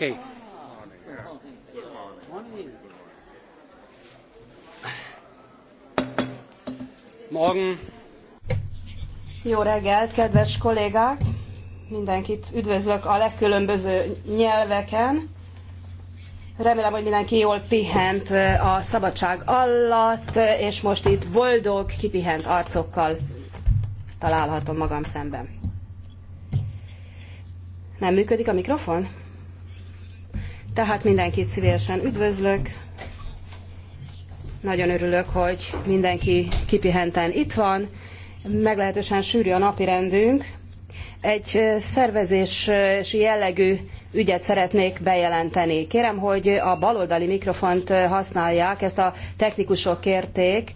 Okay. Morgen. Jó reggelt, kedves kollégák! Mindenkit üdvözlök a legkülönböző nyelveken. Remélem, hogy mindenki jól pihent a szabadság alatt, és most itt boldog, kipihent arcokkal találhatom magam szemben. Nem működik a mikrofon? Tehát mindenkit szívesen üdvözlök. Nagyon örülök, hogy mindenki kipihenten itt van. Meglehetősen sűrű a napirendünk. Egy szervezési jellegű ügyet szeretnék bejelenteni. Kérem, hogy a baloldali mikrofont használják, ezt a technikusok kérték.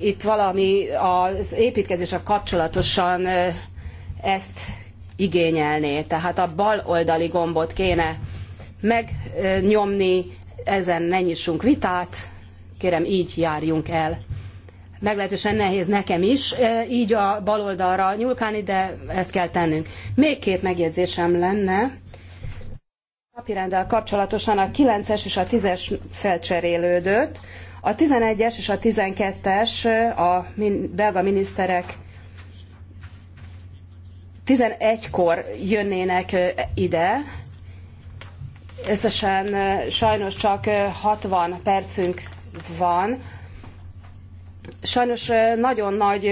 Itt valami az a kapcsolatosan ezt igényelné. Tehát a bal oldali gombot kéne megnyomni, ezen ne nyissunk vitát, kérem így járjunk el. Meglehetősen nehéz nekem is e, így a baloldalra nyúlkálni, de ezt kell tennünk. Még két megjegyzésem lenne. a Napirenddel kapcsolatosan a 9-es és a 10-es felcserélődött. A 11-es és a 12-es e, a belga miniszterek 11-kor jönnének e, ide, Összesen sajnos csak 60 percünk van. Sajnos nagyon nagy,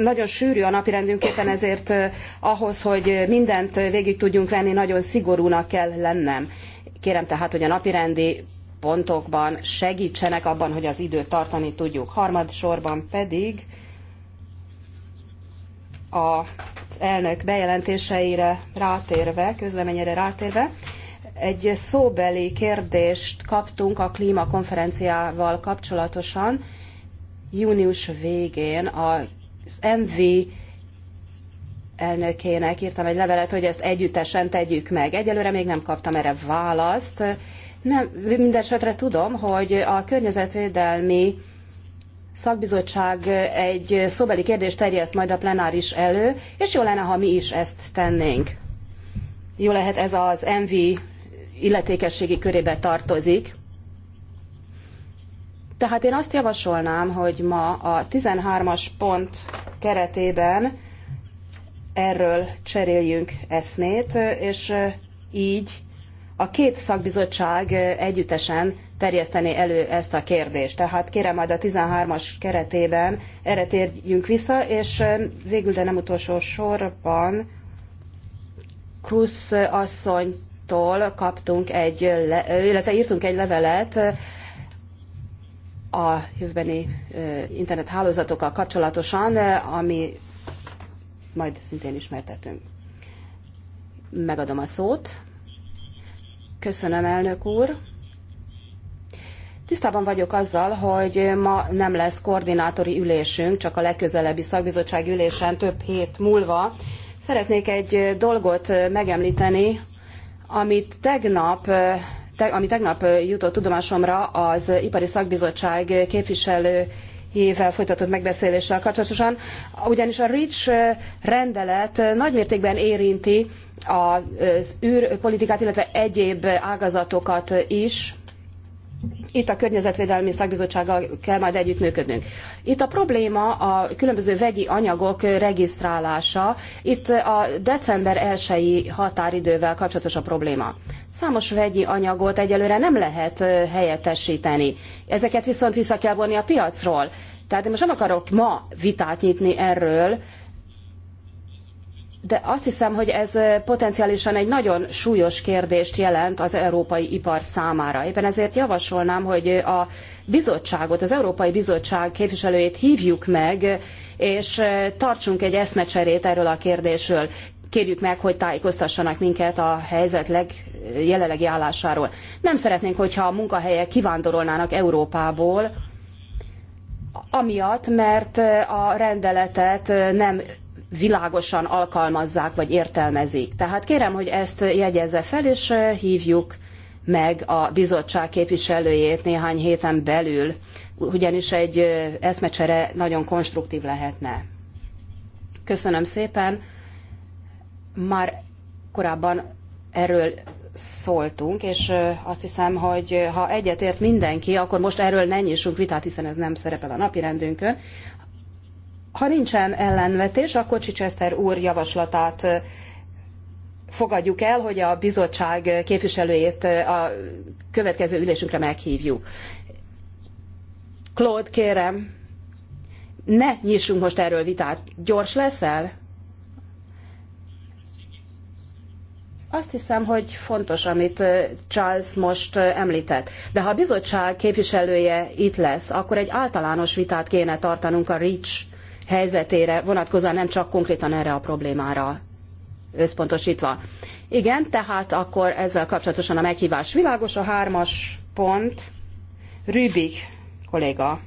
nagyon sűrű a napirendünk, éppen ezért ahhoz, hogy mindent végig tudjunk venni, nagyon szigorúnak kell lennem. Kérem tehát, hogy a napirendi pontokban segítsenek abban, hogy az időt tartani tudjuk. Harmadsorban pedig az elnök bejelentéseire rátérve, közleményére rátérve, egy szóbeli kérdést kaptunk a klímakonferenciával kapcsolatosan június végén az MV elnökének írtam egy levelet, hogy ezt együttesen tegyük meg. Egyelőre még nem kaptam erre választ. Nem, mindesetre tudom, hogy a környezetvédelmi szakbizottság egy szóbeli kérdést terjeszt majd a plenáris elő, és jó lenne, ha mi is ezt tennénk. Jó lehet ez az MV illetékességi körébe tartozik. Tehát én azt javasolnám, hogy ma a 13-as pont keretében erről cseréljünk eszmét, és így a két szakbizottság együttesen terjesztené elő ezt a kérdést. Tehát kérem majd a 13-as keretében erre térjünk vissza, és végül, de nem utolsó sorban Krusz asszony tól kaptunk egy, illetve írtunk egy levelet a jövőbeni internethálózatokkal kapcsolatosan, ami majd szintén ismertetünk. Megadom a szót. Köszönöm, elnök úr. Tisztában vagyok azzal, hogy ma nem lesz koordinátori ülésünk, csak a legközelebbi szakbizottsági ülésen több hét múlva. Szeretnék egy dolgot megemlíteni, amit tegnap ami tegnap jutott tudomásomra az Ipari Szakbizottság képviselőjével folytatott megbeszéléssel kapcsolatosan, ugyanis a REACH rendelet nagymértékben érinti az űrpolitikát, illetve egyéb ágazatokat is, itt a Környezetvédelmi Szakbizottsággal kell majd együttműködnünk. Itt a probléma a különböző vegyi anyagok regisztrálása, itt a december 1-i határidővel kapcsolatos a probléma. Számos vegyi anyagot egyelőre nem lehet helyettesíteni, ezeket viszont vissza kell vonni a piacról. Tehát én most nem akarok ma vitát nyitni erről, de azt hiszem, hogy ez potenciálisan egy nagyon súlyos kérdést jelent az európai ipar számára. Éppen ezért javasolnám, hogy a bizottságot, az Európai Bizottság képviselőjét hívjuk meg, és tartsunk egy eszmecserét erről a kérdésről. Kérjük meg, hogy tájékoztassanak minket a helyzet jelenlegi állásáról. Nem szeretnénk, hogyha a munkahelyek kivándorolnának Európából, amiatt, mert a rendeletet nem világosan alkalmazzák vagy értelmezik. Tehát kérem, hogy ezt jegyezze fel, és eh, hívjuk meg a bizottság képviselőjét néhány héten belül, ugyanis egy eh, eszmecsere nagyon konstruktív lehetne. Köszönöm szépen. Már korábban erről szóltunk, és eh, azt hiszem, hogy ha egyetért mindenki, akkor most erről ne nyissunk vitát, hiszen ez nem szerepel a napirendünkön. Ha nincsen ellenvetés, akkor Csicseszter úr javaslatát fogadjuk el, hogy a bizottság képviselőjét a következő ülésünkre meghívjuk. Claude, kérem, ne nyissunk most erről vitát. Gyors leszel? Azt hiszem, hogy fontos, amit Charles most említett. De ha a bizottság képviselője itt lesz, akkor egy általános vitát kéne tartanunk a REACH helyzetére vonatkozóan, nem csak konkrétan erre a problémára összpontosítva. Igen, tehát akkor ezzel kapcsolatosan a meghívás világos, a hármas pont, Rübig kolléga.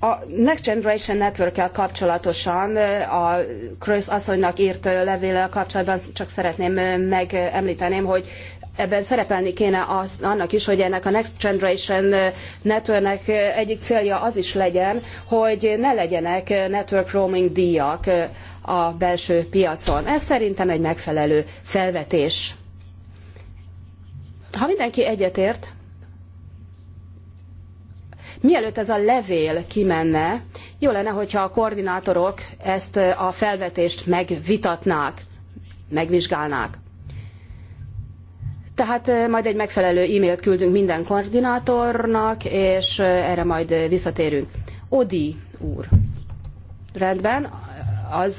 A Next Generation Network-kel kapcsolatosan a Krösz asszonynak írt levéllel kapcsolatban csak szeretném megemlíteném, hogy ebben szerepelni kéne az, annak is, hogy ennek a Next Generation Networknek egyik célja az is legyen, hogy ne legyenek network roaming díjak a belső piacon. Ez szerintem egy megfelelő felvetés. Ha mindenki egyetért, mielőtt ez a levél kimenne, jó lenne, hogyha a koordinátorok ezt a felvetést megvitatnák, megvizsgálnák. Tehát majd egy megfelelő e-mailt küldünk minden koordinátornak, és erre majd visszatérünk. Odi úr. Rendben, az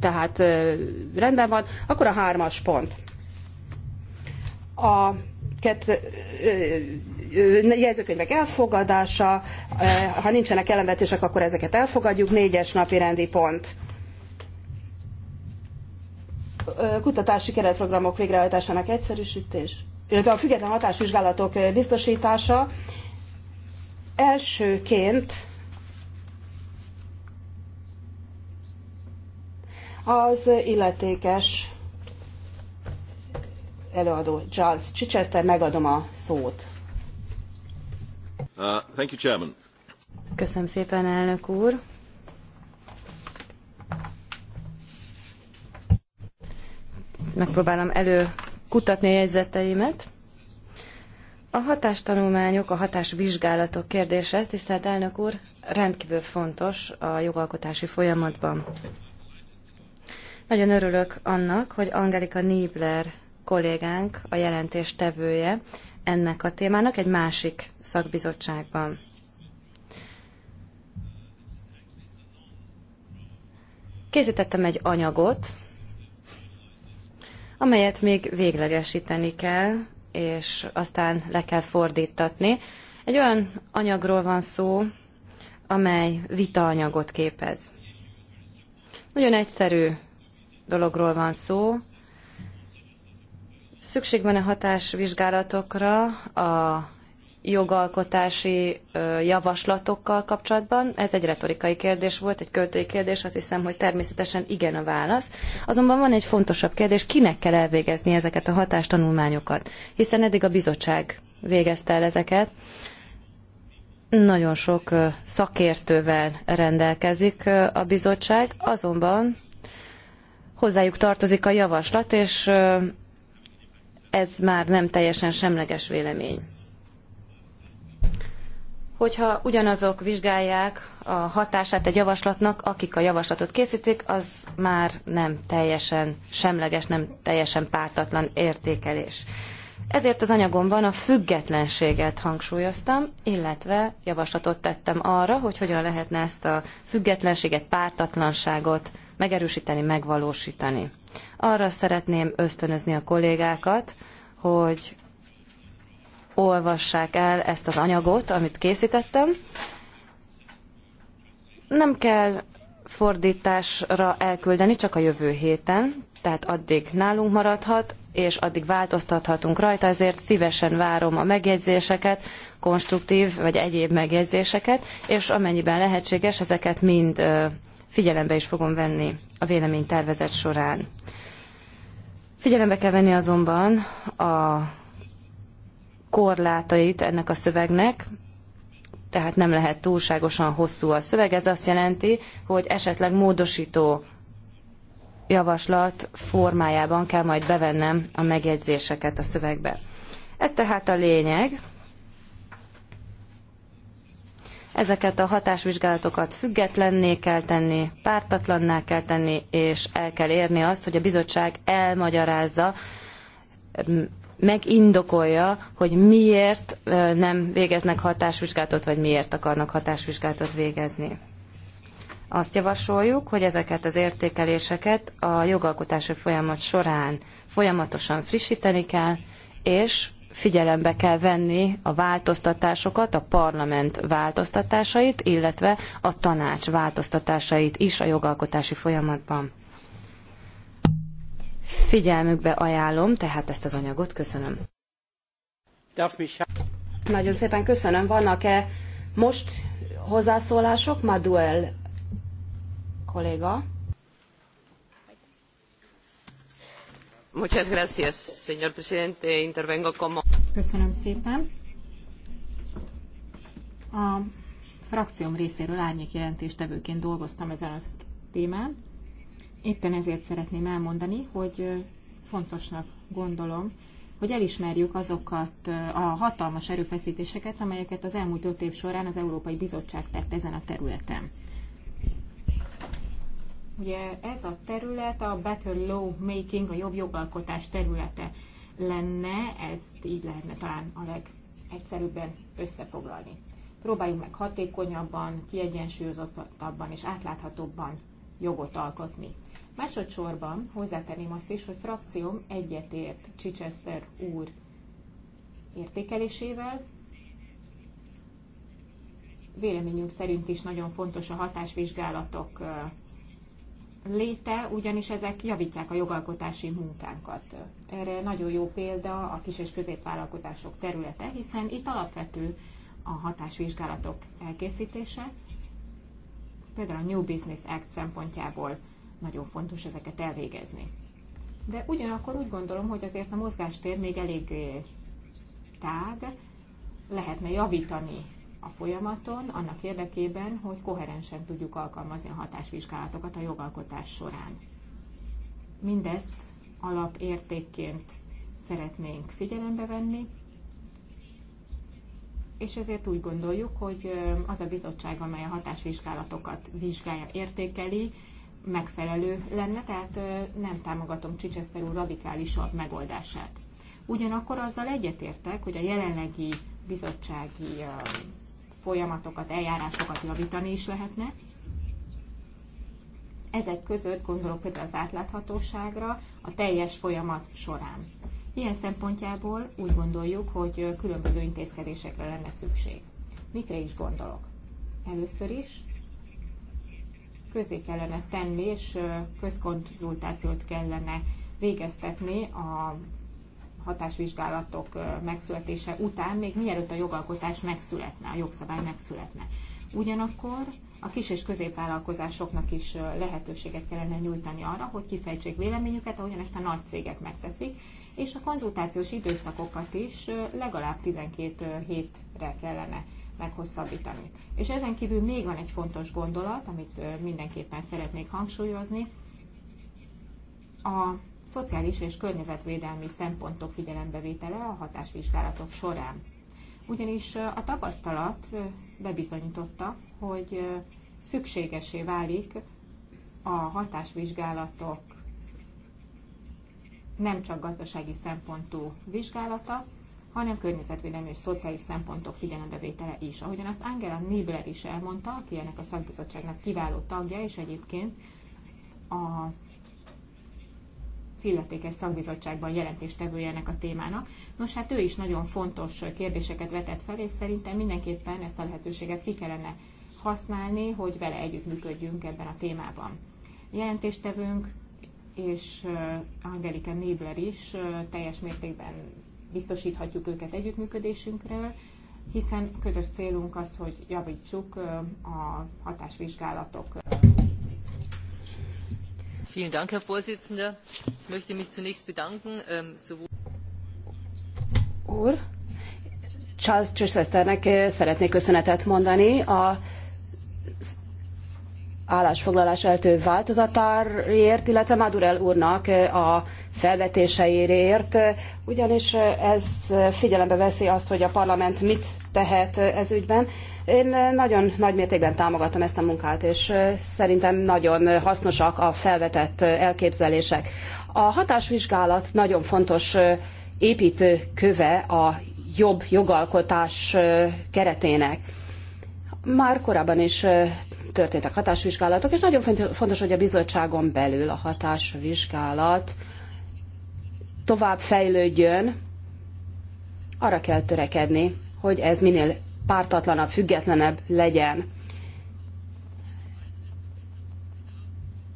tehát rendben van. Akkor a hármas pont. A kettő, jegyzőkönyvek elfogadása, ha nincsenek ellenvetések, akkor ezeket elfogadjuk. Négyes napi rendi pont kutatási keretprogramok végrehajtásának egyszerűsítés, illetve a független hatásvizsgálatok biztosítása. Elsőként az illetékes előadó Charles Chichester, megadom a szót. Uh, thank you, Chairman. Köszönöm szépen, elnök úr. megpróbálom elő kutatni a jegyzeteimet. A hatástanulmányok, a hatásvizsgálatok kérdése, tisztelt elnök úr, rendkívül fontos a jogalkotási folyamatban. Nagyon örülök annak, hogy Angelika Niebler kollégánk, a jelentés tevője ennek a témának egy másik szakbizottságban. Készítettem egy anyagot, amelyet még véglegesíteni kell, és aztán le kell fordítatni. Egy olyan anyagról van szó, amely vitaanyagot képez. Nagyon egyszerű dologról van szó. Szükség van a hatásvizsgálatokra, a jogalkotási javaslatokkal kapcsolatban. Ez egy retorikai kérdés volt, egy költői kérdés, azt hiszem, hogy természetesen igen a válasz. Azonban van egy fontosabb kérdés, kinek kell elvégezni ezeket a hatástanulmányokat, hiszen eddig a bizottság végezte el ezeket. Nagyon sok szakértővel rendelkezik a bizottság, azonban hozzájuk tartozik a javaslat, és ez már nem teljesen semleges vélemény hogyha ugyanazok vizsgálják a hatását egy javaslatnak, akik a javaslatot készítik, az már nem teljesen semleges, nem teljesen pártatlan értékelés. Ezért az anyagomban a függetlenséget hangsúlyoztam, illetve javaslatot tettem arra, hogy hogyan lehetne ezt a függetlenséget, pártatlanságot megerősíteni, megvalósítani. Arra szeretném ösztönözni a kollégákat, hogy olvassák el ezt az anyagot, amit készítettem. Nem kell fordításra elküldeni, csak a jövő héten, tehát addig nálunk maradhat, és addig változtathatunk rajta, ezért szívesen várom a megjegyzéseket, konstruktív vagy egyéb megjegyzéseket, és amennyiben lehetséges, ezeket mind figyelembe is fogom venni a véleménytervezet során. Figyelembe kell venni azonban a korlátait ennek a szövegnek, tehát nem lehet túlságosan hosszú a szöveg. Ez azt jelenti, hogy esetleg módosító javaslat formájában kell majd bevennem a megjegyzéseket a szövegbe. Ez tehát a lényeg. Ezeket a hatásvizsgálatokat függetlenné kell tenni, pártatlanná kell tenni, és el kell érni azt, hogy a bizottság elmagyarázza megindokolja, hogy miért nem végeznek hatásvizsgálatot, vagy miért akarnak hatásvizsgálatot végezni. Azt javasoljuk, hogy ezeket az értékeléseket a jogalkotási folyamat során folyamatosan frissíteni kell, és figyelembe kell venni a változtatásokat, a parlament változtatásait, illetve a tanács változtatásait is a jogalkotási folyamatban. Figyelmükbe ajánlom tehát ezt az anyagot. Köszönöm. Nagyon szépen köszönöm. Vannak-e most hozzászólások? Maduel kolléga. Muchas gracias, señor presidente. Intervengo como... Köszönöm szépen. A frakcióm részéről árnyék jelentéstevőként dolgoztam ezen a témán. Éppen ezért szeretném elmondani, hogy fontosnak gondolom, hogy elismerjük azokat a hatalmas erőfeszítéseket, amelyeket az elmúlt öt év során az Európai Bizottság tett ezen a területen. Ugye ez a terület a Better Law Making, a jobb jogalkotás területe lenne, ezt így lehetne talán a legegyszerűbben összefoglalni. Próbáljunk meg hatékonyabban, kiegyensúlyozottabban és átláthatóbban jogot alkotni. Másodszorban hozzátenném azt is, hogy frakcióm egyetért Chichester úr értékelésével. Véleményünk szerint is nagyon fontos a hatásvizsgálatok léte, ugyanis ezek javítják a jogalkotási munkánkat. Erre nagyon jó példa a kis- és középvállalkozások területe, hiszen itt alapvető a hatásvizsgálatok elkészítése, például a New Business Act szempontjából nagyon fontos ezeket elvégezni. De ugyanakkor úgy gondolom, hogy azért a mozgástér még elég tág, lehetne javítani a folyamaton, annak érdekében, hogy koherensen tudjuk alkalmazni a hatásvizsgálatokat a jogalkotás során. Mindezt alapértékként szeretnénk figyelembe venni, és ezért úgy gondoljuk, hogy az a bizottság, amely a hatásvizsgálatokat vizsgálja, értékeli, megfelelő lenne, tehát nem támogatom Csicseszter úr radikálisabb megoldását. Ugyanakkor azzal egyetértek, hogy a jelenlegi bizottsági folyamatokat, eljárásokat javítani is lehetne. Ezek között gondolok például az átláthatóságra a teljes folyamat során. Ilyen szempontjából úgy gondoljuk, hogy különböző intézkedésekre lenne szükség. Mikre is gondolok? Először is közé kellene tenni, és közkonzultációt kellene végeztetni a hatásvizsgálatok megszületése után, még mielőtt a jogalkotás megszületne, a jogszabály megszületne. Ugyanakkor a kis és középvállalkozásoknak is lehetőséget kellene nyújtani arra, hogy kifejtsék véleményüket, ahogyan ezt a nagy cégek megteszik, és a konzultációs időszakokat is legalább 12 hétre kellene meghosszabbítani. És ezen kívül még van egy fontos gondolat, amit mindenképpen szeretnék hangsúlyozni. A szociális és környezetvédelmi szempontok figyelembevétele a hatásvizsgálatok során. Ugyanis a tapasztalat bebizonyította, hogy szükségesé válik a hatásvizsgálatok nem csak gazdasági szempontú vizsgálata, hanem környezetvédelmi és szociális szempontok figyelembevétele is. Ahogyan azt Angela Nibler is elmondta, aki ennek a szakbizottságnak kiváló tagja, és egyébként a illetékes szakbizottságban jelentéstevője ennek a témának. Nos, hát ő is nagyon fontos kérdéseket vetett fel, és szerintem mindenképpen ezt a lehetőséget ki kellene használni, hogy vele együttműködjünk ebben a témában. Jelentéstevőnk és Angelika Nébler is teljes mértékben biztosíthatjuk őket együttműködésünkről, hiszen közös célunk az, hogy javítsuk a hatásvizsgálatok. Vielen Dank, Herr Vorsitzender. Ich möchte mich zunächst bedanken, ähm, sowohl Úr, Charles Csiszerternek szeretnék köszönetet mondani a állásfoglalás eltő változatáért, illetve Madurell úrnak a felvetéseiért, ugyanis ez figyelembe veszi azt, hogy a parlament mit tehet ez ügyben. Én nagyon nagy mértékben támogatom ezt a munkát, és szerintem nagyon hasznosak a felvetett elképzelések. A hatásvizsgálat nagyon fontos köve a jobb jogalkotás keretének. Már korábban is történtek hatásvizsgálatok, és nagyon fontos, hogy a bizottságon belül a hatásvizsgálat tovább fejlődjön. Arra kell törekedni, hogy ez minél pártatlanabb, függetlenebb legyen.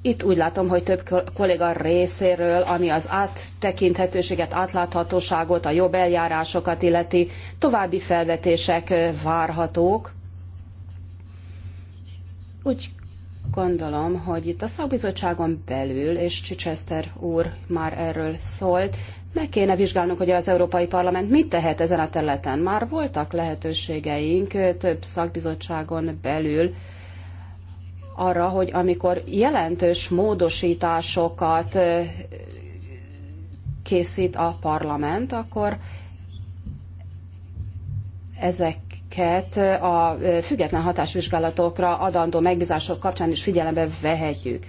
Itt úgy látom, hogy több kolléga részéről, ami az áttekinthetőséget, átláthatóságot, a jobb eljárásokat illeti, további felvetések eh, várhatók. Úgy gondolom, hogy itt a szakbizottságon belül, és Chichester úr már erről szólt, meg kéne vizsgálnunk, hogy az Európai Parlament mit tehet ezen a területen. Már voltak lehetőségeink több szakbizottságon belül arra, hogy amikor jelentős módosításokat készít a parlament, akkor ezek amiket a független hatásvizsgálatokra adandó megbízások kapcsán is figyelembe vehetjük.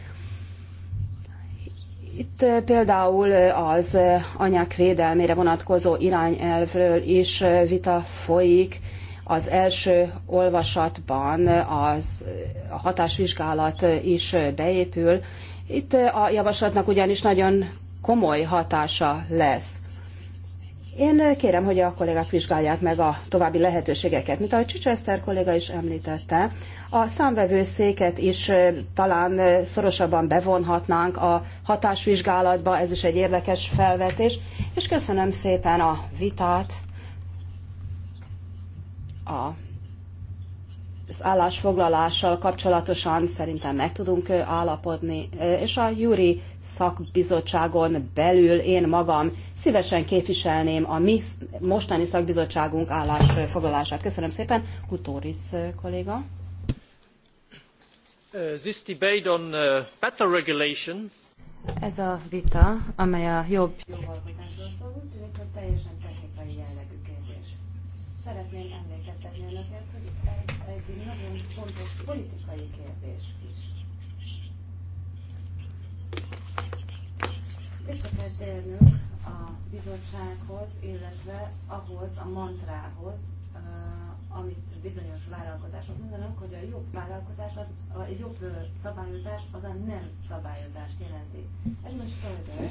Itt például az anyák védelmére vonatkozó irányelvről is vita folyik. Az első olvasatban az, a hatásvizsgálat is beépül. Itt a javaslatnak ugyanis nagyon komoly hatása lesz. Én eh, kérem, hogy a kollégák vizsgálják meg a további lehetőségeket. Mint ahogy Eszter kolléga is említette, a számvevőszéket is eh, talán eh, szorosabban bevonhatnánk a hatásvizsgálatba, ez is egy érdekes felvetés, és köszönöm szépen a vitát, a az állásfoglalással kapcsolatosan szerintem meg tudunk állapodni, és a Júri szakbizottságon belül én magam szívesen képviselném a mi mostani szakbizottságunk állásfoglalását. Köszönöm szépen, Kutóris kolléga. This debate on better regulation. Ez a vita, amely a jobb szól, teljesen technikai jellegű kérdés. Szeretném ez egy nagyon fontos politikai kérdés is. Vissza kell térnünk a bizottsághoz, illetve ahhoz a mantrához, eh, amit bizonyos vállalkozások mondanak, hogy a jobb vállalkozás, az, a jobb eh, szabályozás az a nem szabályozást jelenti. Ez most Stolder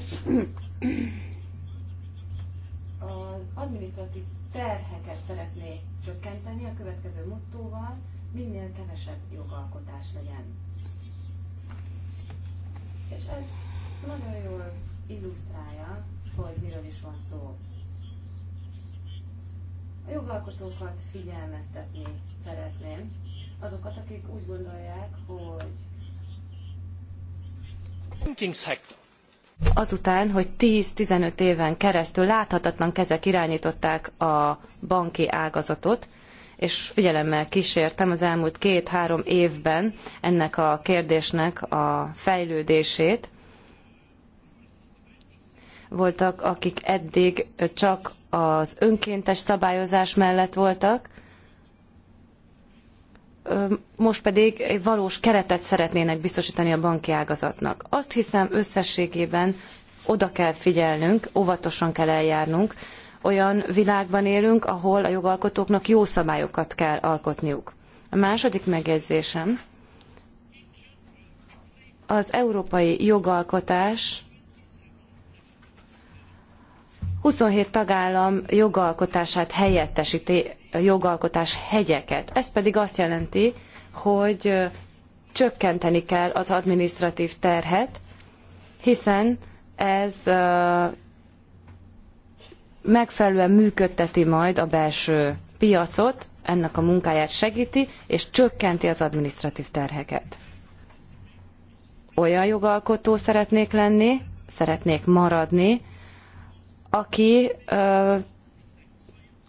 az adminisztratív terheket szeretné csökkenteni a következő mottóval, minél kevesebb jogalkotás legyen. És ez nagyon jól illusztrálja, hogy miről is van szó. A jogalkotókat figyelmeztetni szeretném, azokat, akik úgy gondolják, hogy Thinking sector azután, hogy 10-15 éven keresztül láthatatlan kezek irányították a banki ágazatot, és figyelemmel kísértem az elmúlt két-három évben ennek a kérdésnek a fejlődését. Voltak, akik eddig csak az önkéntes szabályozás mellett voltak, most pedig valós keretet szeretnének biztosítani a banki ágazatnak. Azt hiszem összességében oda kell figyelnünk, óvatosan kell eljárnunk, olyan világban élünk, ahol a jogalkotóknak jó szabályokat kell alkotniuk. A második megjegyzésem, az európai jogalkotás 27 tagállam jogalkotását helyettesíti jogalkotás hegyeket. Ez pedig azt jelenti, hogy csökkenteni kell az administratív terhet, hiszen ez megfelelően működteti majd a belső piacot, ennek a munkáját segíti, és csökkenti az administratív terheket. Olyan jogalkotó szeretnék lenni, szeretnék maradni, aki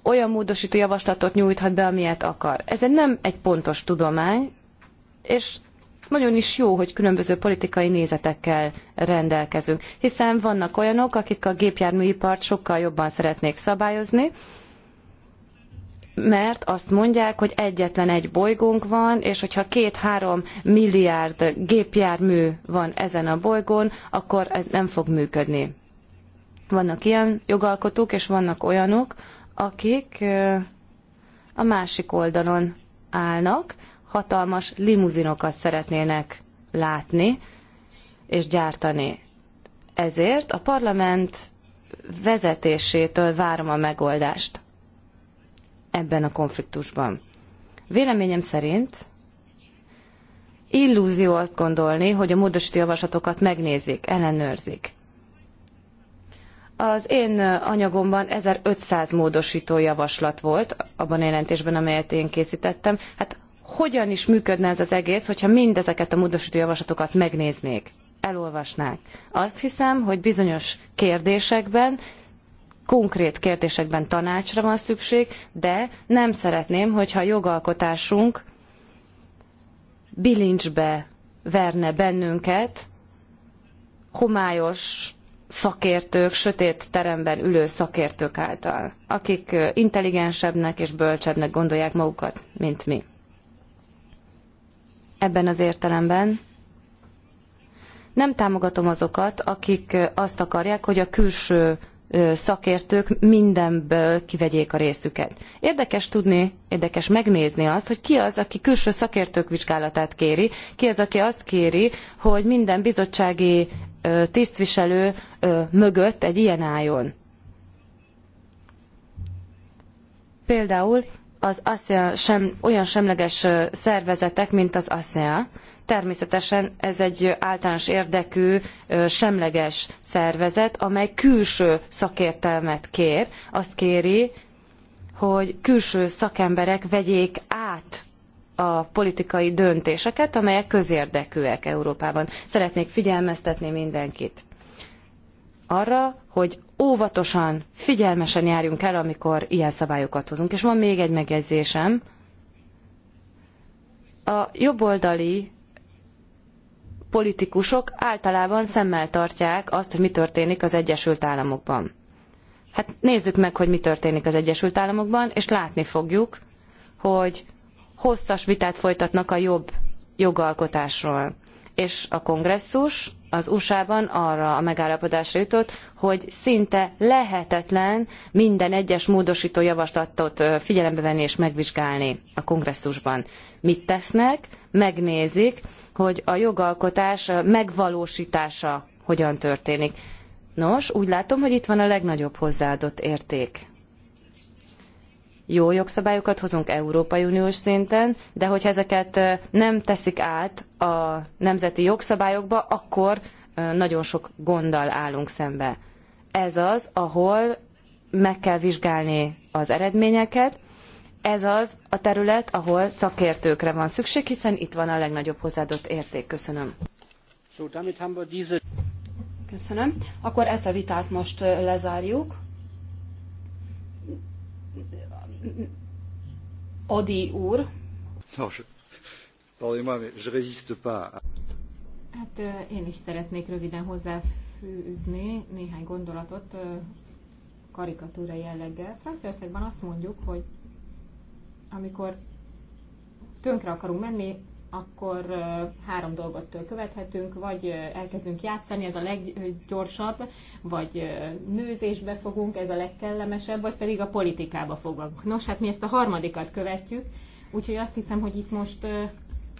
olyan módosító javaslatot nyújthat be, amilyet akar. Ez nem egy pontos tudomány, és nagyon is jó, hogy különböző politikai nézetekkel rendelkezünk, hiszen vannak olyanok, akik a gépjárműipart sokkal jobban szeretnék szabályozni, mert azt mondják, hogy egyetlen egy bolygónk van, és hogyha két-három milliárd gépjármű van ezen a bolygón, akkor ez nem fog működni. Vannak ilyen jogalkotók, és vannak olyanok, akik a másik oldalon állnak, hatalmas limuzinokat szeretnének látni és gyártani. Ezért a parlament vezetésétől várom a megoldást ebben a konfliktusban. Véleményem szerint illúzió azt gondolni, hogy a módosító javaslatokat megnézik, ellenőrzik. Az én anyagomban 1500 módosító javaslat volt abban a jelentésben, amelyet én készítettem. Hát hogyan is működne ez az egész, hogyha mindezeket a módosító javaslatokat megnéznék, elolvasnák? Azt hiszem, hogy bizonyos kérdésekben konkrét kérdésekben tanácsra van szükség, de nem szeretném, hogyha a jogalkotásunk bilincsbe verne bennünket, homályos szakértők, sötét teremben ülő szakértők által, akik intelligensebbnek és bölcsebbnek gondolják magukat, mint mi. Ebben az értelemben nem támogatom azokat, akik azt akarják, hogy a külső szakértők mindenből kivegyék a részüket. Érdekes tudni, érdekes megnézni azt, hogy ki az, aki külső szakértők vizsgálatát kéri, ki az, aki azt kéri, hogy minden bizottsági tisztviselő mögött egy ilyen álljon. Például az ASEAN sem, olyan semleges szervezetek, mint az ASEAN. Természetesen ez egy általános érdekű, semleges szervezet, amely külső szakértelmet kér. Azt kéri, hogy külső szakemberek vegyék át a politikai döntéseket, amelyek közérdekűek Európában. Szeretnék figyelmeztetni mindenkit arra, hogy óvatosan, figyelmesen járjunk el, amikor ilyen szabályokat hozunk. És van még egy megjegyzésem. A jobboldali politikusok általában szemmel tartják azt, hogy mi történik az Egyesült Államokban. Hát nézzük meg, hogy mi történik az Egyesült Államokban, és látni fogjuk, hogy hosszas vitát folytatnak a jobb jogalkotásról. És a kongresszus az USA-ban arra a megállapodásra jutott, hogy szinte lehetetlen minden egyes módosító javaslatot figyelembe venni és megvizsgálni a kongresszusban. Mit tesznek? Megnézik, hogy a jogalkotás megvalósítása hogyan történik. Nos, úgy látom, hogy itt van a legnagyobb hozzáadott érték jó jogszabályokat hozunk Európai Uniós szinten, de hogyha ezeket nem teszik át a nemzeti jogszabályokba, akkor nagyon sok gonddal állunk szembe. Ez az, ahol meg kell vizsgálni az eredményeket, ez az a terület, ahol szakértőkre van szükség, hiszen itt van a legnagyobb hozzáadott érték. Köszönöm. Köszönöm. Akkor ezt a vitát most lezárjuk. Adi úr. Hát én is szeretnék röviden hozzáfűzni néhány gondolatot karikatúra jelleggel. Franciaországban azt mondjuk, hogy amikor tönkre akarunk menni, akkor három dolgot követhetünk, vagy elkezdünk játszani, ez a leggyorsabb, vagy nőzésbe fogunk, ez a legkellemesebb, vagy pedig a politikába fogunk. Nos, hát mi ezt a harmadikat követjük, úgyhogy azt hiszem, hogy itt most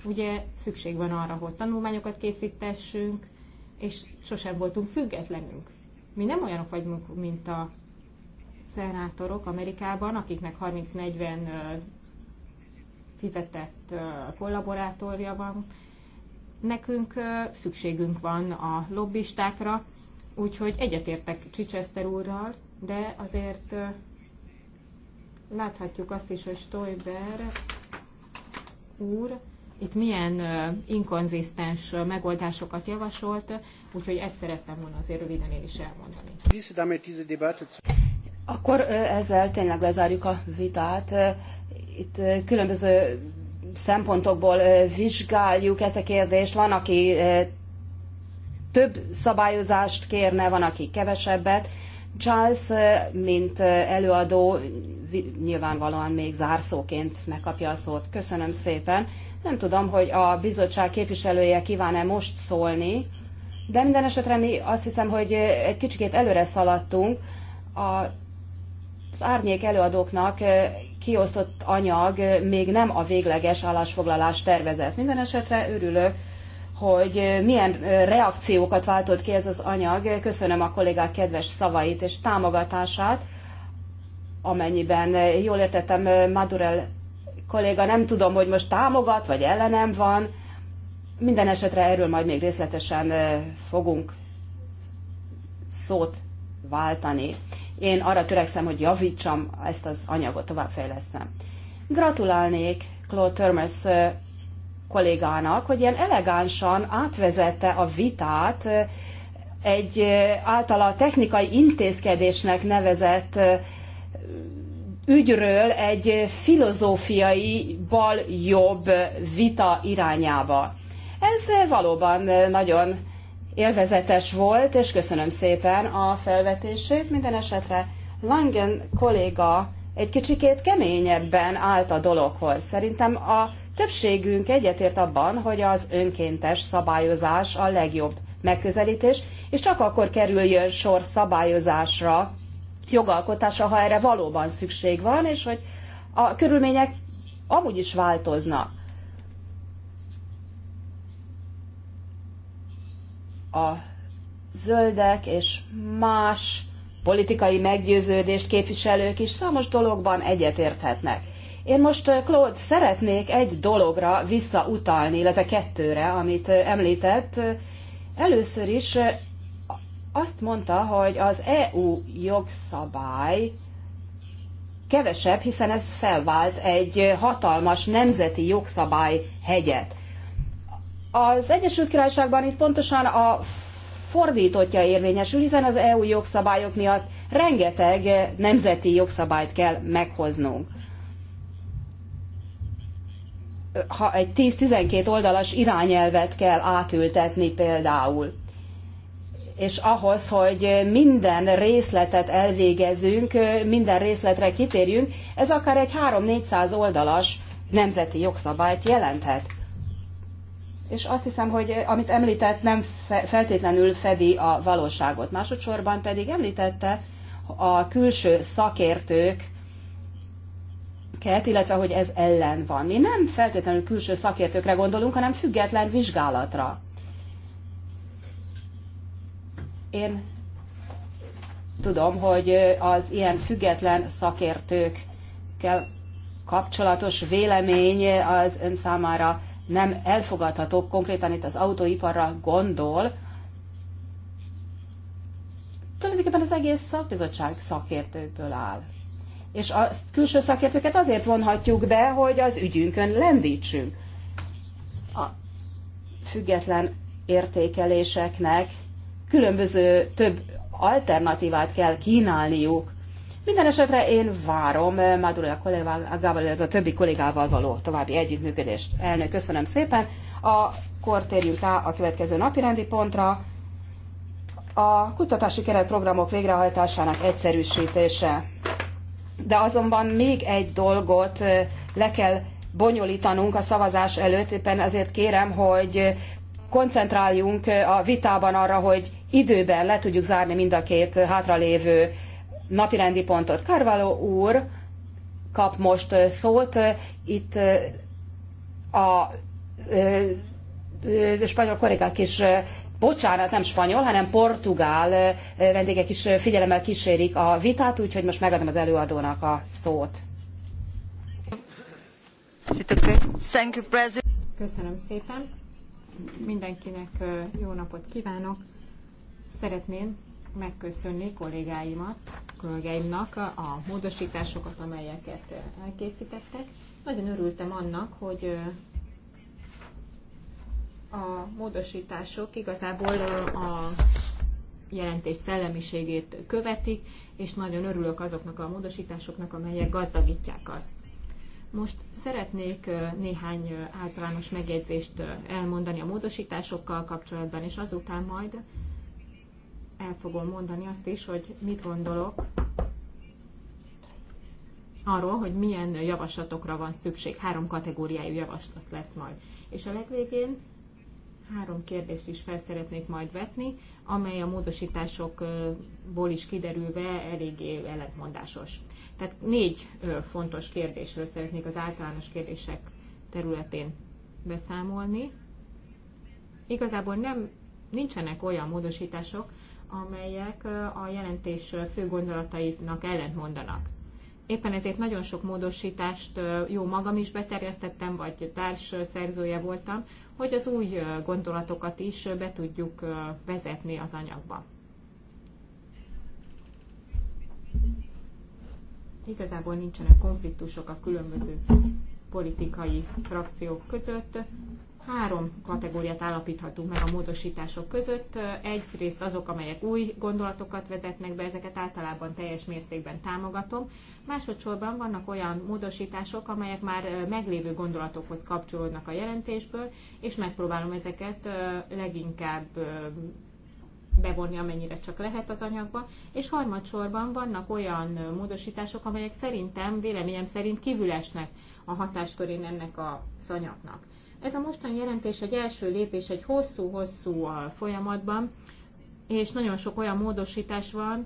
ugye szükség van arra, hogy tanulmányokat készítessünk, és sosem voltunk függetlenünk. Mi nem olyanok vagyunk, mint a szenátorok Amerikában, akiknek 30-40 fizetett kollaborátorja van. Nekünk szükségünk van a lobbistákra, úgyhogy egyetértek Csicseszter úrral, de azért láthatjuk azt is, hogy Stoiber úr itt milyen inkonzisztens megoldásokat javasolt, úgyhogy ezt szerettem volna azért röviden én is elmondani. Akkor ezzel tényleg lezárjuk a vitát, itt különböző szempontokból vizsgáljuk ezt a kérdést. Van, aki több szabályozást kérne, van, aki kevesebbet. Charles, mint előadó, nyilvánvalóan még zárszóként megkapja a szót. Köszönöm szépen. Nem tudom, hogy a bizottság képviselője kíván-e most szólni, de minden esetre mi azt hiszem, hogy egy kicsikét előre szaladtunk. A az árnyék előadóknak eh, kiosztott anyag még nem a végleges állásfoglalás tervezet. Minden esetre örülök, hogy eh, milyen eh, reakciókat váltott ki ez az anyag. Köszönöm a kollégák kedves szavait és támogatását, amennyiben jól értettem, Madurel kolléga, nem tudom, hogy most támogat, vagy ellenem van. Minden esetre erről majd még részletesen fogunk szót váltani. Én arra törekszem, hogy javítsam ezt az anyagot, továbbfejlesztem. Gratulálnék Claude Törmös kollégának, hogy ilyen elegánsan átvezette a vitát egy általa technikai intézkedésnek nevezett ügyről egy filozófiai bal-jobb vita irányába. Ez valóban nagyon élvezetes volt, és köszönöm szépen a felvetését. Minden esetre Langen kolléga egy kicsikét keményebben állt a dologhoz. Szerintem a többségünk egyetért abban, hogy az önkéntes szabályozás a legjobb megközelítés, és csak akkor kerüljön sor szabályozásra, jogalkotásra, ha erre valóban szükség van, és hogy a körülmények amúgy is változnak. a zöldek és más politikai meggyőződést képviselők is számos dologban egyetérthetnek. Én most, eh, Claude, szeretnék egy dologra visszautalni, illetve kettőre, amit eh, említett. Először is eh, azt mondta, hogy az EU jogszabály kevesebb, hiszen ez felvált egy hatalmas nemzeti jogszabály hegyet. Az Egyesült Királyságban itt pontosan a fordítottja érvényesül, hiszen az EU jogszabályok miatt rengeteg nemzeti jogszabályt kell meghoznunk. Ha egy 10-12 oldalas irányelvet kell átültetni például, és ahhoz, hogy minden részletet elvégezünk, minden részletre kitérjünk, ez akár egy 3-400 oldalas nemzeti jogszabályt jelenthet és azt hiszem, hogy eh, amit említett, nem feltétlenül fedi a valóságot. Másodszorban pedig említette a külső szakértők, illetve hogy ez ellen van. Mi nem feltétlenül külső szakértőkre gondolunk, hanem független vizsgálatra. Én tudom, hogy eh, az ilyen független szakértőkkel kapcsolatos vélemény eh, az ön számára nem elfogadható, konkrétan itt az autóiparra gondol. Tulajdonképpen az egész szakbizottság szakértőkből áll. És a külső szakértőket azért vonhatjuk be, hogy az ügyünkön lendítsünk. A független értékeléseknek különböző több alternatívát kell kínálniuk minden esetre én várom eh, Madurella kollégával, a többi kollégával való további együttműködést. Elnök, köszönöm szépen. Akkor térjünk rá a következő napi rendi pontra. A kutatási keretprogramok végrehajtásának egyszerűsítése. De azonban még egy dolgot eh, le kell bonyolítanunk a szavazás előtt, éppen azért kérem, hogy koncentráljunk eh, a vitában arra, hogy időben le tudjuk zárni mind a két hátralévő napirendi pontot. Karvaló úr kap most szót. Itt a spanyol kollégák is, bocsánat, nem spanyol, hanem portugál vendégek is figyelemmel kísérik a vitát, úgyhogy most megadom az előadónak a szót. Köszönöm szépen. Mindenkinek jó napot kívánok. Szeretném megköszönni kollégáimat, kollégáimnak a módosításokat, amelyeket elkészítettek. Nagyon örültem annak, hogy a módosítások igazából a jelentés szellemiségét követik, és nagyon örülök azoknak a módosításoknak, amelyek gazdagítják azt. Most szeretnék néhány általános megjegyzést elmondani a módosításokkal kapcsolatban, és azután majd el fogom mondani azt is, hogy mit gondolok arról, hogy milyen javaslatokra van szükség. Három kategóriájú javaslat lesz majd. És a legvégén három kérdést is fel szeretnék majd vetni, amely a módosításokból is kiderülve eléggé ellentmondásos. Tehát négy fontos kérdésről szeretnék az általános kérdések területén beszámolni. Igazából nem nincsenek olyan módosítások, amelyek a jelentés fő gondolataitnak ellentmondanak. Éppen ezért nagyon sok módosítást jó magam is beterjesztettem, vagy társ szerzője voltam, hogy az új gondolatokat is be tudjuk vezetni az anyagba. Igazából nincsenek konfliktusok a különböző politikai frakciók között, Három kategóriát állapíthatunk meg a módosítások között. Egyrészt azok, amelyek új gondolatokat vezetnek be, ezeket általában teljes mértékben támogatom. Másodszorban vannak olyan módosítások, amelyek már meglévő gondolatokhoz kapcsolódnak a jelentésből, és megpróbálom ezeket leginkább bevonni amennyire csak lehet az anyagba, és harmadsorban vannak olyan módosítások, amelyek szerintem, véleményem szerint kívülesnek a hatáskörén ennek a anyagnak. Ez a mostani jelentés egy első lépés egy hosszú-hosszú folyamatban, és nagyon sok olyan módosítás van,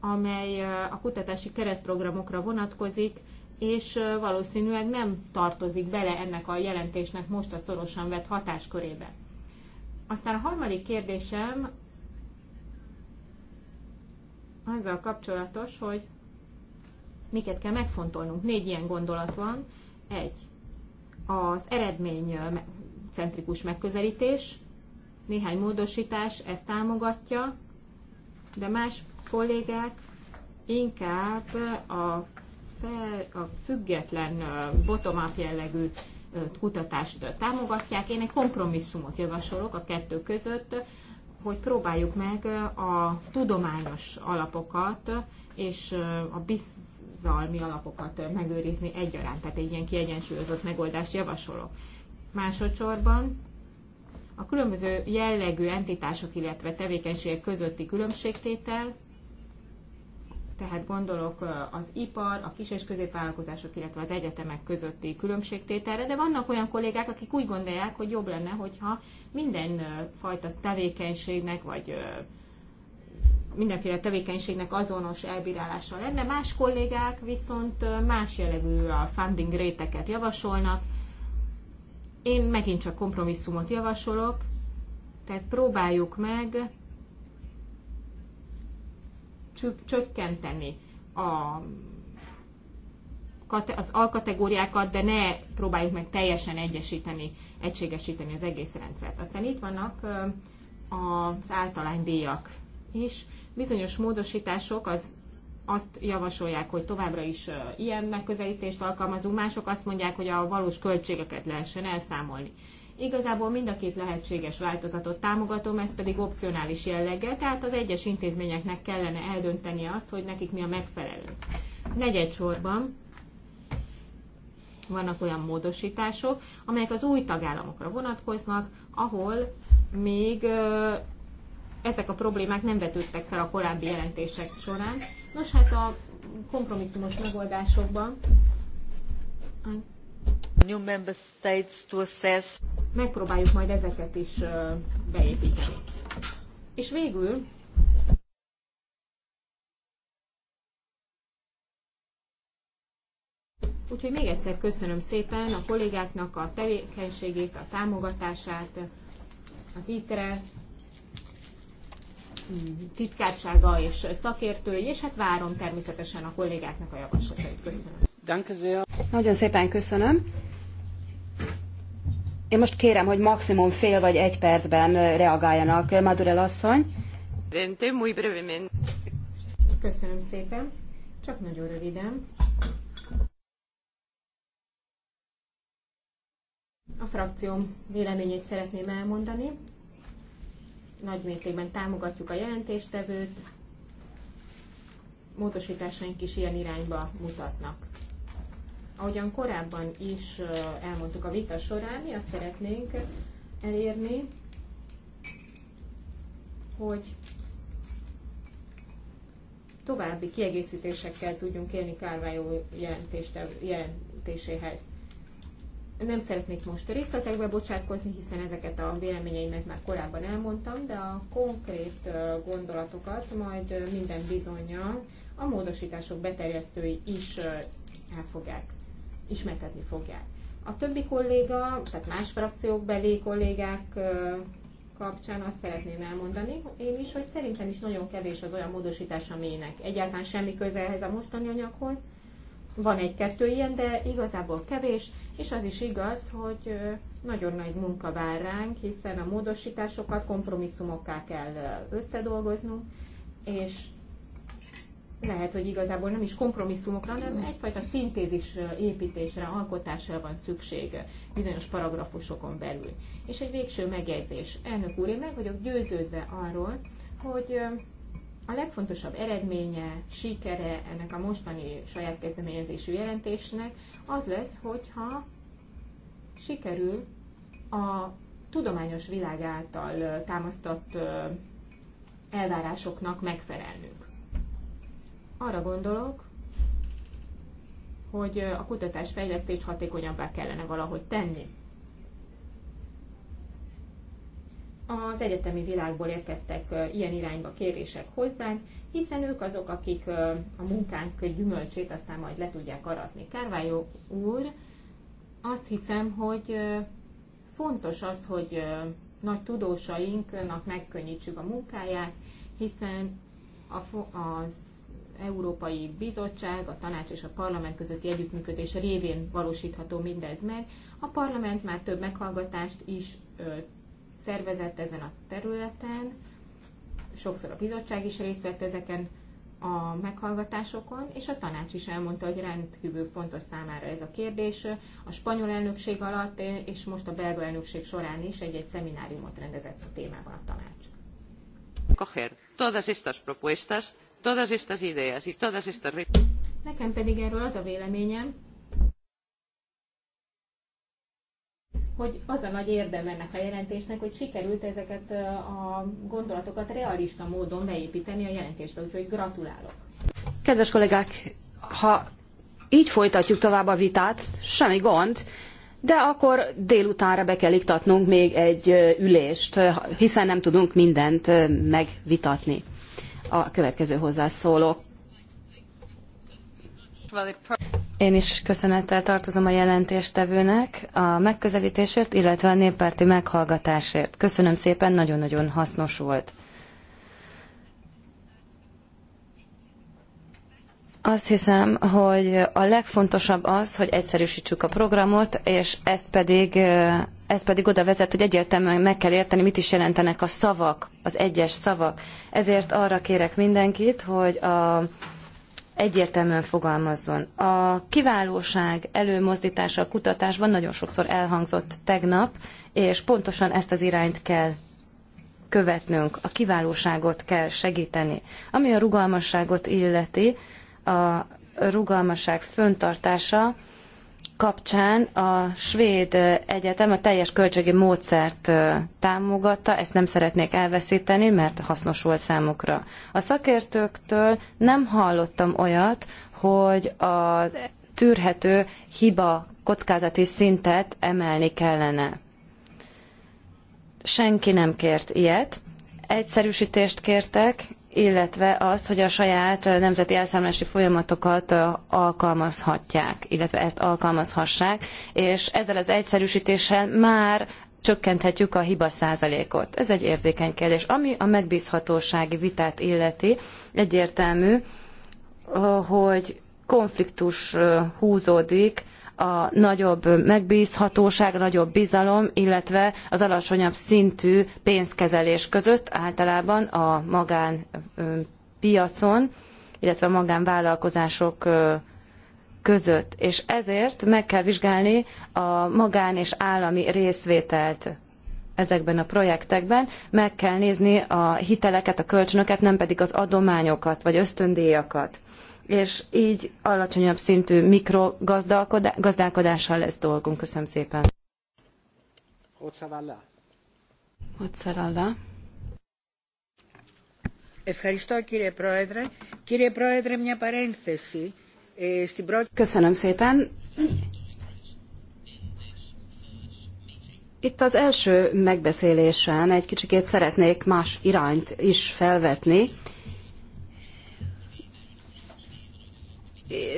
amely a kutatási keretprogramokra vonatkozik, és valószínűleg nem tartozik bele ennek a jelentésnek most a szorosan vett hatáskörébe. Aztán a harmadik kérdésem azzal kapcsolatos, hogy miket kell megfontolnunk. Négy ilyen gondolat van. Egy, az eredmény centrikus megközelítés, néhány módosítás ezt támogatja, de más kollégák inkább a, fel, a független bottom-up jellegű kutatást támogatják. Én egy kompromisszumot javasolok a kettő között, hogy próbáljuk meg a tudományos alapokat és a bizalmi alapokat megőrizni egyaránt. Tehát egy ilyen kiegyensúlyozott megoldást javasolok. Másodszorban a különböző jellegű entitások, illetve tevékenységek közötti különbségtétel tehát gondolok az ipar, a kis- és középvállalkozások, illetve az egyetemek közötti különbségtételre, de vannak olyan kollégák, akik úgy gondolják, hogy jobb lenne, hogyha minden fajta tevékenységnek, vagy mindenféle tevékenységnek azonos elbírálása lenne. Más kollégák viszont más jellegű a funding réteket javasolnak. Én megint csak kompromisszumot javasolok, tehát próbáljuk meg csökkenteni a, az alkategóriákat, de ne próbáljuk meg teljesen egyesíteni, egységesíteni az egész rendszert. Aztán itt vannak az általánydíjak is. Bizonyos módosítások az azt javasolják, hogy továbbra is ilyen megközelítést alkalmazunk, mások azt mondják, hogy a valós költségeket lehessen elszámolni. Igazából mind a két lehetséges változatot támogatom, ez pedig opcionális jelleggel, tehát az egyes intézményeknek kellene eldönteni azt, hogy nekik mi a megfelelő. Negyedsorban vannak olyan módosítások, amelyek az új tagállamokra vonatkoznak, ahol még ezek a problémák nem vetődtek fel a korábbi jelentések során. Nos, hát a kompromisszumos megoldásokban New member states to assess. Megpróbáljuk majd ezeket is beépíteni. És végül Úgyhogy még egyszer köszönöm szépen a kollégáknak a tevékenységét, a támogatását, az ITRE mm, titkársága és szakértői, és hát várom természetesen a kollégáknak a javaslatait. Köszönöm. Nagyon szépen köszönöm. Én most kérem, hogy maximum fél vagy egy percben reagáljanak. Madurell asszony. Köszönöm szépen. Csak nagyon röviden. A frakcióm véleményét szeretném elmondani. Nagy mértékben támogatjuk a jelentéstevőt. Módosításaink is ilyen irányba mutatnak. Ahogyan korábban is elmondtuk a vita során, mi azt szeretnénk elérni, hogy további kiegészítésekkel tudjunk élni Kárvájó jelentéséhez. Nem szeretnék most részletekbe bocsátkozni, hiszen ezeket a véleményeimet már korábban elmondtam, de a konkrét gondolatokat majd minden bizonyal a módosítások beterjesztői is fogják ismertetni fogják. A többi kolléga, tehát más frakciók belé kollégák kapcsán azt szeretném elmondani, én is, hogy szerintem is nagyon kevés az olyan módosítás, aminek egyáltalán semmi köze ehhez a mostani anyaghoz. Van egy-kettő ilyen, de igazából kevés, és az is igaz, hogy nagyon nagy munka vár ránk, hiszen a módosításokat kompromisszumokká kell összedolgoznunk, és lehet, hogy igazából nem is kompromisszumokra, hanem egyfajta szintézis építésre, alkotásra van szükség bizonyos paragrafusokon belül. És egy végső megjegyzés. Elnök úr, én meg vagyok győződve arról, hogy a legfontosabb eredménye, sikere ennek a mostani saját kezdeményezésű jelentésnek az lesz, hogyha sikerül a tudományos világ által támasztott elvárásoknak megfelelnünk. Arra gondolok, hogy a kutatás fejlesztést hatékonyabbá kellene valahogy tenni. Az egyetemi világból érkeztek ilyen irányba kérések hozzánk, hiszen ők azok, akik a munkánk gyümölcsét aztán majd le tudják aratni. Kárvályó úr, azt hiszem, hogy fontos az, hogy nagy tudósainknak megkönnyítsük a munkáját, hiszen az Európai Bizottság, a Tanács és a Parlament közötti együttműködés révén valósítható mindez meg. A parlament már több meghallgatást is szervezett ezen a területen, sokszor a bizottság is részt vett ezeken a meghallgatásokon, és a tanács is elmondta, hogy rendkívül fontos számára ez a kérdés. A spanyol elnökség alatt eh, és most a belga elnökség során is egy-egy szemináriumot rendezett a témában a tanács. Coger todas estas propuestas todas estas ideas y todas estas... Nekem pedig erről az a véleményem, hogy az a nagy érdem ennek a jelentésnek, hogy sikerült ezeket a gondolatokat realista módon beépíteni a jelentésbe, úgyhogy gratulálok. Kedves kollégák, ha így folytatjuk tovább a vitát, semmi gond, de akkor délutánra be kell iktatnunk még egy ülést, hiszen nem tudunk mindent megvitatni a következő hozzászólók. Én is köszönettel tartozom a jelentéstevőnek a megközelítésért, illetve a néppárti meghallgatásért. Köszönöm szépen, nagyon-nagyon hasznos volt. Azt hiszem, hogy a legfontosabb az, hogy egyszerűsítsük a programot, és ez pedig ez pedig oda vezet, hogy egyértelműen meg kell érteni, mit is jelentenek a szavak, az egyes szavak. Ezért arra kérek mindenkit, hogy a, egyértelműen fogalmazzon. A kiválóság előmozdítása a kutatásban nagyon sokszor elhangzott tegnap, és pontosan ezt az irányt kell követnünk, a kiválóságot kell segíteni. Ami a rugalmasságot illeti, a rugalmasság föntartása kapcsán a svéd egyetem a teljes költségi módszert támogatta, ezt nem szeretnék elveszíteni, mert hasznos volt számukra. A szakértőktől nem hallottam olyat, hogy a tűrhető hiba kockázati szintet emelni kellene. Senki nem kért ilyet. Egyszerűsítést kértek, illetve azt, hogy a saját nemzeti elszámolási folyamatokat alkalmazhatják, illetve ezt alkalmazhassák, és ezzel az egyszerűsítéssel már csökkenthetjük a hiba százalékot. Ez egy érzékeny kérdés. Ami a megbízhatósági vitát illeti, egyértelmű, hogy konfliktus húzódik a nagyobb megbízhatóság, a nagyobb bizalom, illetve az alacsonyabb szintű pénzkezelés között általában a magánpiacon, illetve a magánvállalkozások között. És ezért meg kell vizsgálni a magán és állami részvételt ezekben a projektekben, meg kell nézni a hiteleket, a kölcsönöket, nem pedig az adományokat vagy ösztöndíjakat és így alacsonyabb szintű mikrogazdálkodással lesz dolgunk. Köszönöm szépen. Hozzavalla. Hozzavalla. Ευχαριστώ κύριε Πρόεδρε. Κύριε Πρόεδρε, μια παρένθεση. Köszönöm szépen. Itt az első megbeszélésen egy kicsikét szeretnék más irányt is felvetni.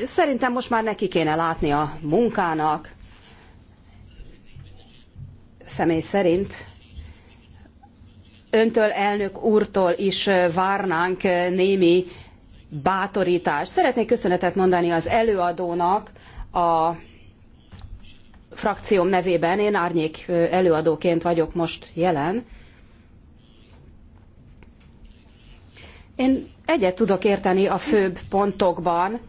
Szerintem most már neki kéne látni a munkának. Személy szerint öntől, elnök úrtól is várnánk némi bátorítást. Szeretnék köszönetet mondani az előadónak a frakcióm nevében. Én árnyék előadóként vagyok most jelen. Én egyet tudok érteni a főbb pontokban,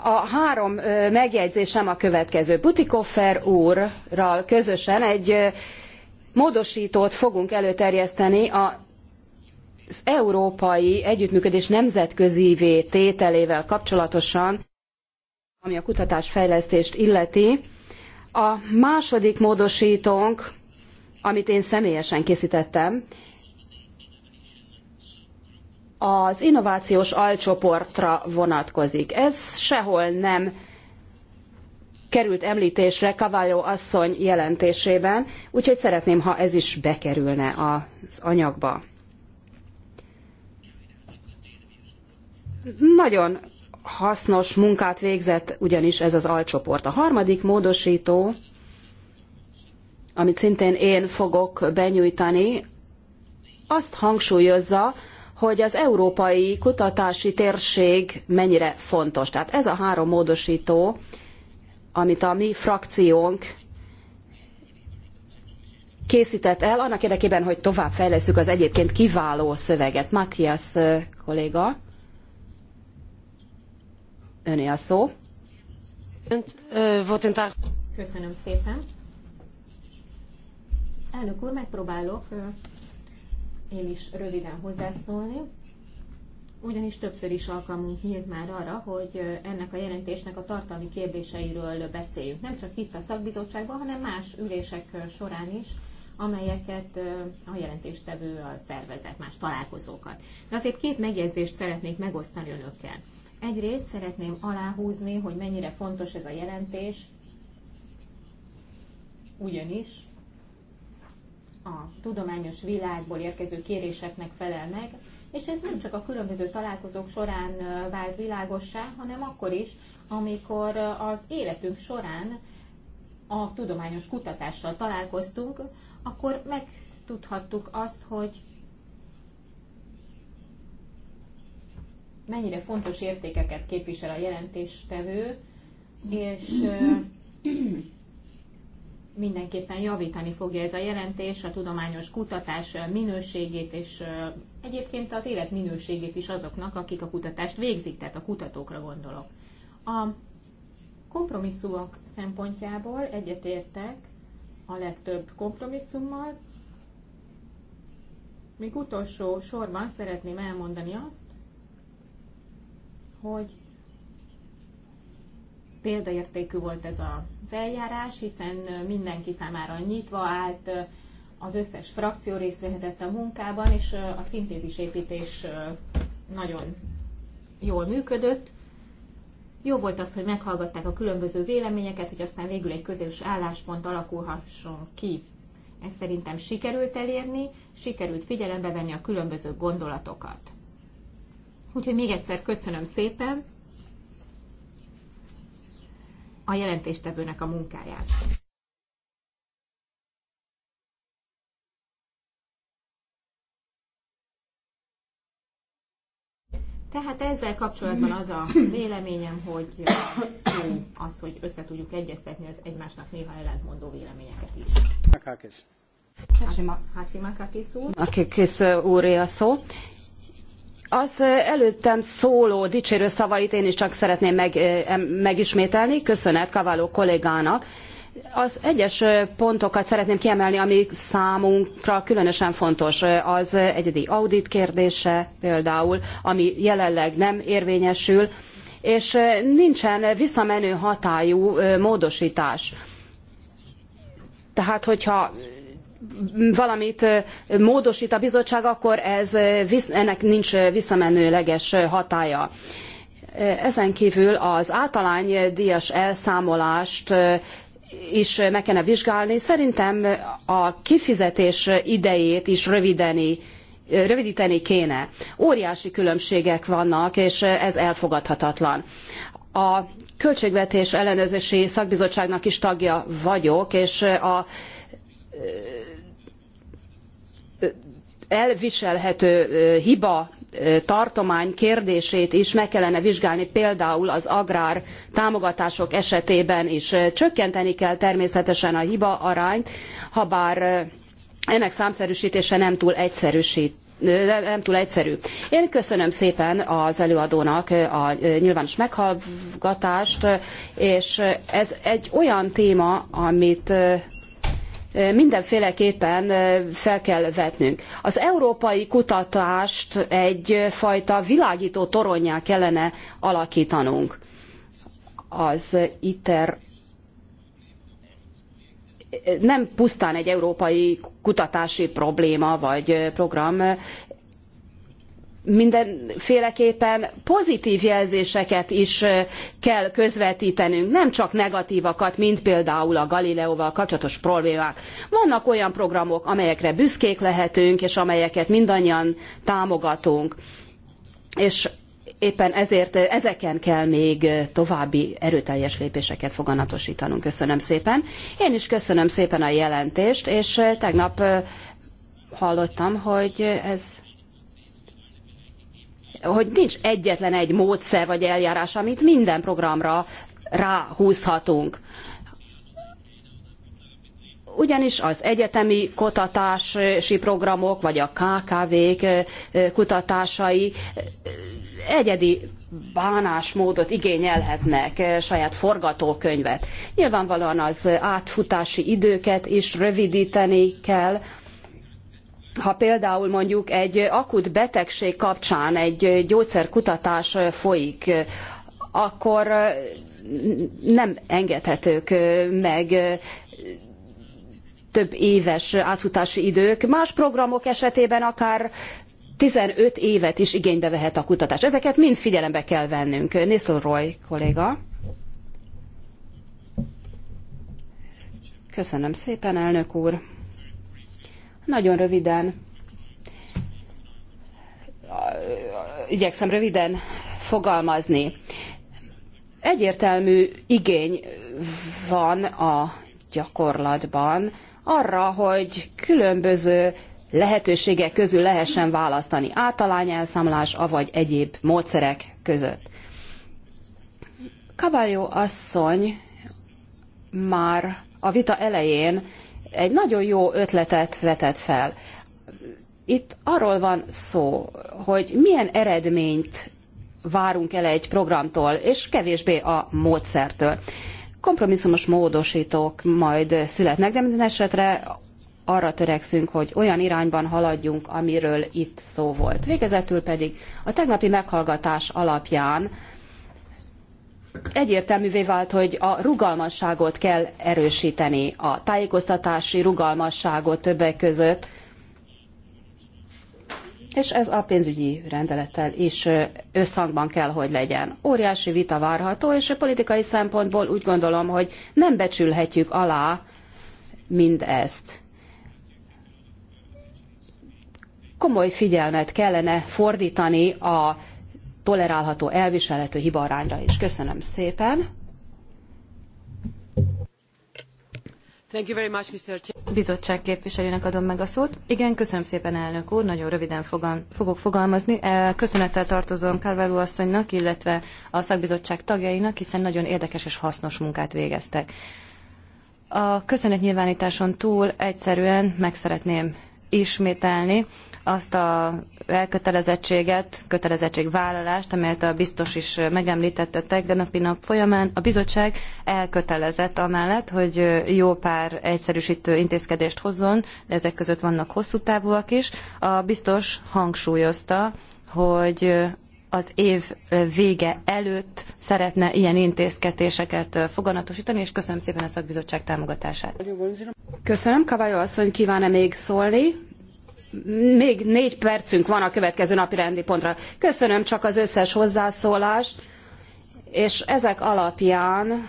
a három megjegyzésem a következő. Butikoffer úrral közösen egy módosítót fogunk előterjeszteni a az európai együttműködés nemzetközivé tételével kapcsolatosan, ami a kutatásfejlesztést illeti. A második módosítónk, amit én személyesen készítettem, az innovációs alcsoportra vonatkozik. Ez sehol nem került említésre Cavallo asszony jelentésében, úgyhogy szeretném, ha ez is bekerülne az anyagba. Nagyon hasznos munkát végzett ugyanis ez az alcsoport. A harmadik módosító, amit szintén én fogok benyújtani, azt hangsúlyozza, hogy az európai kutatási térség mennyire fontos. Tehát ez a három módosító, amit a mi frakciónk készített el, annak érdekében, hogy tovább fejlesztjük az egyébként kiváló szöveget. Matthias kolléga, öné a szó. Köszönöm szépen. Elnök úr, megpróbálok én is röviden hozzászólni, ugyanis többször is alkalmunk nyílt már arra, hogy ennek a jelentésnek a tartalmi kérdéseiről beszéljünk. Nem csak itt a szakbizottságban, hanem más ülések során is, amelyeket a jelentéstevő a szervezet, más találkozókat. De azért két megjegyzést szeretnék megosztani önökkel. Egyrészt szeretném aláhúzni, hogy mennyire fontos ez a jelentés, ugyanis a tudományos világból érkező kéréseknek felel meg, és ez nem csak a különböző találkozók során vált világossá, hanem akkor is, amikor az életünk során a tudományos kutatással találkoztunk, akkor megtudhattuk azt, hogy mennyire fontos értékeket képvisel a jelentéstevő, és mindenképpen javítani fogja ez a jelentés a tudományos kutatás minőségét, és egyébként az élet minőségét is azoknak, akik a kutatást végzik, tehát a kutatókra gondolok. A kompromisszumok szempontjából egyetértek a legtöbb kompromisszummal. Még utolsó sorban szeretném elmondani azt, hogy példaértékű volt ez az eljárás, hiszen mindenki számára nyitva állt, az összes frakció részt vehetett a munkában, és a szintézisépítés nagyon jól működött. Jó volt az, hogy meghallgatták a különböző véleményeket, hogy aztán végül egy közös álláspont alakulhasson ki. Ezt szerintem sikerült elérni, sikerült figyelembe venni a különböző gondolatokat. Úgyhogy még egyszer köszönöm szépen! a jelentéstevőnek a munkáját. Tehát ezzel kapcsolatban az a véleményem, hogy jó az, hogy össze tudjuk egyeztetni az egymásnak néha ellentmondó véleményeket is. Hácimakakis úr. Akikis úré a szó. Az előttem szóló dicsérő szavait én is csak szeretném meg, megismételni. Köszönet Kaváló kollégának. Az egyes pontokat szeretném kiemelni, ami számunkra különösen fontos. Az egyedi audit kérdése például, ami jelenleg nem érvényesül, és nincsen visszamenő hatályú módosítás. Tehát, hogyha valamit módosít a bizottság, akkor ez, ennek nincs visszamenőleges hatája. Ezen kívül az általány díjas elszámolást is meg kellene vizsgálni. Szerintem a kifizetés idejét is rövideni, rövidíteni kéne. Óriási különbségek vannak, és ez elfogadhatatlan. A Költségvetés Ellenőrzési Szakbizottságnak is tagja vagyok, és a elviselhető hiba tartomány kérdését is meg kellene vizsgálni például az agrár támogatások esetében is. Csökkenteni kell természetesen a hiba arányt, habár ennek számszerűsítése nem túl egyszerűsít nem túl egyszerű. Én köszönöm szépen az előadónak a nyilvános meghallgatást, és ez egy olyan téma, amit mindenféleképpen fel kell vetnünk. Az európai kutatást egyfajta világító toronyá kellene alakítanunk. Az ITER nem pusztán egy európai kutatási probléma vagy program, mindenféleképpen pozitív jelzéseket is kell közvetítenünk, nem csak negatívakat, mint például a Galileóval kapcsolatos problémák. Vannak olyan programok, amelyekre büszkék lehetünk, és amelyeket mindannyian támogatunk. És éppen ezért ezeken kell még további erőteljes lépéseket foganatosítanunk. Köszönöm szépen. Én is köszönöm szépen a jelentést, és tegnap hallottam, hogy ez hogy nincs egyetlen egy módszer vagy eljárás, amit minden programra ráhúzhatunk. Ugyanis az egyetemi kutatási programok, vagy a KKV-k kutatásai egyedi bánásmódot igényelhetnek, saját forgatókönyvet. Nyilvánvalóan az átfutási időket is rövidíteni kell, ha például mondjuk egy akut betegség kapcsán egy gyógyszerkutatás folyik, akkor nem engedhetők meg több éves átfutási idők. Más programok esetében akár 15 évet is igénybe vehet a kutatás. Ezeket mind figyelembe kell vennünk. Nisztelrooy kolléga. Köszönöm szépen, elnök úr. Nagyon röviden. Igyekszem röviden fogalmazni. Egyértelmű igény van a gyakorlatban arra, hogy különböző lehetőségek közül lehessen választani általány elszámlás, avagy egyéb módszerek között. Kavályó asszony már a vita elején egy nagyon jó ötletet vetett fel. Itt arról van szó, hogy milyen eredményt várunk el egy programtól, és kevésbé a módszertől. Kompromisszumos módosítók majd születnek, de minden esetre arra törekszünk, hogy olyan irányban haladjunk, amiről itt szó volt. Végezetül pedig a tegnapi meghallgatás alapján Egyértelművé vált, hogy a rugalmasságot kell erősíteni, a tájékoztatási rugalmasságot többek között, és ez a pénzügyi rendelettel is összhangban kell, hogy legyen. Óriási vita várható, és politikai szempontból úgy gondolom, hogy nem becsülhetjük alá mindezt. Komoly figyelmet kellene fordítani a tolerálható, elviselhető hibarányra is. Köszönöm szépen. Bizottság képviselőnek adom meg a szót. Igen, köszönöm szépen, elnök úr, nagyon röviden fogan, fogok fogalmazni. E, köszönettel tartozom Kárváló asszonynak, illetve a szakbizottság tagjainak, hiszen nagyon érdekes és hasznos munkát végeztek. A köszönetnyilvánításon túl egyszerűen meg szeretném ismételni, azt a elkötelezettséget, kötelezettségvállalást, amelyet a biztos is megemlített a tegnapi nap folyamán, a bizottság elkötelezett amellett, hogy jó pár egyszerűsítő intézkedést hozzon, de ezek között vannak hosszú távúak is. A biztos hangsúlyozta, hogy az év vége előtt szeretne ilyen intézkedéseket foganatosítani, és köszönöm szépen a szakbizottság támogatását. Köszönöm, Kavajó asszony, még szólni? még négy percünk van a következő napi rendi pontra. Köszönöm csak az összes hozzászólást, és ezek alapján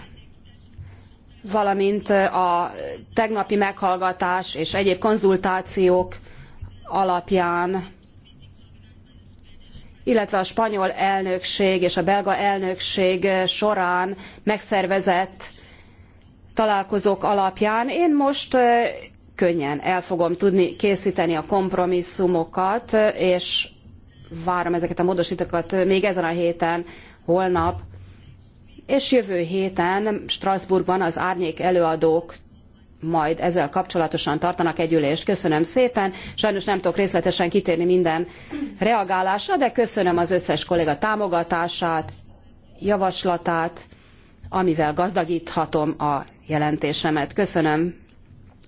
valamint a tegnapi meghallgatás és egyéb konzultációk alapján, illetve a spanyol elnökség és a belga elnökség során megszervezett találkozók alapján. Én most könnyen el fogom tudni készíteni a kompromisszumokat, és várom ezeket a módosítókat még ezen a héten, holnap, és jövő héten Strasbourgban az árnyék előadók majd ezzel kapcsolatosan tartanak egy ülést. Köszönöm szépen, sajnos nem tudok részletesen kitérni minden reagálásra, de köszönöm az összes kolléga támogatását, javaslatát, amivel gazdagíthatom a jelentésemet. Köszönöm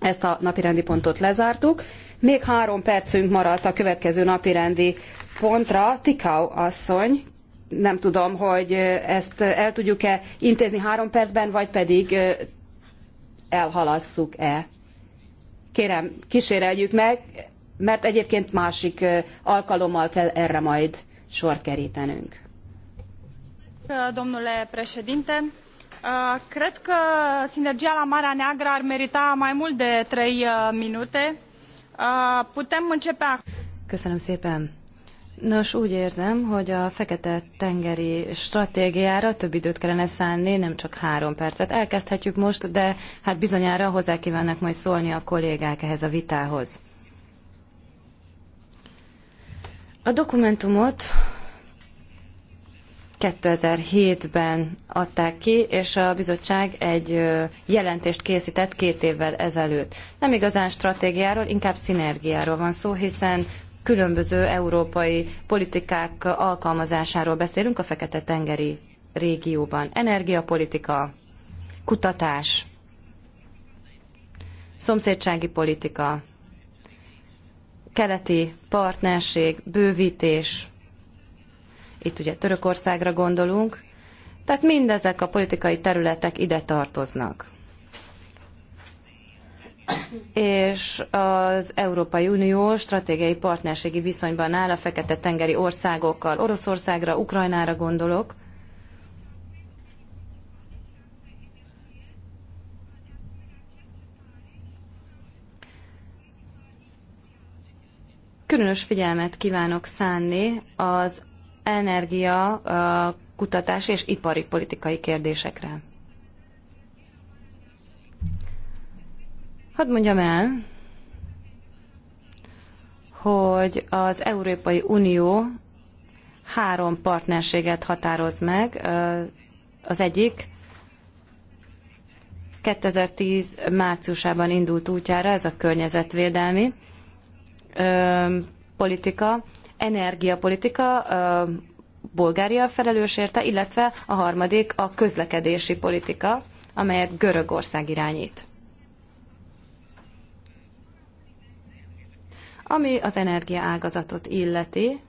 ezt a napirendi pontot lezártuk. Még három percünk maradt a következő napirendi pontra. Tikau asszony, nem tudom, hogy ezt el tudjuk-e intézni három percben, vagy pedig elhalasszuk-e. Kérem, kíséreljük meg, mert egyébként másik alkalommal kell erre majd sort kerítenünk. Domnule președinte, Uh, cred că sinergia la Marea Neagră ar merita mai mult de trei uh, minute. Uh, putem începe acum. Köszönöm szépen. Nos, úgy érzem, hogy a Fekete-tengeri stratégiára több időt kellene szánni, nem csak három percet. Elkezdhetjük most, de hát bizonyára hozzá kívánnak majd szólni a kollégák ehhez a vitához. A dokumentumot 2007-ben adták ki, és a bizottság egy jelentést készített két évvel ezelőtt. Nem igazán stratégiáról, inkább szinergiáról van szó, hiszen különböző európai politikák alkalmazásáról beszélünk a Fekete-tengeri régióban. Energiapolitika, kutatás, szomszédsági politika, keleti partnerség, bővítés, itt ugye Törökországra gondolunk, tehát mindezek a politikai területek ide tartoznak. És az Európai Unió stratégiai partnerségi viszonyban áll a Fekete-tengeri országokkal, Oroszországra, Ukrajnára gondolok, különös figyelmet kívánok szánni az energia, kutatás és ipari politikai kérdésekre. Hadd mondjam el, hogy az Európai Unió három partnerséget határoz meg. Az egyik 2010 márciusában indult útjára, ez a környezetvédelmi politika energiapolitika Bulgária felelős érte, illetve a harmadik a közlekedési politika, amelyet Görögország irányít. Ami az energiaágazatot illeti,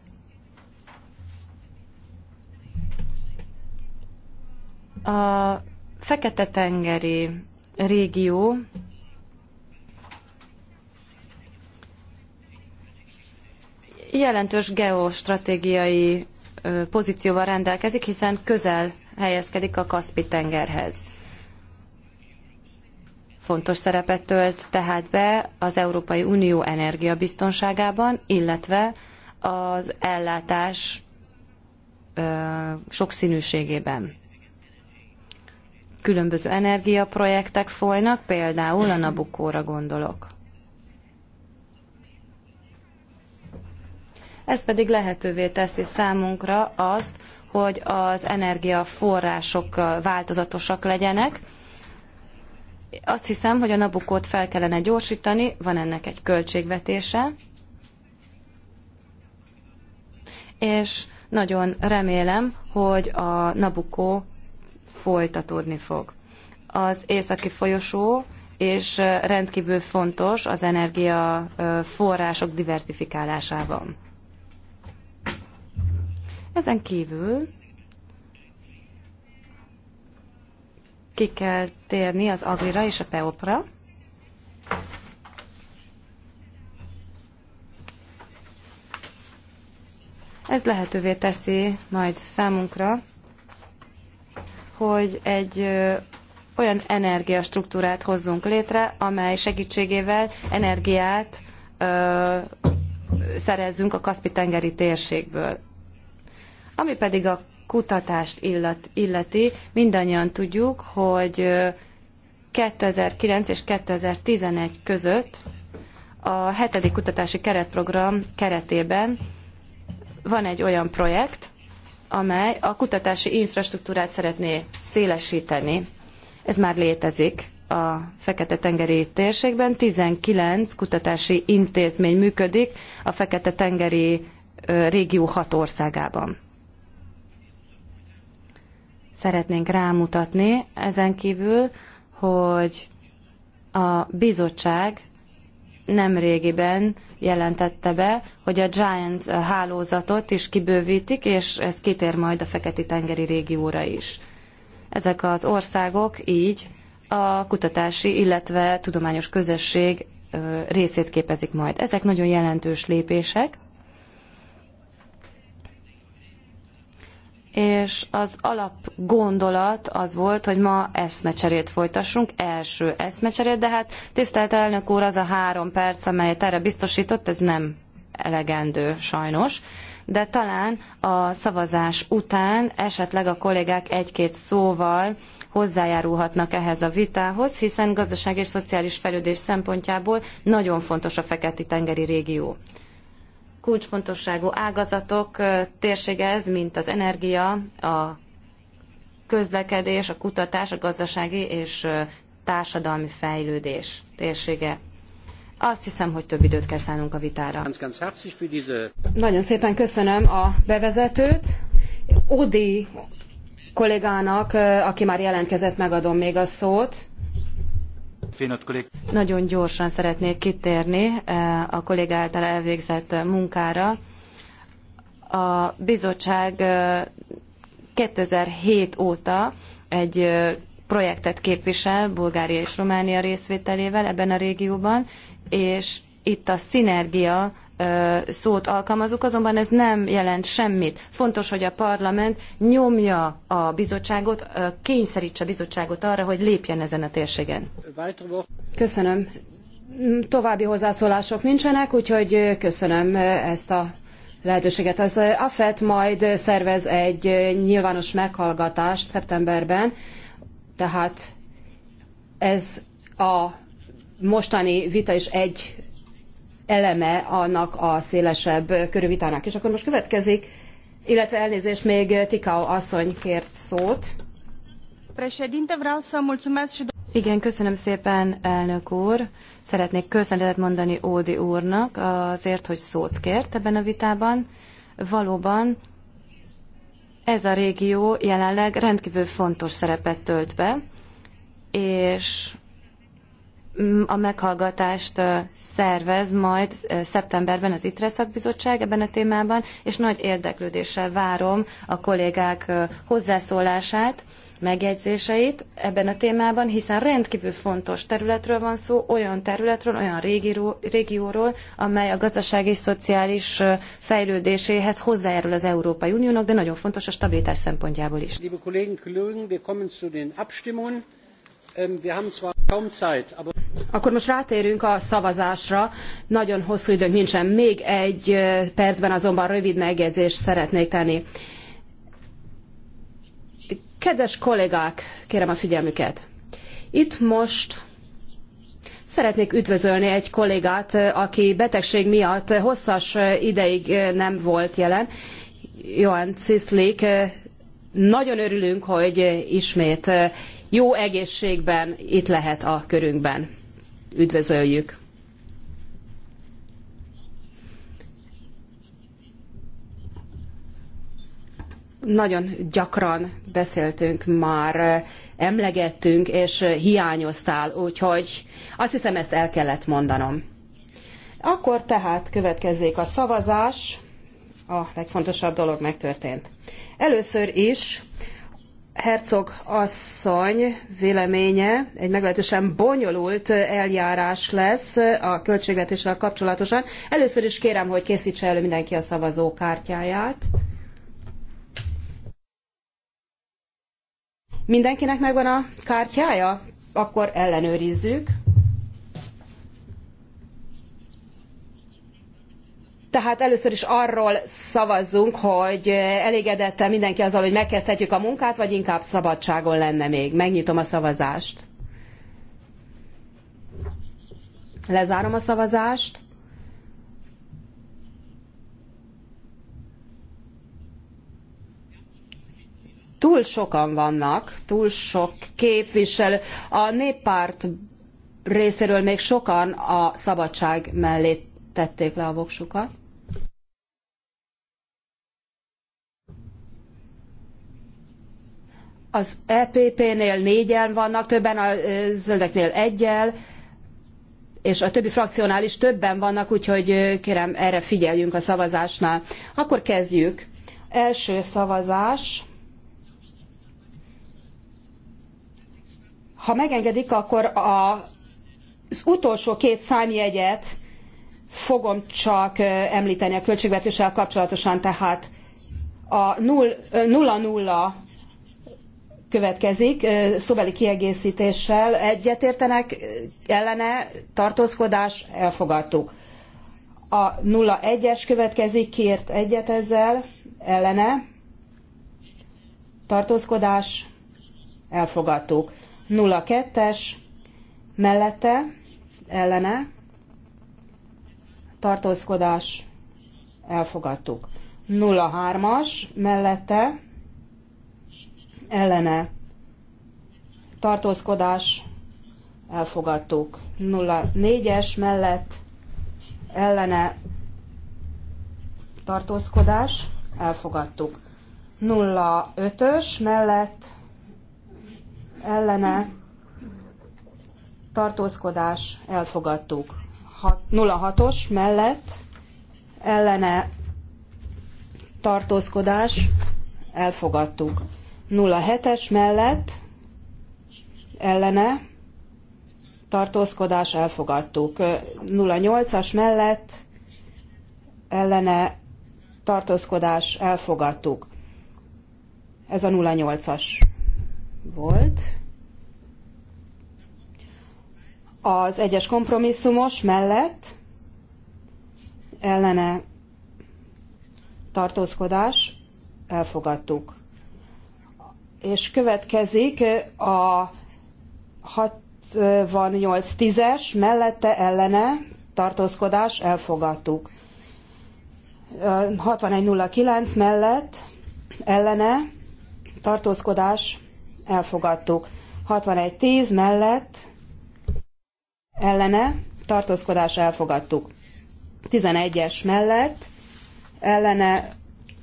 a Fekete-tengeri régió jelentős geostratégiai pozícióval rendelkezik, hiszen közel helyezkedik a Kaspi-tengerhez. Fontos szerepet tölt tehát be az Európai Unió energiabiztonságában, illetve az ellátás sokszínűségében. Különböző energiaprojektek folynak, például a Nabukóra gondolok. Ez pedig lehetővé teszi számunkra azt, hogy az energiaforrások uh, változatosak legyenek. Azt hiszem, hogy a Nabukót fel kellene gyorsítani, van ennek egy költségvetése, és nagyon remélem, hogy a Nabukó folytatódni fog. Az északi folyosó és uh, rendkívül fontos az energiaforrások uh, diversifikálásában. Ezen kívül ki kell térni az Agrira és a Peopra. Ez lehetővé teszi majd számunkra, hogy egy olyan energiastruktúrát hozzunk létre, amely segítségével energiát ö, szerezzünk a Kaszpi-tengeri térségből. Ami pedig a kutatást illet, illeti, mindannyian tudjuk, hogy 2009 és 2011 között a hetedik kutatási keretprogram keretében van egy olyan projekt, amely a kutatási infrastruktúrát szeretné szélesíteni. Ez már létezik a Fekete-tengeri térségben. 19 kutatási intézmény működik a Fekete-tengeri régió hat országában szeretnénk rámutatni. Ezen kívül, hogy a bizottság nemrégiben jelentette be, hogy a Giant hálózatot is kibővítik, és ez kitér majd a Feketi-tengeri régióra is. Ezek az országok így a kutatási, illetve tudományos közösség részét képezik majd. Ezek nagyon jelentős lépések, és az alap gondolat az volt, hogy ma eszmecserét folytassunk, első eszmecserét, de hát tisztelt elnök úr, az a három perc, amelyet erre biztosított, ez nem elegendő sajnos, de talán a szavazás után esetleg a kollégák egy-két szóval hozzájárulhatnak ehhez a vitához, hiszen gazdaság és szociális fejlődés szempontjából nagyon fontos a feketi tengeri régió kulcsfontosságú ágazatok térsége ez, mint az energia, a közlekedés, a kutatás, a gazdasági és társadalmi fejlődés térsége. Azt hiszem, hogy több időt kell szállnunk a vitára. Nagyon szépen köszönöm a bevezetőt. Odi kollégának, aki már jelentkezett, megadom még a szót. Nagyon gyorsan szeretnék kitérni eh, a kollégá által elvégzett munkára. A bizottság 2007 eh, óta egy eh, projektet képvisel Bulgária és Románia részvételével ebben a régióban, és itt a szinergia szót alkalmazunk, azonban ez nem jelent semmit. Fontos, hogy a parlament nyomja a bizottságot, kényszerítse a bizottságot arra, hogy lépjen ezen a térségen. Köszönöm. További hozzászólások nincsenek, úgyhogy köszönöm ezt a lehetőséget. Az AFET majd szervez egy nyilvános meghallgatást szeptemberben, tehát ez a mostani vita is egy eleme annak a szélesebb körű vitának. És akkor most következik, illetve elnézést még Tikau asszony kért szót. Igen, köszönöm szépen, elnök úr. Szeretnék köszönetet mondani Ódi úrnak azért, hogy szót kért ebben a vitában. Valóban ez a régió jelenleg rendkívül fontos szerepet tölt be, és Mm, a meghallgatást szervez majd szeptemberben az ITRE szakbizottság ebben a témában, és nagy érdeklődéssel várom a kollégák hozzászólását, megjegyzéseit ebben a témában, hiszen rendkívül fontos területről van szó, olyan területről, olyan régióról, amely a gazdasági és szociális fejlődéséhez hozzájárul az Európai Uniónak, de nagyon fontos a stabilitás szempontjából is. Liebe Kollegen, Kollegen, wir Ähm, Akkor most rátérünk a szavazásra. Nagyon hosszú időnk nincsen. Még egy percben azonban rövid megjegyzést szeretnék tenni. Kedves kollégák, kérem a figyelmüket. Itt most Szeretnék üdvözölni egy kollégát, aki betegség miatt hosszas ideig nem volt jelen. Johan Ciszlik, nagyon örülünk, hogy ismét jó egészségben itt lehet a körünkben. Üdvözöljük! nagyon gyakran beszéltünk már, emlegettünk, és hiányoztál, úgyhogy azt hiszem ezt el kellett mondanom. Akkor tehát következzék a szavazás. A legfontosabb dolog megtörtént. Először is Herzog asszony véleménye egy meglehetősen bonyolult eljárás lesz a költségvetéssel kapcsolatosan. Először is kérem, hogy készítse elő mindenki a szavazókártyáját. Mindenkinek megvan a kártyája? Akkor ellenőrizzük. Tehát először is arról szavazzunk, hogy elégedette mindenki azzal, hogy megkezdhetjük a munkát, vagy inkább szabadságon lenne még. Megnyitom a szavazást. Lezárom a szavazást. Túl sokan vannak, túl sok képviselő. A néppárt részéről még sokan a szabadság mellé tették le a voksukat. Az EPP-nél négyen vannak, többen a zöldeknél egyel, és a többi frakciónál is többen vannak, úgyhogy kérem, erre figyeljünk a szavazásnál. Akkor kezdjük. Első szavazás. Ha megengedik, akkor a, az utolsó két számjegyet fogom csak említeni a költségvetéssel kapcsolatosan, tehát a 0-0 következik, szóbeli kiegészítéssel egyetértenek ellene tartózkodás, elfogadtuk. A 01-es következik, kiért egyet ezzel, ellene tartózkodás, elfogadtuk. 02-es mellette, ellene tartózkodás, elfogadtuk. 03-as mellette, ellene tartózkodás elfogadtuk. 04-es mellett ellene tartózkodás elfogadtuk. 05-ös mellett ellene tartózkodás elfogadtuk. 06-os mellett ellene tartózkodás elfogadtuk. 07-es mellett ellene tartózkodás elfogadtuk. 08-as mellett ellene tartózkodás elfogadtuk. Ez a 08-as volt. Az egyes kompromisszumos mellett ellene tartózkodás elfogadtuk és következik a 68 10-es, mellette ellene tartózkodás elfogadtuk. 6109 mellett ellene tartózkodás elfogadtuk. 6110 mellett ellene tartózkodás elfogadtuk. 11-es mellett ellene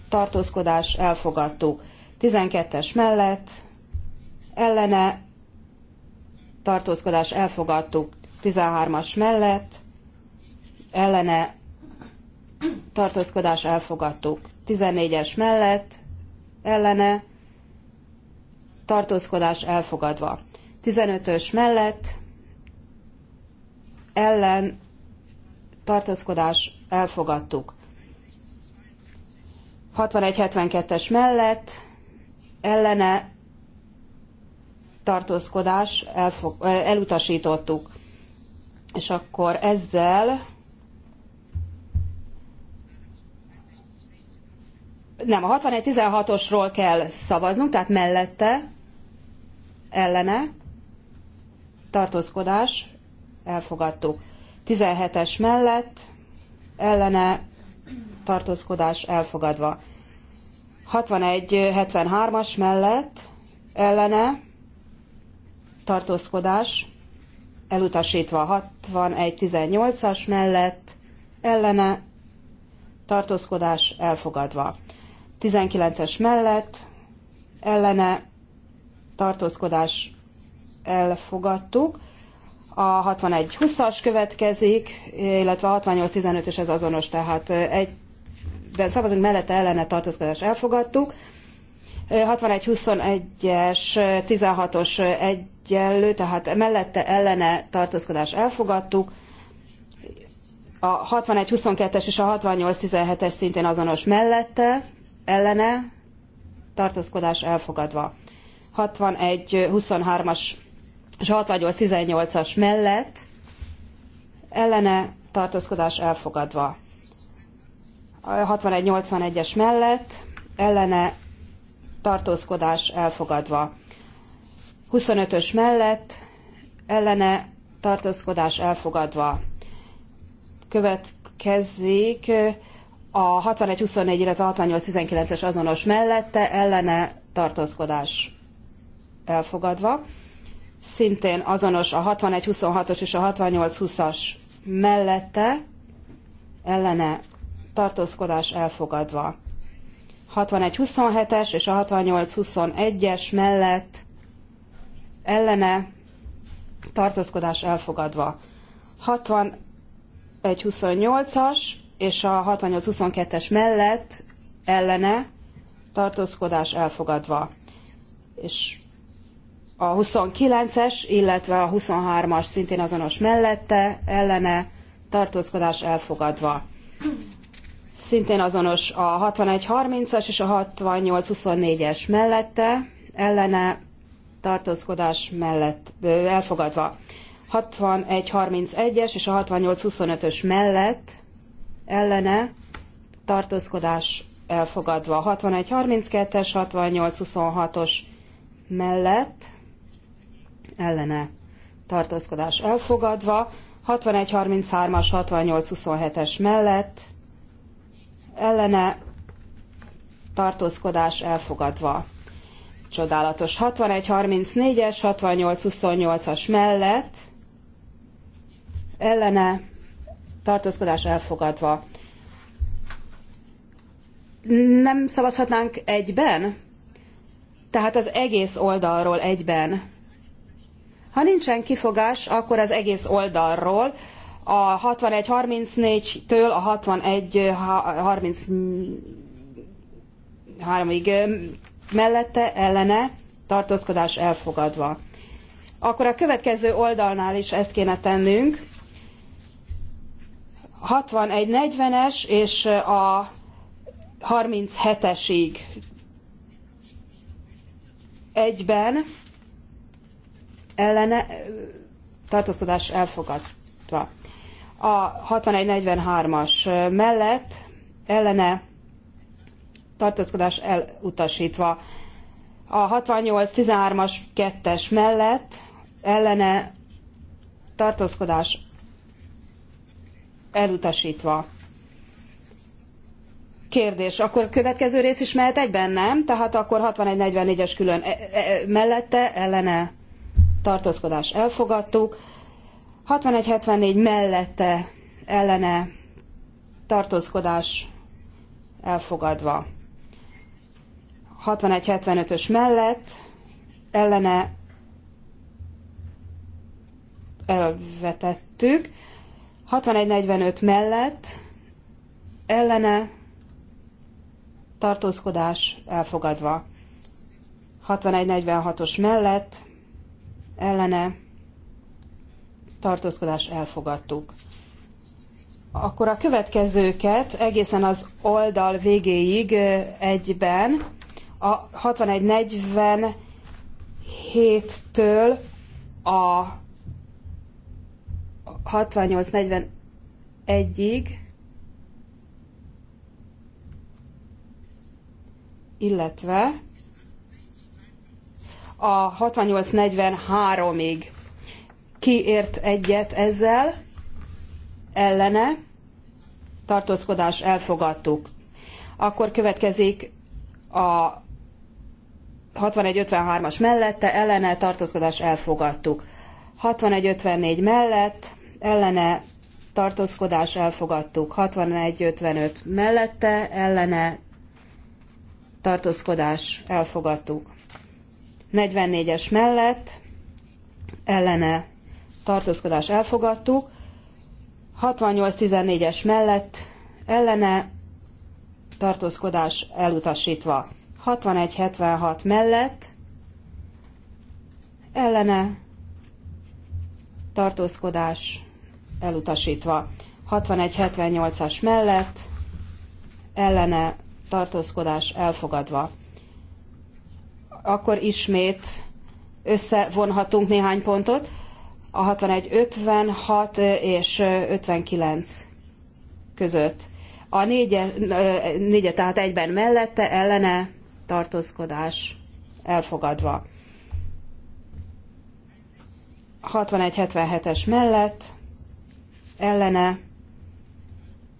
tartózkodás elfogadtuk. 12-es mellett ellene tartózkodás elfogadtuk 13-as mellett, ellene tartózkodás elfogadtuk 14-es mellett, ellene tartózkodás elfogadva 15-ös mellett, ellen tartózkodás elfogadtuk 61-72-es mellett, ellene tartózkodás elfog, elutasítottuk. És akkor ezzel nem, a 61-16-osról kell szavaznunk, tehát mellette, ellene, tartózkodás, elfogadtuk. 17-es mellett, ellene, tartózkodás elfogadva. 61-73-as mellett ellene tartózkodás elutasítva 61-18-as mellett ellene tartózkodás elfogadva. 19-es mellett ellene tartózkodás elfogadtuk. A 61-20-as következik, illetve a 68-15-ös ez azonos, tehát egy szavazunk mellette ellene tartózkodás elfogadtuk. 61-21-es, 16-os egyenlő, tehát mellette ellene tartózkodás elfogadtuk. A 61-22-es és a 68-17-es szintén azonos mellette, ellene tartózkodás elfogadva. 61-23-as és 68-18-as mellett ellene tartózkodás elfogadva. 61-81-es mellett ellene tartózkodás elfogadva. 25-ös mellett ellene tartózkodás elfogadva. Következik a 61-24, illetve 68-19-es azonos mellette ellene tartózkodás elfogadva. Szintén azonos a 61-26-os és a 68-20-as mellette ellene tartózkodás elfogadva. 61-27-es és a 68-21-es mellett ellene tartózkodás elfogadva. 61-28-as és a 68-22-es mellett ellene tartózkodás elfogadva. És a 29-es, illetve a 23-as szintén azonos mellette, ellene tartózkodás elfogadva szintén azonos a 61-30-as és a 68-24-es mellette, ellene tartózkodás mellett ö, elfogadva. 61-31-es és a 68-25-ös mellett ellene tartózkodás elfogadva. 61-32-es, 68-26-os mellett ellene tartózkodás elfogadva. 61-33-as, 68-27-es mellett ellene tartózkodás elfogadva. Csodálatos. 61-34-es, 68-28-as mellett ellene tartózkodás elfogadva. Nem szavazhatnánk egyben? Tehát az egész oldalról egyben. Ha nincsen kifogás, akkor az egész oldalról, a 61-34-től a 61-33-ig mellette ellene tartózkodás elfogadva. Akkor a következő oldalnál is ezt kéne tennünk. 61-40-es és a 37-esig egyben ellene tartózkodás elfogadva a 6143-as mellett ellene tartózkodás elutasítva. A 6813-as 2-es mellett ellene tartózkodás elutasítva. Kérdés, akkor következő rész is mehet egyben, nem? Tehát akkor 6144-es külön e- e- e- mellette ellene tartózkodás elfogadtuk. 61-74 mellette ellene tartózkodás elfogadva. 61-75-ös mellett ellene elvetettük. 61-45 mellett ellene tartózkodás elfogadva. 61-46-os mellett ellene tartózkodás elfogadtuk. Akkor a következőket egészen az oldal végéig egyben a 6147-től a 6841-ig, illetve a 6843-ig ki ért egyet ezzel? Ellene? Tartózkodás elfogadtuk. Akkor következik a 61-53-as mellette, ellene tartózkodás elfogadtuk. 61-54 mellett, ellene tartózkodás elfogadtuk. 61-55 mellette, ellene tartózkodás elfogadtuk. 44-es mellett, ellene tartózkodás elfogadtuk, 68-14-es mellett ellene tartózkodás elutasítva, 61-76 mellett ellene tartózkodás elutasítva, 61-78-as mellett ellene tartózkodás elfogadva. Akkor ismét összevonhatunk néhány pontot a 61, 56 és 59 között. A négye, négyet tehát egyben mellette, ellene tartózkodás elfogadva. 61-77-es mellett, ellene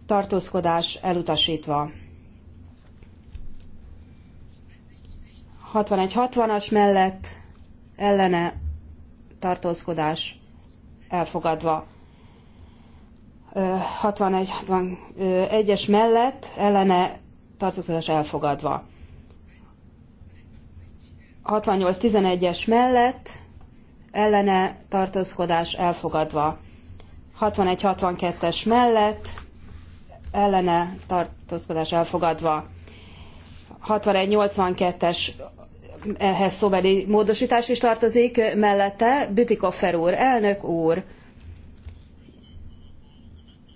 tartózkodás elutasítva. 61-60-as mellett, ellene tartózkodás elfogadva. 61-61-es mellett ellene tartózkodás elfogadva. 68-11-es mellett ellene tartózkodás elfogadva. 61-62-es mellett ellene tartózkodás elfogadva. 61-82-es ehhez szóbeli módosítás is tartozik, mellette Bütikoffer úr, elnök úr,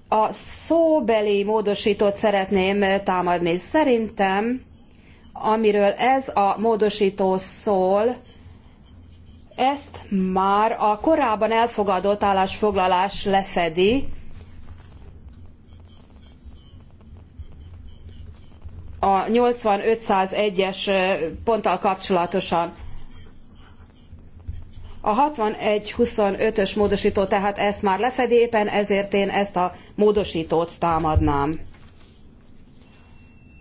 a szóbeli módosítót szeretném támadni. Szerintem, amiről ez a módosító szól, ezt már a korábban elfogadott állásfoglalás lefedi, a 8501-es ponttal kapcsolatosan. A 6125-ös módosító tehát ezt már lefedi, éppen ezért én ezt a módosítót támadnám.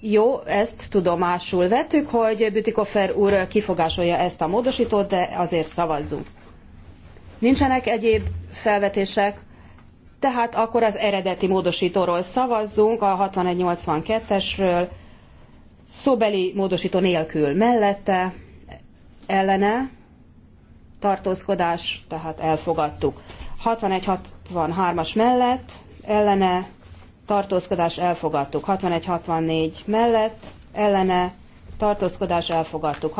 Jó, ezt tudomásul vettük, hogy Bütikofer úr kifogásolja ezt a módosítót, de azért szavazzunk. Nincsenek egyéb felvetések, tehát akkor az eredeti módosítóról szavazzunk, a 6182-esről szóbeli módosító nélkül mellette, ellene, tartózkodás, tehát elfogadtuk. 61-63-as mellett, ellene, tartózkodás elfogadtuk. 61-64 mellett, ellene, tartózkodás elfogadtuk.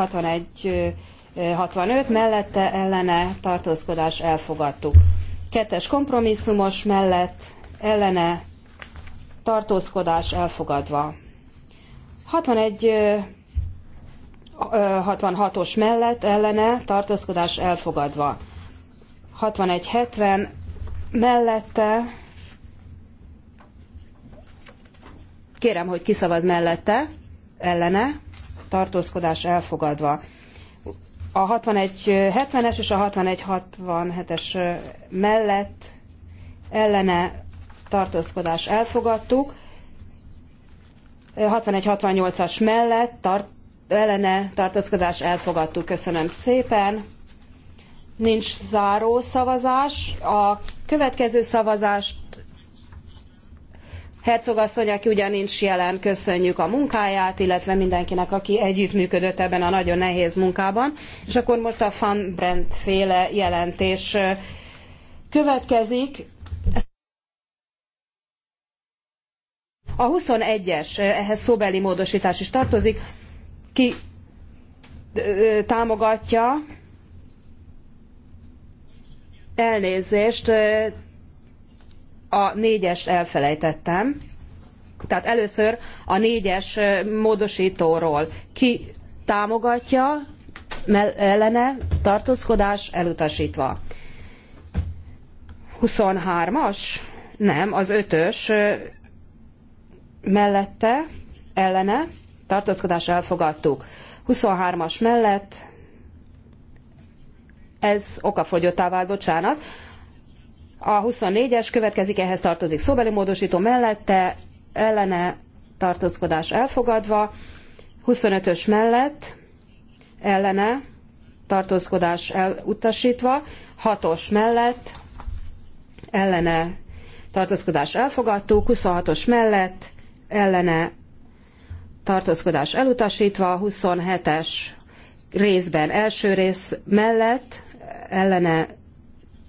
61-65 mellette, ellene, tartózkodás elfogadtuk. Kettes kompromisszumos mellett, ellene, tartózkodás elfogadva. 61 66-os mellett ellene tartózkodás elfogadva. 61-70 mellette kérem, hogy kiszavaz mellette ellene tartózkodás elfogadva. A 61-70-es és a 61-67-es mellett ellene tartózkodás elfogadtuk. 61-68-as mellett tart, ellene tartózkodás elfogadtuk. Köszönöm szépen. Nincs záró szavazás. A következő szavazást Hercogasszony, aki ugyan nincs jelen, köszönjük a munkáját, illetve mindenkinek, aki együttműködött ebben a nagyon nehéz munkában. És akkor most a Fanbrand Brent féle jelentés következik. A 21-es, eh, ehhez szóbeli módosítás is tartozik. Ki támogatja? Elnézést, a 4-est elfelejtettem. Tehát először a négyes módosítóról. Ki támogatja, ellene tartózkodás elutasítva. 23-as? Nem, az ötös mellette, ellene, tartózkodás elfogadtuk. 23-as mellett, ez okafogyottá vált, bocsánat. A 24-es következik, ehhez tartozik szóbeli módosító mellette, ellene tartózkodás elfogadva, 25-ös mellett, ellene tartózkodás elutasítva, 6-os mellett, ellene tartózkodás elfogadtuk, 26-os mellett, ellene tartózkodás elutasítva, 27-es részben első rész mellett ellene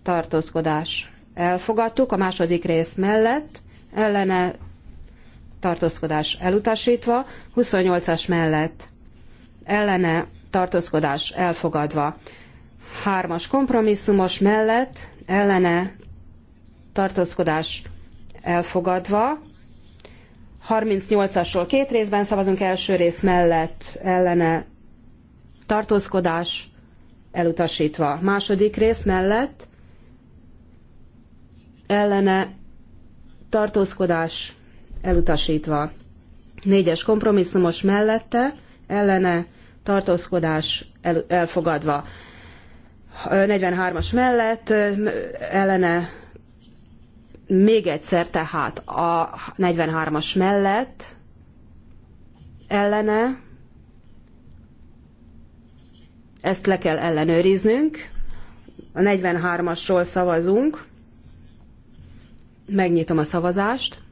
tartózkodás elfogadtuk, a második rész mellett ellene tartózkodás elutasítva, 28-as mellett ellene tartózkodás elfogadva, 3-as kompromisszumos mellett ellene tartózkodás elfogadva, 38-asról két részben szavazunk első rész mellett ellene tartózkodás elutasítva. Második rész mellett ellene tartózkodás elutasítva. Négyes kompromisszumos mellette ellene tartózkodás el, elfogadva. 43-as mellett ellene még egyszer tehát a 43-as mellett ellene ezt le kell ellenőriznünk. A 43-asról szavazunk. Megnyitom a szavazást.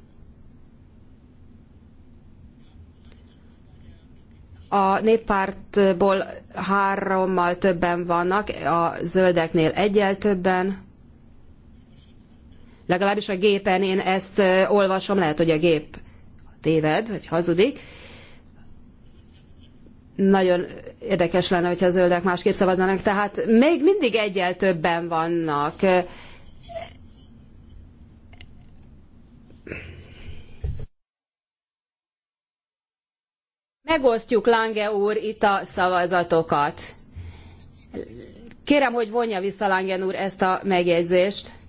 A néppártból hárommal többen vannak, a zöldeknél egyel többen. Legalábbis a gépen én ezt olvasom, lehet, hogy a gép téved, vagy hazudik. Nagyon érdekes lenne, hogyha a zöldek másképp szavaznának. Tehát még mindig egyel többen vannak. Megosztjuk, Lange úr, itt a szavazatokat. Kérem, hogy vonja vissza Lange úr ezt a megjegyzést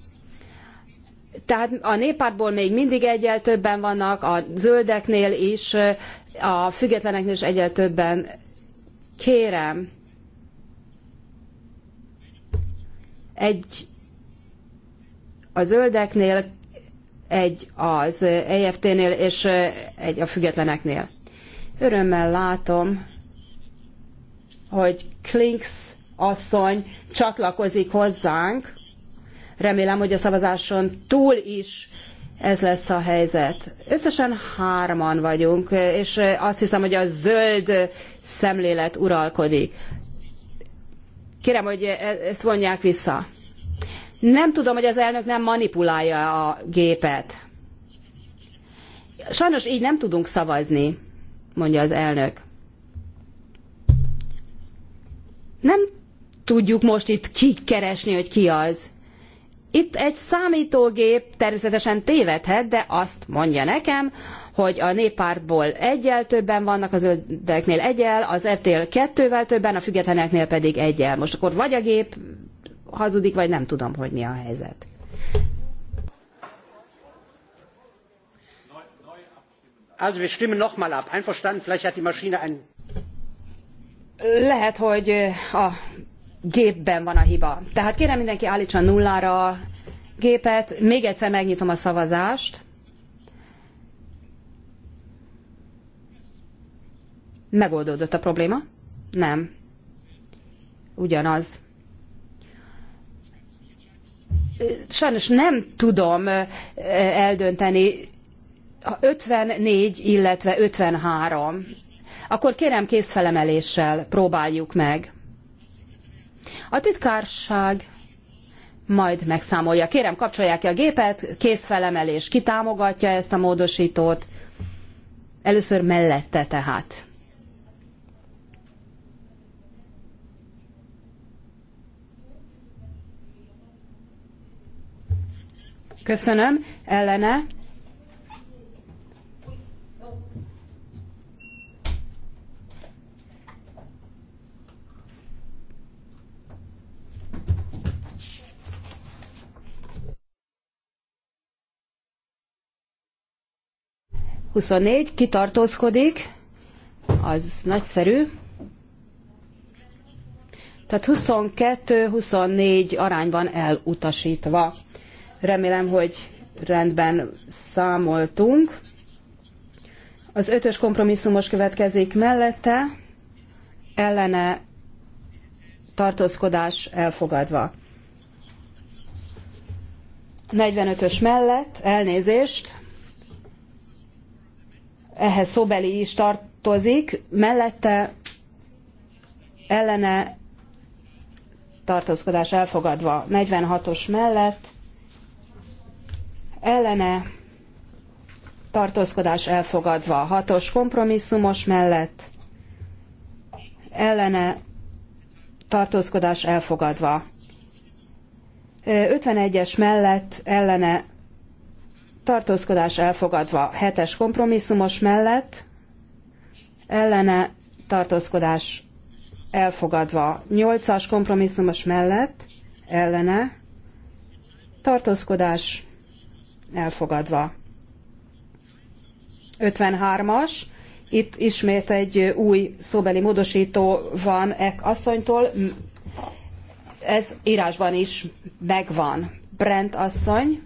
tehát a néppártból még mindig egyel többen vannak, a zöldeknél is, a függetleneknél is egyel többen. Kérem, egy a zöldeknél, egy az EFT-nél és egy a függetleneknél. Örömmel látom, hogy Klinks asszony csatlakozik hozzánk, Remélem, hogy a szavazáson túl is ez lesz a helyzet. Összesen hárman vagyunk, és azt hiszem, hogy a zöld szemlélet uralkodik. Kérem, hogy e- ezt vonják vissza. Nem tudom, hogy az elnök nem manipulálja a gépet. Sajnos így nem tudunk szavazni, mondja az elnök. Nem tudjuk most itt kikeresni, hogy ki az. Itt egy számítógép természetesen tévedhet, de azt mondja nekem, hogy a néppártból egyel többen vannak, az zöldeknél egyel, az FTL kettővel többen, a függetleneknél pedig egyel. Most akkor vagy a gép hazudik, vagy nem tudom, hogy mi a helyzet. Also wir stimmen nochmal ab. Einverstanden, vielleicht hat die Maschine ein... Lehet, hogy a gépben van a hiba. Tehát kérem mindenki állítsa nullára a gépet. Még egyszer megnyitom a szavazást. Megoldódott a probléma? Nem. Ugyanaz. Sajnos nem tudom eldönteni. 54, illetve 53. Akkor kérem kézfelemeléssel próbáljuk meg. A titkárság majd megszámolja. Kérem, kapcsolják ki a gépet, készfelemelés, Ki támogatja ezt a módosítót? Először mellette tehát. Köszönöm. Ellene? 24 kitartózkodik, az nagyszerű. Tehát 22-24 arányban elutasítva. Remélem, hogy rendben számoltunk. Az ötös kompromisszumos következik mellette, ellene tartózkodás elfogadva. 45-ös mellett elnézést, ehhez szóbeli is tartozik, mellette ellene tartózkodás elfogadva 46-os mellett, ellene tartózkodás elfogadva 6-os kompromisszumos mellett, ellene tartózkodás elfogadva 51-es mellett ellene tartózkodás elfogadva. Hetes kompromisszumos mellett ellene tartózkodás elfogadva. Nyolcas kompromisszumos mellett ellene tartózkodás elfogadva. 53-as, itt ismét egy új szóbeli módosító van Ek asszonytól, ez írásban is megvan. Brent asszony,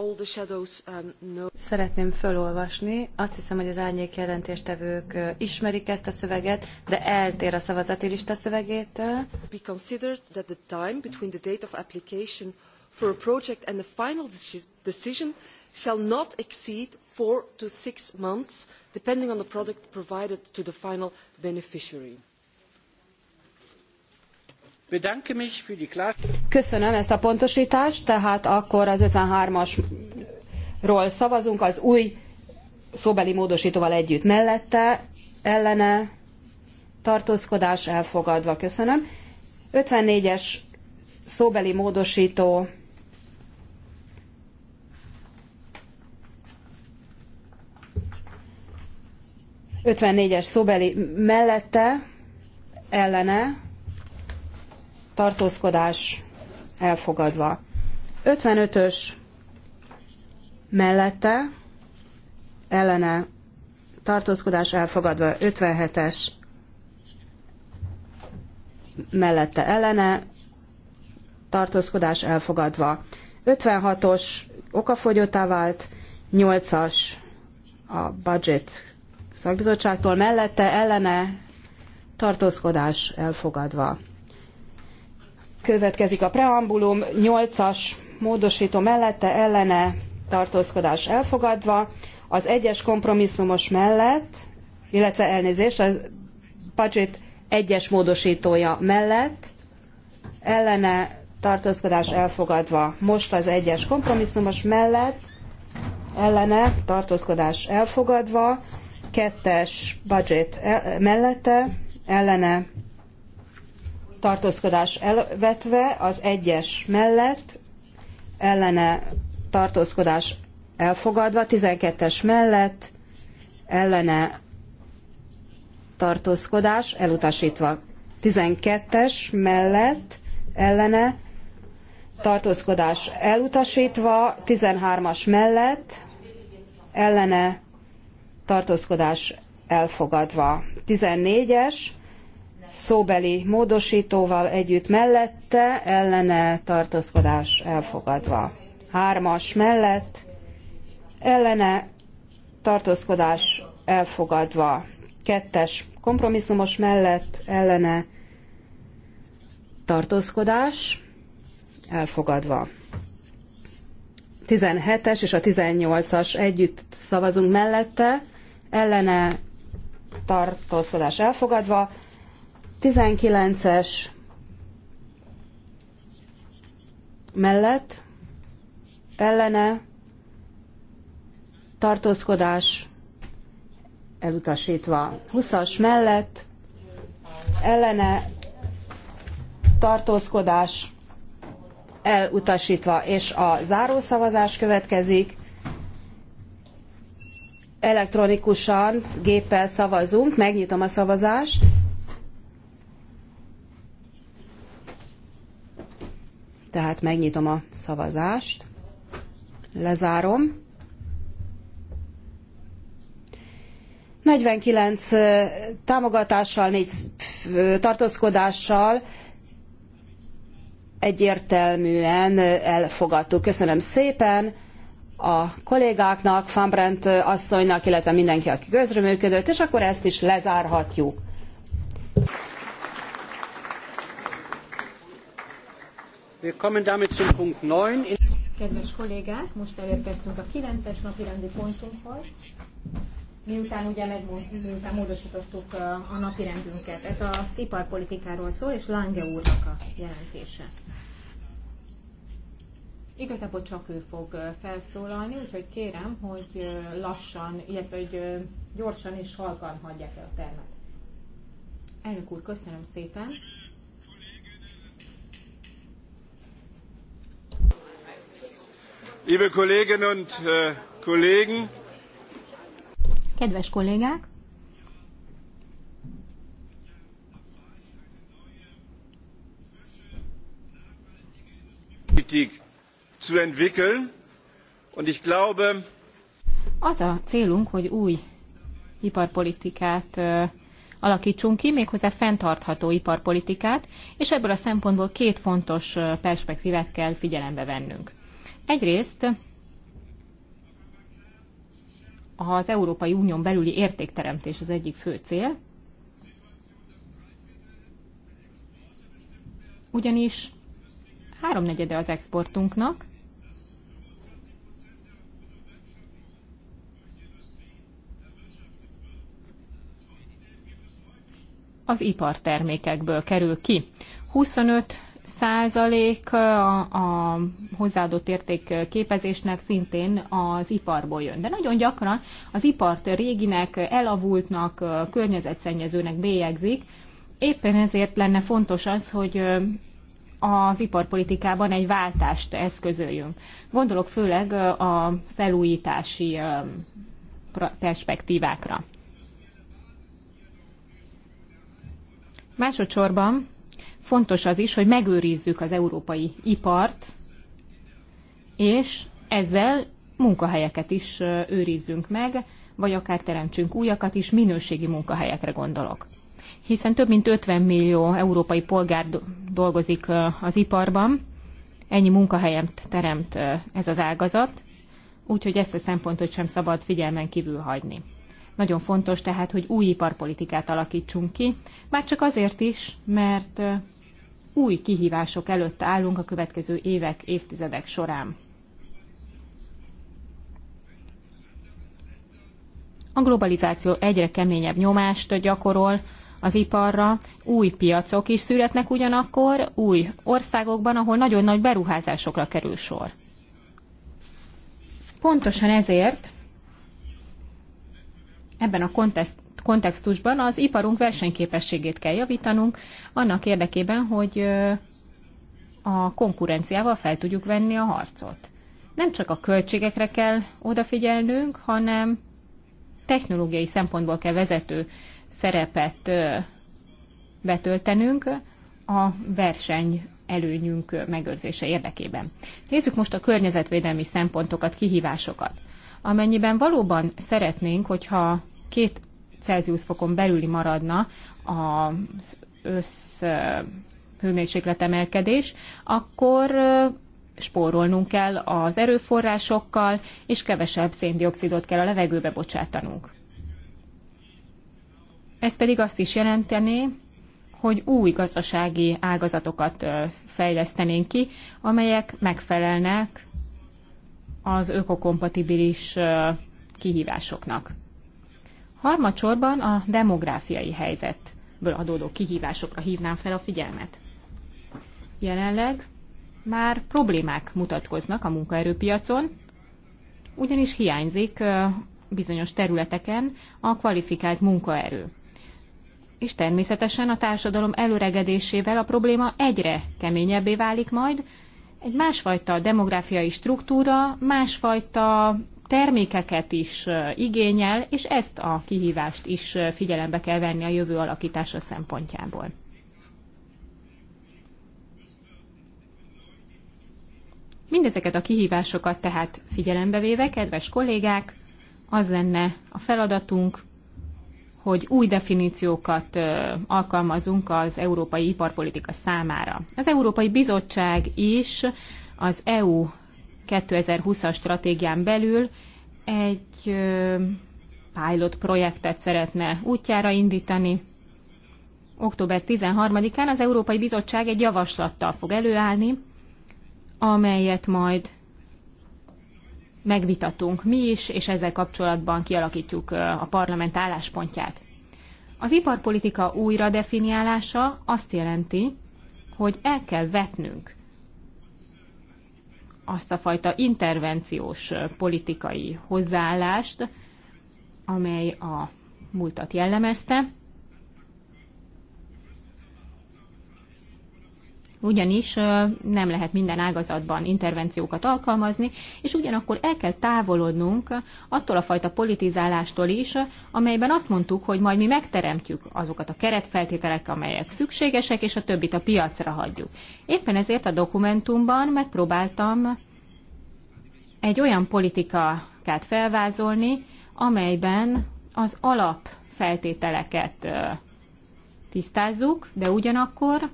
Um, Szeretném felolvasni. Azt hiszem, hogy az árnyék jelentéstevők ismerik ezt a szöveget, de eltér a szavazati lista szövegétől. We considered that the time between the date of application for a project and the final decision shall not exceed four to six months, depending on the product provided to the final beneficiary Köszönöm ezt a pontosítást, tehát akkor az 53-asról szavazunk az új szóbeli módostóval együtt mellette, ellene, tartózkodás elfogadva. Köszönöm. 54-es szóbeli four es szóbeli mellette ellene tartózkodás elfogadva. 55-ös mellette ellene tartózkodás elfogadva 57-es mellette ellene tartózkodás elfogadva 56-os okafogyottá vált 8-as a budget szakbizottságtól mellette ellene tartózkodás elfogadva Következik a preambulum, 8-as módosító mellette ellene tartózkodás elfogadva, az egyes kompromisszumos mellett, illetve elnézést, a budget egyes módosítója mellett ellene tartózkodás elfogadva. Most az egyes kompromisszumos mellett ellene tartózkodás elfogadva, kettes budget eh, mellette ellene tartózkodás elvetve, az egyes mellett, ellene tartózkodás elfogadva, 12-es mellett, ellene tartózkodás elutasítva. 12-es mellett, ellene tartózkodás elutasítva, 13-as mellett, ellene tartózkodás elfogadva. 14-es szóbeli módosítóval együtt mellette, ellene tartózkodás elfogadva. Hármas mellett, ellene tartózkodás elfogadva. Kettes kompromisszumos mellett, ellene tartózkodás elfogadva. 17-es és a 18-as együtt szavazunk mellette, ellene tartózkodás elfogadva, 19-es mellett ellene tartózkodás elutasítva. 20-as mellett ellene tartózkodás elutasítva, és a zárószavazás következik. Elektronikusan géppel szavazunk, megnyitom a szavazást. tehát megnyitom a szavazást, lezárom. 49 támogatással, 4 tartózkodással egyértelműen elfogadtuk. Köszönöm szépen a kollégáknak, Fambrent asszonynak, illetve mindenki, aki közreműködött, és akkor ezt is lezárhatjuk. Wir kommen damit zum Punkt 9. Kedves kollégák, most elérkeztünk a 9-es napi rendi pontunkhoz. Miután ugye meg, miután módosítottuk uh, a napi rendünket, ez az iparpolitikáról szól, és Lange úrnak a jelentése. Igazából csak ő fog uh, felszólalni, úgyhogy kérem, hogy uh, lassan, illetve hogy gyorsan és halkan hagyják el a termet. Elnök úr, köszönöm szépen! Liebe Kolleginnen und äh, Kollegen. Kedves kollégák! zu entwickeln. Und ich glaube, az a célunk, hogy új iparpolitikát alakítsunk ki, méghozzá fenntartható iparpolitikát, és ebből a szempontból két fontos perspektívát kell figyelembe vennünk. Egyrészt az Európai Unión belüli értékteremtés az egyik fő cél, ugyanis háromnegyede az exportunknak, az ipartermékekből kerül ki. 25 százalék a hozzáadott érték képezésnek szintén az iparból jön. De nagyon gyakran az ipart réginek, elavultnak, környezetszennyezőnek bélyegzik. Éppen ezért lenne fontos az, hogy az iparpolitikában egy váltást eszközöljünk. Gondolok főleg a felújítási perspektívákra. Másodszorban fontos az is, hogy megőrizzük az európai ipart, és ezzel munkahelyeket is őrizzünk meg, vagy akár teremtsünk újakat is, minőségi munkahelyekre gondolok. Hiszen több mint 50 millió európai polgár dolgozik az iparban, ennyi munkahelyet teremt ez az ágazat, úgyhogy ezt a szempontot sem szabad figyelmen kívül hagyni. Nagyon fontos tehát, hogy új iparpolitikát alakítsunk ki, már csak azért is, mert új kihívások előtt állunk a következő évek, évtizedek során. A globalizáció egyre keményebb nyomást gyakorol az iparra, új piacok is születnek ugyanakkor, új országokban, ahol nagyon nagy beruházásokra kerül sor. Pontosan ezért ebben a kontextusban az iparunk versenyképességét kell javítanunk, annak érdekében, hogy a konkurenciával fel tudjuk venni a harcot. Nem csak a költségekre kell odafigyelnünk, hanem technológiai szempontból kell vezető szerepet betöltenünk a verseny előnyünk megőrzése érdekében. Nézzük most a környezetvédelmi szempontokat, kihívásokat. Amennyiben valóban szeretnénk, hogyha két Celsius fokon belüli maradna az össz hőmérséklet emelkedés, akkor spórolnunk kell az erőforrásokkal, és kevesebb széndiokszidot kell a levegőbe bocsátanunk. Ez pedig azt is jelenteni, hogy új gazdasági ágazatokat fejlesztenénk ki, amelyek megfelelnek az ökokompatibilis kihívásoknak. Harmadsorban a demográfiai helyzetből adódó kihívásokra hívnám fel a figyelmet. Jelenleg már problémák mutatkoznak a munkaerőpiacon, ugyanis hiányzik bizonyos területeken a kvalifikált munkaerő. És természetesen a társadalom előregedésével a probléma egyre keményebbé válik majd, egy másfajta demográfiai struktúra, másfajta termékeket is igényel, és ezt a kihívást is figyelembe kell venni a jövő alakítása szempontjából. Mindezeket a kihívásokat tehát figyelembe véve, kedves kollégák, az lenne a feladatunk, hogy új definíciókat alkalmazunk az európai iparpolitika számára. Az Európai Bizottság is az EU 2020-as stratégián belül egy pilot projektet szeretne útjára indítani. Október 13-án az Európai Bizottság egy javaslattal fog előállni, amelyet majd megvitatunk mi is, és ezzel kapcsolatban kialakítjuk a parlament álláspontját. Az iparpolitika újra definiálása azt jelenti, hogy el kell vetnünk azt a fajta intervenciós politikai hozzáállást, amely a múltat jellemezte. ugyanis nem lehet minden ágazatban intervenciókat alkalmazni, és ugyanakkor el kell távolodnunk attól a fajta politizálástól is, amelyben azt mondtuk, hogy majd mi megteremtjük azokat a keretfeltételek, amelyek szükségesek, és a többit a piacra hagyjuk. Éppen ezért a dokumentumban megpróbáltam egy olyan politikát felvázolni, amelyben az alapfeltételeket tisztázzuk, de ugyanakkor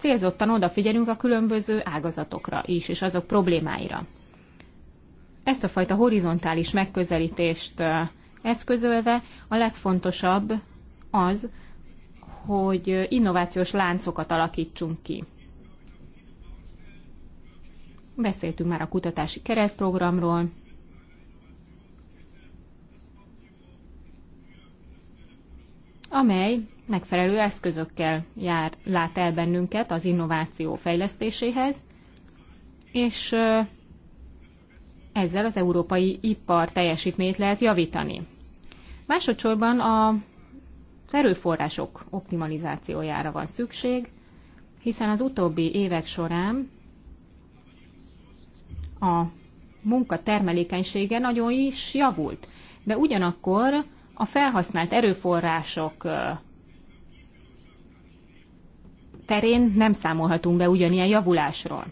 célzottan odafigyelünk a különböző ágazatokra is, és azok problémáira. Ezt a fajta horizontális megközelítést eszközölve a legfontosabb az, hogy innovációs láncokat alakítsunk ki. Beszéltünk már a kutatási keretprogramról, amely megfelelő eszközökkel jár, lát el bennünket az innováció fejlesztéséhez, és ezzel az európai ipar teljesítményét lehet javítani. Másodszorban a az erőforrások optimalizációjára van szükség, hiszen az utóbbi évek során a munka termelékenysége nagyon is javult, de ugyanakkor a felhasznált erőforrások terén nem számolhatunk be ugyanilyen javulásról.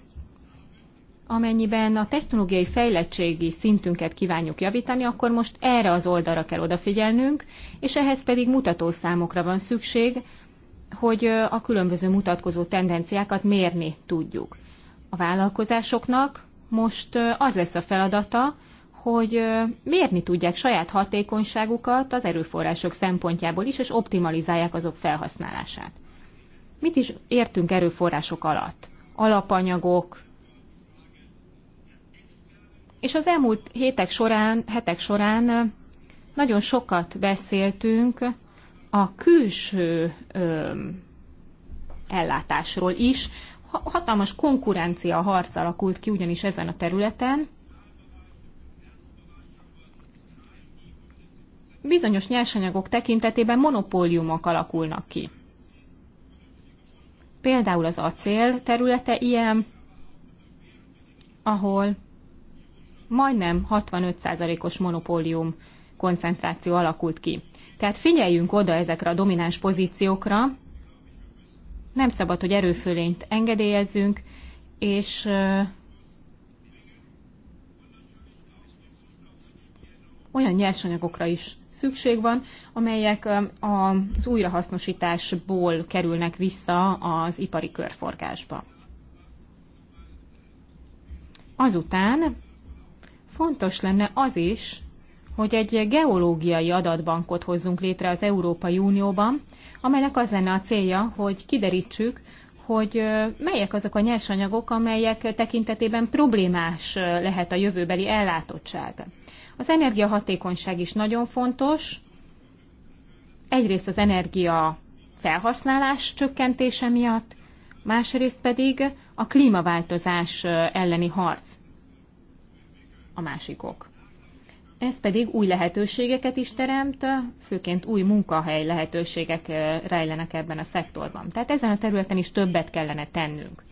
Amennyiben a technológiai fejlettségi szintünket kívánjuk javítani, akkor most erre az oldalra kell odafigyelnünk, és ehhez pedig mutatószámokra van szükség, hogy a különböző mutatkozó tendenciákat mérni tudjuk. A vállalkozásoknak most az lesz a feladata, hogy mérni tudják saját hatékonyságukat az erőforrások szempontjából is, és optimalizálják azok felhasználását. Mit is értünk erőforrások alatt? Alapanyagok, és az elmúlt hétek során, hetek során nagyon sokat beszéltünk a külső ö, ellátásról is. Hatalmas konkurencia harc alakult ki ugyanis ezen a területen, bizonyos nyersanyagok tekintetében monopóliumok alakulnak ki. Például az acél területe ilyen, ahol majdnem 65%-os monopólium koncentráció alakult ki. Tehát figyeljünk oda ezekre a domináns pozíciókra, nem szabad, hogy erőfölényt engedélyezzünk, és olyan nyersanyagokra is szükség van, amelyek az újrahasznosításból kerülnek vissza az ipari körforgásba. Azután fontos lenne az is, hogy egy geológiai adatbankot hozzunk létre az Európai Unióban, amelynek az lenne a célja, hogy kiderítsük, hogy melyek azok a nyersanyagok, amelyek tekintetében problémás lehet a jövőbeli ellátottság. Az energiahatékonyság is nagyon fontos. Egyrészt az energia felhasználás csökkentése miatt, másrészt pedig a klímaváltozás elleni harc a másikok. Ez pedig új lehetőségeket is teremt, főként új munkahely lehetőségek rejlenek ebben a szektorban. Tehát ezen a területen is többet kellene tennünk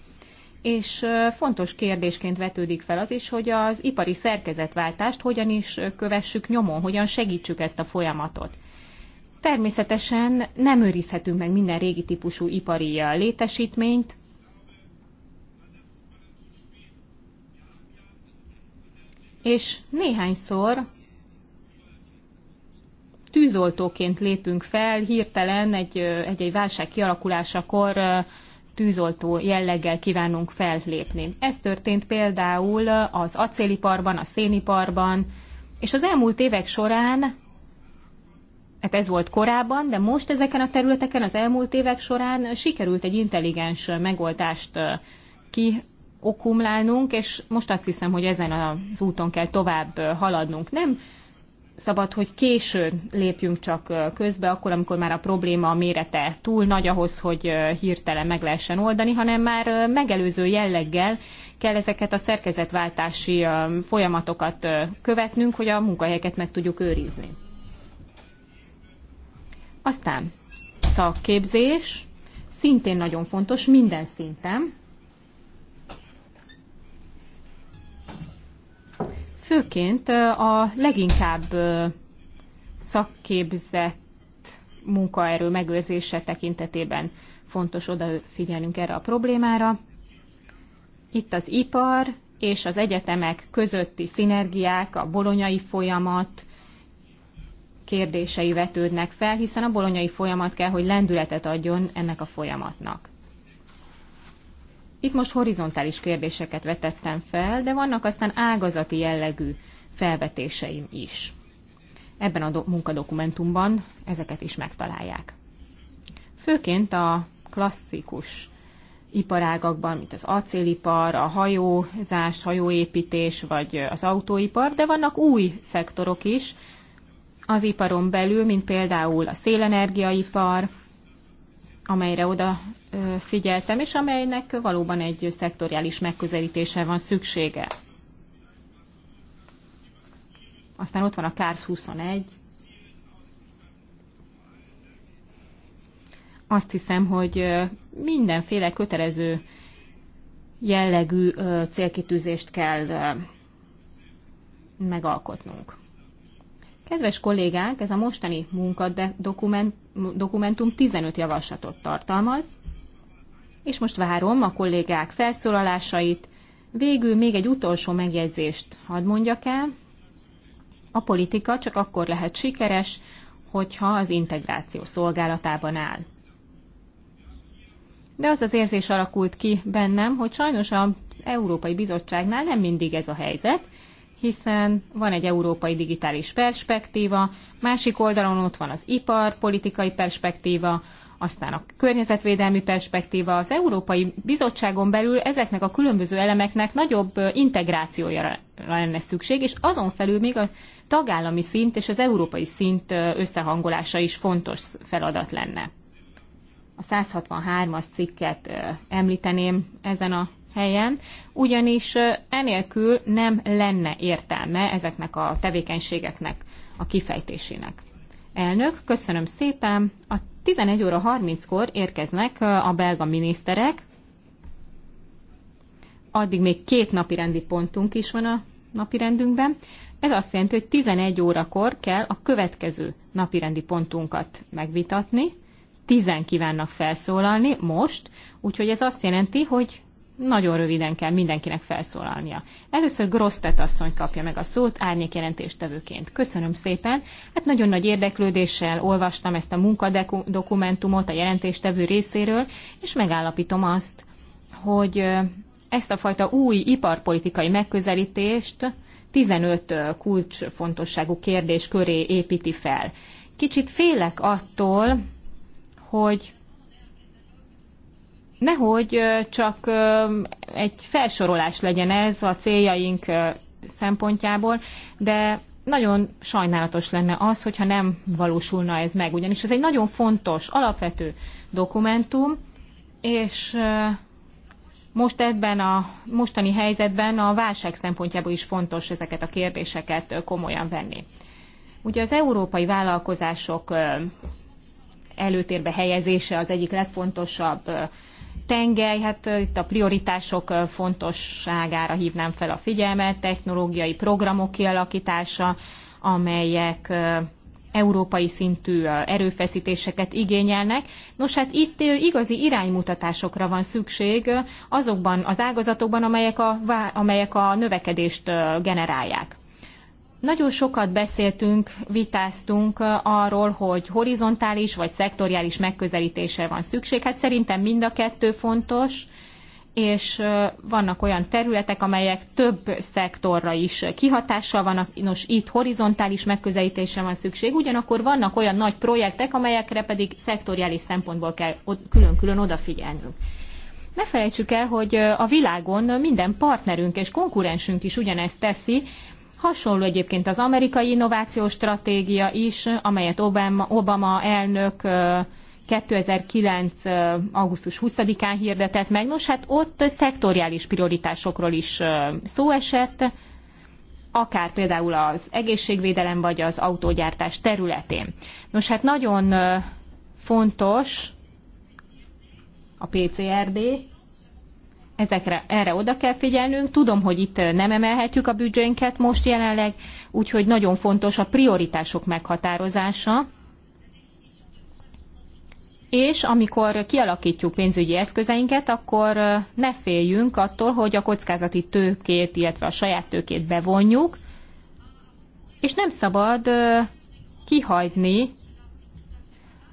és fontos kérdésként vetődik fel az is, hogy az ipari szerkezetváltást hogyan is kövessük nyomon, hogyan segítsük ezt a folyamatot. Természetesen nem őrizhetünk meg minden régi típusú ipari létesítményt, és néhányszor tűzoltóként lépünk fel, hirtelen egy, egy, egy válság kialakulásakor tűzoltó jelleggel kívánunk fellépni. Ez történt például az acéliparban, a széniparban, és az elmúlt évek során, hát ez volt korábban, de most ezeken a területeken az elmúlt évek során sikerült egy intelligens megoldást ki okumlálnunk, és most azt hiszem, hogy ezen az úton kell tovább haladnunk. Nem szabad, hogy későn lépjünk csak közbe, akkor, amikor már a probléma mérete túl nagy ahhoz, hogy hirtelen meg lehessen oldani, hanem már megelőző jelleggel kell ezeket a szerkezetváltási folyamatokat követnünk, hogy a munkahelyeket meg tudjuk őrizni. Aztán szakképzés, szintén nagyon fontos minden szinten, főként a leginkább szakképzett munkaerő megőrzése tekintetében fontos odafigyelnünk erre a problémára. Itt az ipar és az egyetemek közötti szinergiák, a bolonyai folyamat kérdései vetődnek fel, hiszen a bolonyai folyamat kell, hogy lendületet adjon ennek a folyamatnak. Itt most horizontális kérdéseket vetettem fel, de vannak aztán ágazati jellegű felvetéseim is. Ebben a munkadokumentumban ezeket is megtalálják. Főként a klasszikus iparágakban, mint az acélipar, a hajózás, hajóépítés vagy az autóipar, de vannak új szektorok is az iparon belül, mint például a szélenergiaipar, amelyre oda figyeltem, és amelynek valóban egy szektoriális megközelítése van szüksége. Aztán ott van a KARS 21. Azt hiszem, hogy mindenféle kötelező jellegű célkitűzést kell megalkotnunk. Kedves kollégák, ez a mostani munkadokumentum, dokumentum 15 javaslatot tartalmaz, és most várom a kollégák felszólalásait. Végül még egy utolsó megjegyzést hadd mondjak el. A politika csak akkor lehet sikeres, hogyha az integráció szolgálatában áll. De az az érzés alakult ki bennem, hogy sajnos a Európai Bizottságnál nem mindig ez a helyzet, hiszen van egy európai digitális perspektíva, másik oldalon ott van az iparpolitikai perspektíva, aztán a környezetvédelmi perspektíva. Az Európai Bizottságon belül ezeknek a különböző elemeknek nagyobb integrációja lenne szükség, és azon felül még a tagállami szint és az európai szint összehangolása is fontos feladat lenne. A 163-as cikket említeném ezen a helyen, ugyanis enélkül nem lenne értelme ezeknek a tevékenységeknek a kifejtésének. Elnök, köszönöm szépen. A 11 óra 30-kor érkeznek a belga miniszterek. Addig még két napi rendi pontunk is van a napi rendünkben. Ez azt jelenti, hogy 11 órakor kell a következő napirendi pontunkat megvitatni. Tizen kívánnak felszólalni most, úgyhogy ez azt jelenti, hogy nagyon röviden kell mindenkinek felszólalnia. Először Grosztet asszony kapja meg a szót árnyék tevőként. Köszönöm szépen. Hát nagyon nagy érdeklődéssel olvastam ezt a munkadokumentumot a jelentéstevő részéről, és megállapítom azt, hogy ezt a fajta új iparpolitikai megközelítést 15 kulcsfontosságú kérdés köré építi fel. Kicsit félek attól, hogy nehogy csak egy felsorolás legyen ez a céljaink szempontjából, de nagyon sajnálatos lenne az, hogyha nem valósulna ez meg, ugyanis ez egy nagyon fontos, alapvető dokumentum, és most ebben a mostani helyzetben a válság szempontjából is fontos ezeket a kérdéseket komolyan venni. Ugye az európai vállalkozások előtérbe helyezése az egyik legfontosabb tengely, hát itt a prioritások fontosságára hívnám fel a figyelmet, technológiai programok kialakítása, amelyek európai szintű erőfeszítéseket igényelnek. Nos, hát itt igazi iránymutatásokra van szükség azokban az ágazatokban, amelyek a, amelyek a növekedést generálják. Nagyon sokat beszéltünk, vitáztunk arról, hogy horizontális vagy szektoriális megközelítése van szükség. Hát szerintem mind a kettő fontos, és vannak olyan területek, amelyek több szektorra is kihatással vannak, nos itt horizontális megközelítésre van szükség, ugyanakkor vannak olyan nagy projektek, amelyekre pedig szektoriális szempontból kell külön-külön odafigyelnünk. Ne felejtsük el, hogy a világon minden partnerünk és konkurensünk is ugyanezt teszi, Hasonló egyébként az amerikai innovációs stratégia is, amelyet Obama, Obama elnök 2009. augusztus 20-án hirdetett meg. Nos, hát ott szektoriális prioritásokról is szó esett, akár például az egészségvédelem vagy az autógyártás területén. Nos, hát nagyon fontos a PCRD, ezekre, erre oda kell figyelnünk. Tudom, hogy itt nem emelhetjük a büdzsénket most jelenleg, úgyhogy nagyon fontos a prioritások meghatározása. És amikor kialakítjuk pénzügyi eszközeinket, akkor ne féljünk attól, hogy a kockázati tőkét, illetve a saját tőkét bevonjuk, és nem szabad kihagyni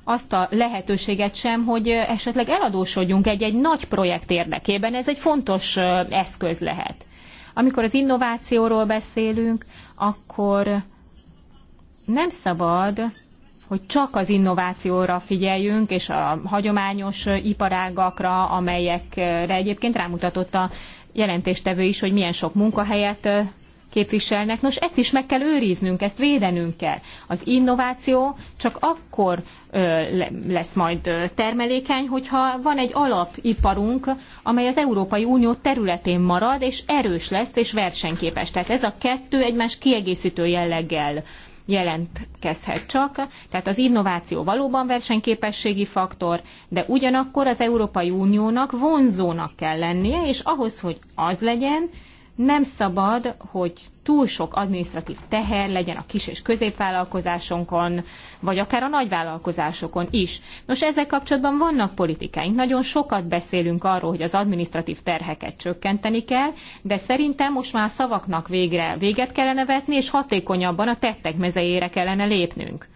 azt a lehetőséget sem, hogy esetleg eladósodjunk egy-egy nagy projekt érdekében. Ez egy fontos eszköz lehet. Amikor az innovációról beszélünk, akkor nem szabad, hogy csak az innovációra figyeljünk, és a hagyományos iparágakra, amelyekre egyébként rámutatott a jelentéstevő is, hogy milyen sok munkahelyet képviselnek. Nos, ezt is meg kell őriznünk, ezt védenünk kell. Az innováció csak akkor lesz majd termelékeny, hogyha van egy alapiparunk, amely az Európai Unió területén marad, és erős lesz, és versenyképes. Tehát ez a kettő egymás kiegészítő jelleggel jelentkezhet csak. Tehát az innováció valóban versenyképességi faktor, de ugyanakkor az Európai Uniónak vonzónak kell lennie, és ahhoz, hogy az legyen, nem szabad, hogy túl sok administratív teher legyen a kis és középvállalkozásonkon, vagy akár a nagyvállalkozásokon is. Nos, ezzel kapcsolatban vannak politikáink. Nagyon sokat beszélünk arról, hogy az administratív terheket csökkenteni kell, de szerintem most már szavaknak végre véget kellene vetni, és hatékonyabban a tettek mezejére kellene lépnünk.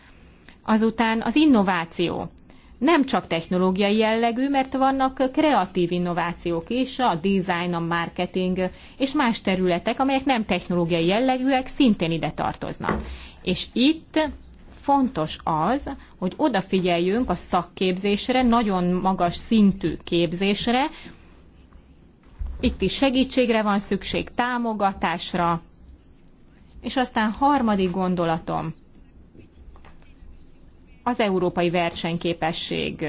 Azután az innováció nem csak technológiai jellegű, mert vannak kreatív innovációk is, a design, a marketing és más területek, amelyek nem technológiai jellegűek, szintén ide tartoznak. És itt fontos az, hogy odafigyeljünk a szakképzésre, nagyon magas szintű képzésre. Itt is segítségre van szükség, támogatásra. És aztán harmadik gondolatom – az európai versenyképesség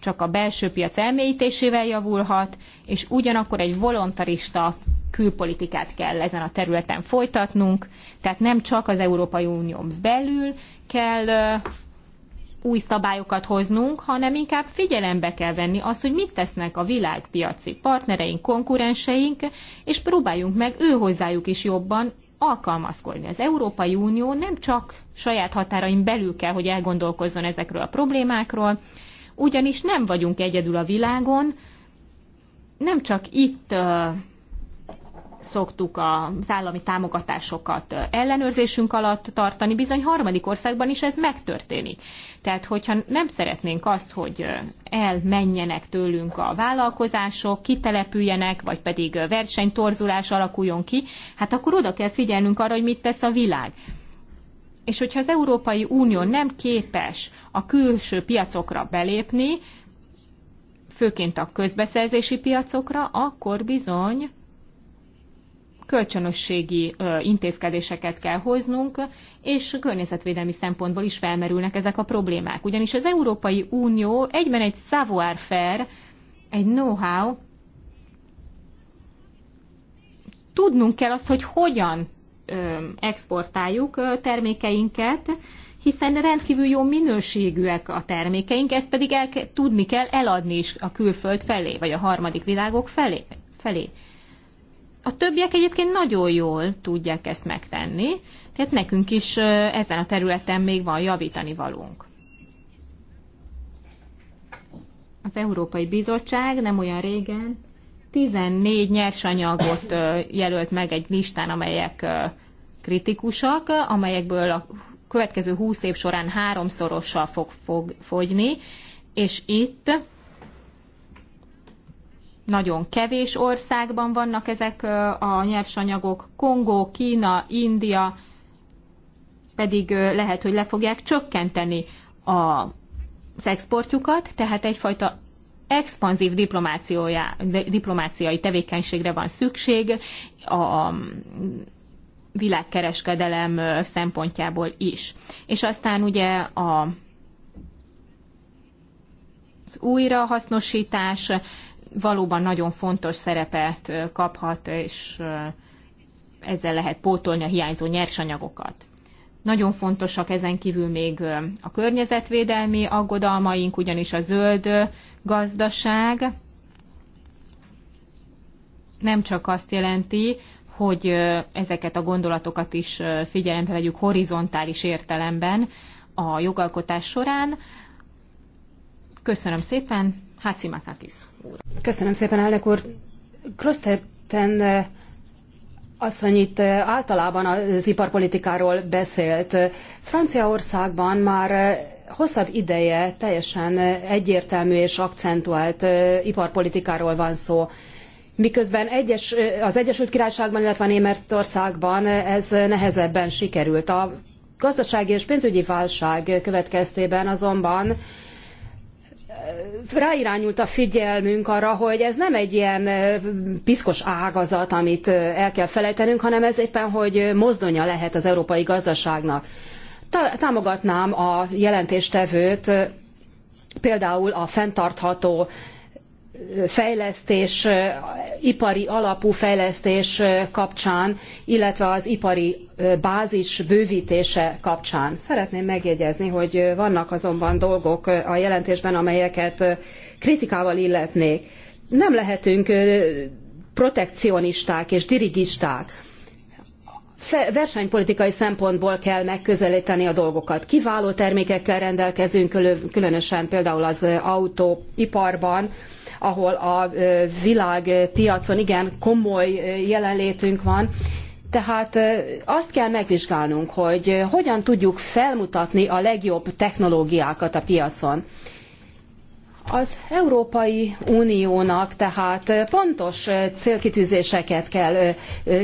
csak a belső piac elmélyítésével javulhat, és ugyanakkor egy volontarista külpolitikát kell ezen a területen folytatnunk, tehát nem csak az Európai Unión belül kell új szabályokat hoznunk, hanem inkább figyelembe kell venni azt, hogy mit tesznek a világpiaci partnereink, konkurenseink, és próbáljunk meg ő hozzájuk is jobban alkalmazkodni. Az Európai Unió nem csak saját határain belül kell, hogy elgondolkozzon ezekről a problémákról, ugyanis nem vagyunk egyedül a világon, nem csak itt szoktuk az állami támogatásokat ellenőrzésünk alatt tartani, bizony harmadik országban is ez megtörténik. Tehát, hogyha nem szeretnénk azt, hogy elmenjenek tőlünk a vállalkozások, kitelepüljenek, vagy pedig versenytorzulás alakuljon ki, hát akkor oda kell figyelnünk arra, hogy mit tesz a világ. És hogyha az Európai Unió nem képes a külső piacokra belépni, főként a közbeszerzési piacokra, akkor bizony kölcsönösségi intézkedéseket kell hoznunk, és környezetvédelmi szempontból is felmerülnek ezek a problémák. Ugyanis az Európai Unió egyben egy savoir-faire, egy know-how, tudnunk kell azt, hogy hogyan exportáljuk termékeinket, hiszen rendkívül jó minőségűek a termékeink, ezt pedig el, tudni kell eladni is a külföld felé, vagy a harmadik világok felé. felé. A többiek egyébként nagyon jól tudják ezt megtenni, tehát nekünk is ezen a területen még van javítani valunk. Az Európai Bizottság nem olyan régen 14 nyersanyagot jelölt meg egy listán, amelyek kritikusak, amelyekből a következő 20 év során háromszorossal fog, fog fogyni, és itt nagyon kevés országban vannak ezek a nyersanyagok, Kongó, Kína, India, pedig lehet, hogy le fogják csökkenteni a, az exportjukat, tehát egyfajta expanzív diplomáciai tevékenységre van szükség a világkereskedelem szempontjából is. És aztán ugye a, az újrahasznosítás, valóban nagyon fontos szerepet kaphat, és ezzel lehet pótolni a hiányzó nyersanyagokat. Nagyon fontosak ezen kívül még a környezetvédelmi aggodalmaink, ugyanis a zöld gazdaság nem csak azt jelenti, hogy ezeket a gondolatokat is figyelembe vegyük horizontális értelemben a jogalkotás során. Köszönöm szépen, Háci Makakis úr. Köszönöm szépen, elnök úr. Grosztetten eh, asszony itt eh, általában az iparpolitikáról beszélt. Franciaországban már eh, hosszabb ideje teljesen egyértelmű és akcentuált iparpolitikáról van szó. Miközben egyes, az Egyesült Királyságban, illetve Németországban ez nehezebben sikerült. A gazdasági és pénzügyi válság következtében azonban ráirányult a figyelmünk arra, hogy ez nem egy ilyen piszkos ágazat, amit el kell felejtenünk, hanem ez éppen, hogy mozdonya lehet az európai gazdaságnak. Támogatnám a jelentéstevőt például a fenntartható fejlesztés, ipari alapú fejlesztés kapcsán, illetve az ipari bázis bővítése kapcsán. Szeretném megjegyezni, hogy vannak azonban dolgok a jelentésben, amelyeket kritikával illetnék. Nem lehetünk protekcionisták és dirigisták versenypolitikai szempontból kell megközelíteni a dolgokat. Kiváló termékekkel rendelkezünk, különösen például az autóiparban, ahol a világpiacon igen komoly jelenlétünk van. Tehát azt kell megvizsgálnunk, hogy hogyan tudjuk felmutatni a legjobb technológiákat a piacon. Az Európai Uniónak tehát pontos célkitűzéseket kell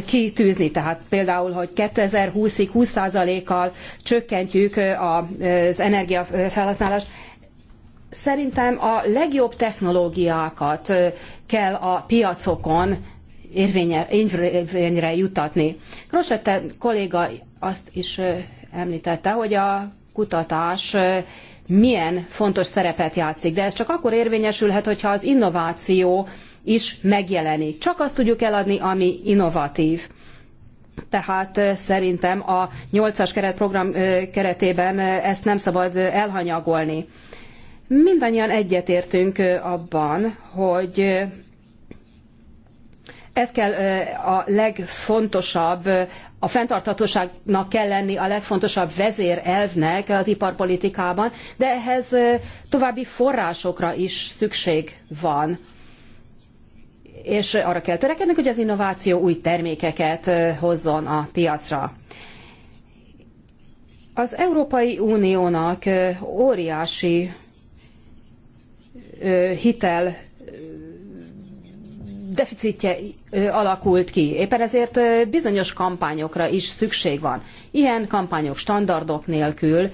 kitűzni, tehát például, hogy 2020-ig 20%-kal csökkentjük az energiafelhasználást szerintem a legjobb technológiákat kell a piacokon érvényre, jutatni. Grosette kolléga azt is említette, hogy a kutatás milyen fontos szerepet játszik, de ez csak akkor érvényesülhet, hogyha az innováció is megjelenik. Csak azt tudjuk eladni, ami innovatív. Tehát szerintem a 8-as keretprogram keretében ezt nem szabad elhanyagolni. Mindannyian egyetértünk abban, hogy ez kell a legfontosabb, a fenntarthatóságnak kell lenni a legfontosabb vezérelvnek az iparpolitikában, de ehhez további forrásokra is szükség van. És arra kell törekednünk, hogy az innováció új termékeket hozzon a piacra. Az Európai Uniónak óriási hitel deficitje alakult ki. Éppen ezért bizonyos kampányokra is szükség van. Ilyen kampányok standardok nélkül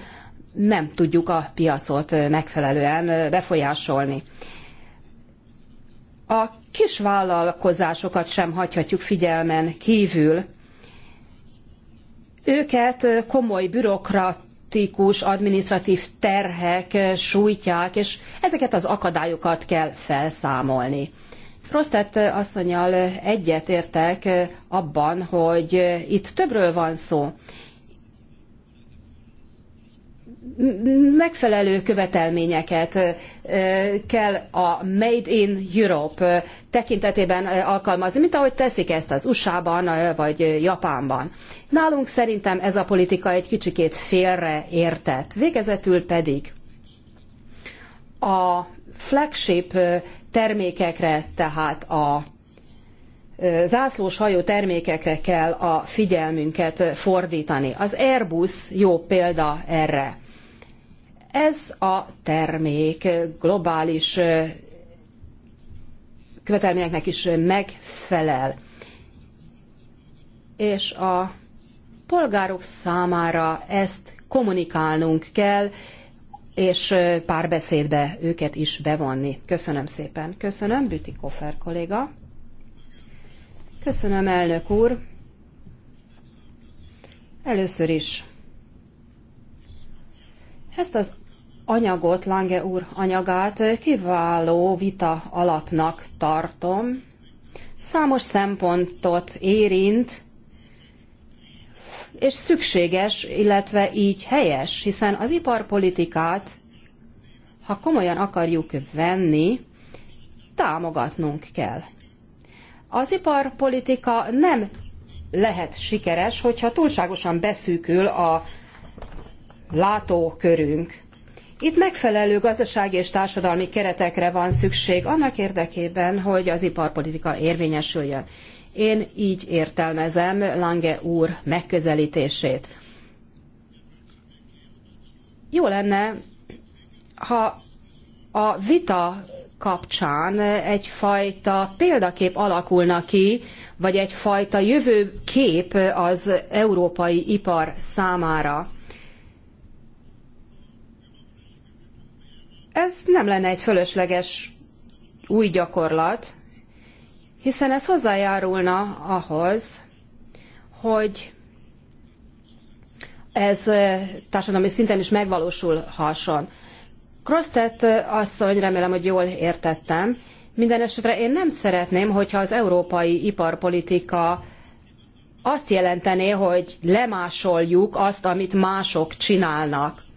nem tudjuk a piacot megfelelően befolyásolni. A kisvállalkozásokat sem hagyhatjuk figyelmen kívül. Őket komoly bürokrat bürokratikus, administratív terhek sújtják, és ezeket az akadályokat kell felszámolni. Prostett asszonyal egyet értek abban, hogy itt többről van szó megfelelő követelményeket kell a Made in Europe tekintetében alkalmazni, mint ahogy teszik ezt az USA-ban vagy Japánban. Nálunk szerintem ez a politika egy kicsikét félreértett. Végezetül pedig a flagship termékekre, tehát a zászlós hajó termékekre kell a figyelmünket fordítani. Az Airbus jó példa erre. Ez a termék globális követelményeknek is megfelel. És a polgárok számára ezt kommunikálnunk kell, és párbeszédbe őket is bevonni. Köszönöm szépen. Köszönöm, Büti Koffer kolléga. Köszönöm, elnök úr. Először is ezt az anyagot, Lange úr anyagát kiváló vita alapnak tartom. Számos szempontot érint, és szükséges, illetve így helyes, hiszen az iparpolitikát, ha komolyan akarjuk venni, támogatnunk kell. Az iparpolitika nem lehet sikeres, hogyha túlságosan beszűkül a látókörünk. Itt megfelelő gazdasági és társadalmi keretekre van szükség annak érdekében, hogy az iparpolitika érvényesüljön. Én így értelmezem Lange úr megközelítését. Jó lenne, ha a vita kapcsán egyfajta példakép alakulna ki, vagy egyfajta jövőkép az európai ipar számára. Ez nem lenne egy fölösleges új gyakorlat, hiszen ez hozzájárulna ahhoz, hogy ez társadalmi szinten is megvalósulhasson. Krosztett asszony, remélem, hogy jól értettem. Minden esetre én nem szeretném, hogyha az európai iparpolitika azt jelentené, hogy lemásoljuk azt, amit mások csinálnak.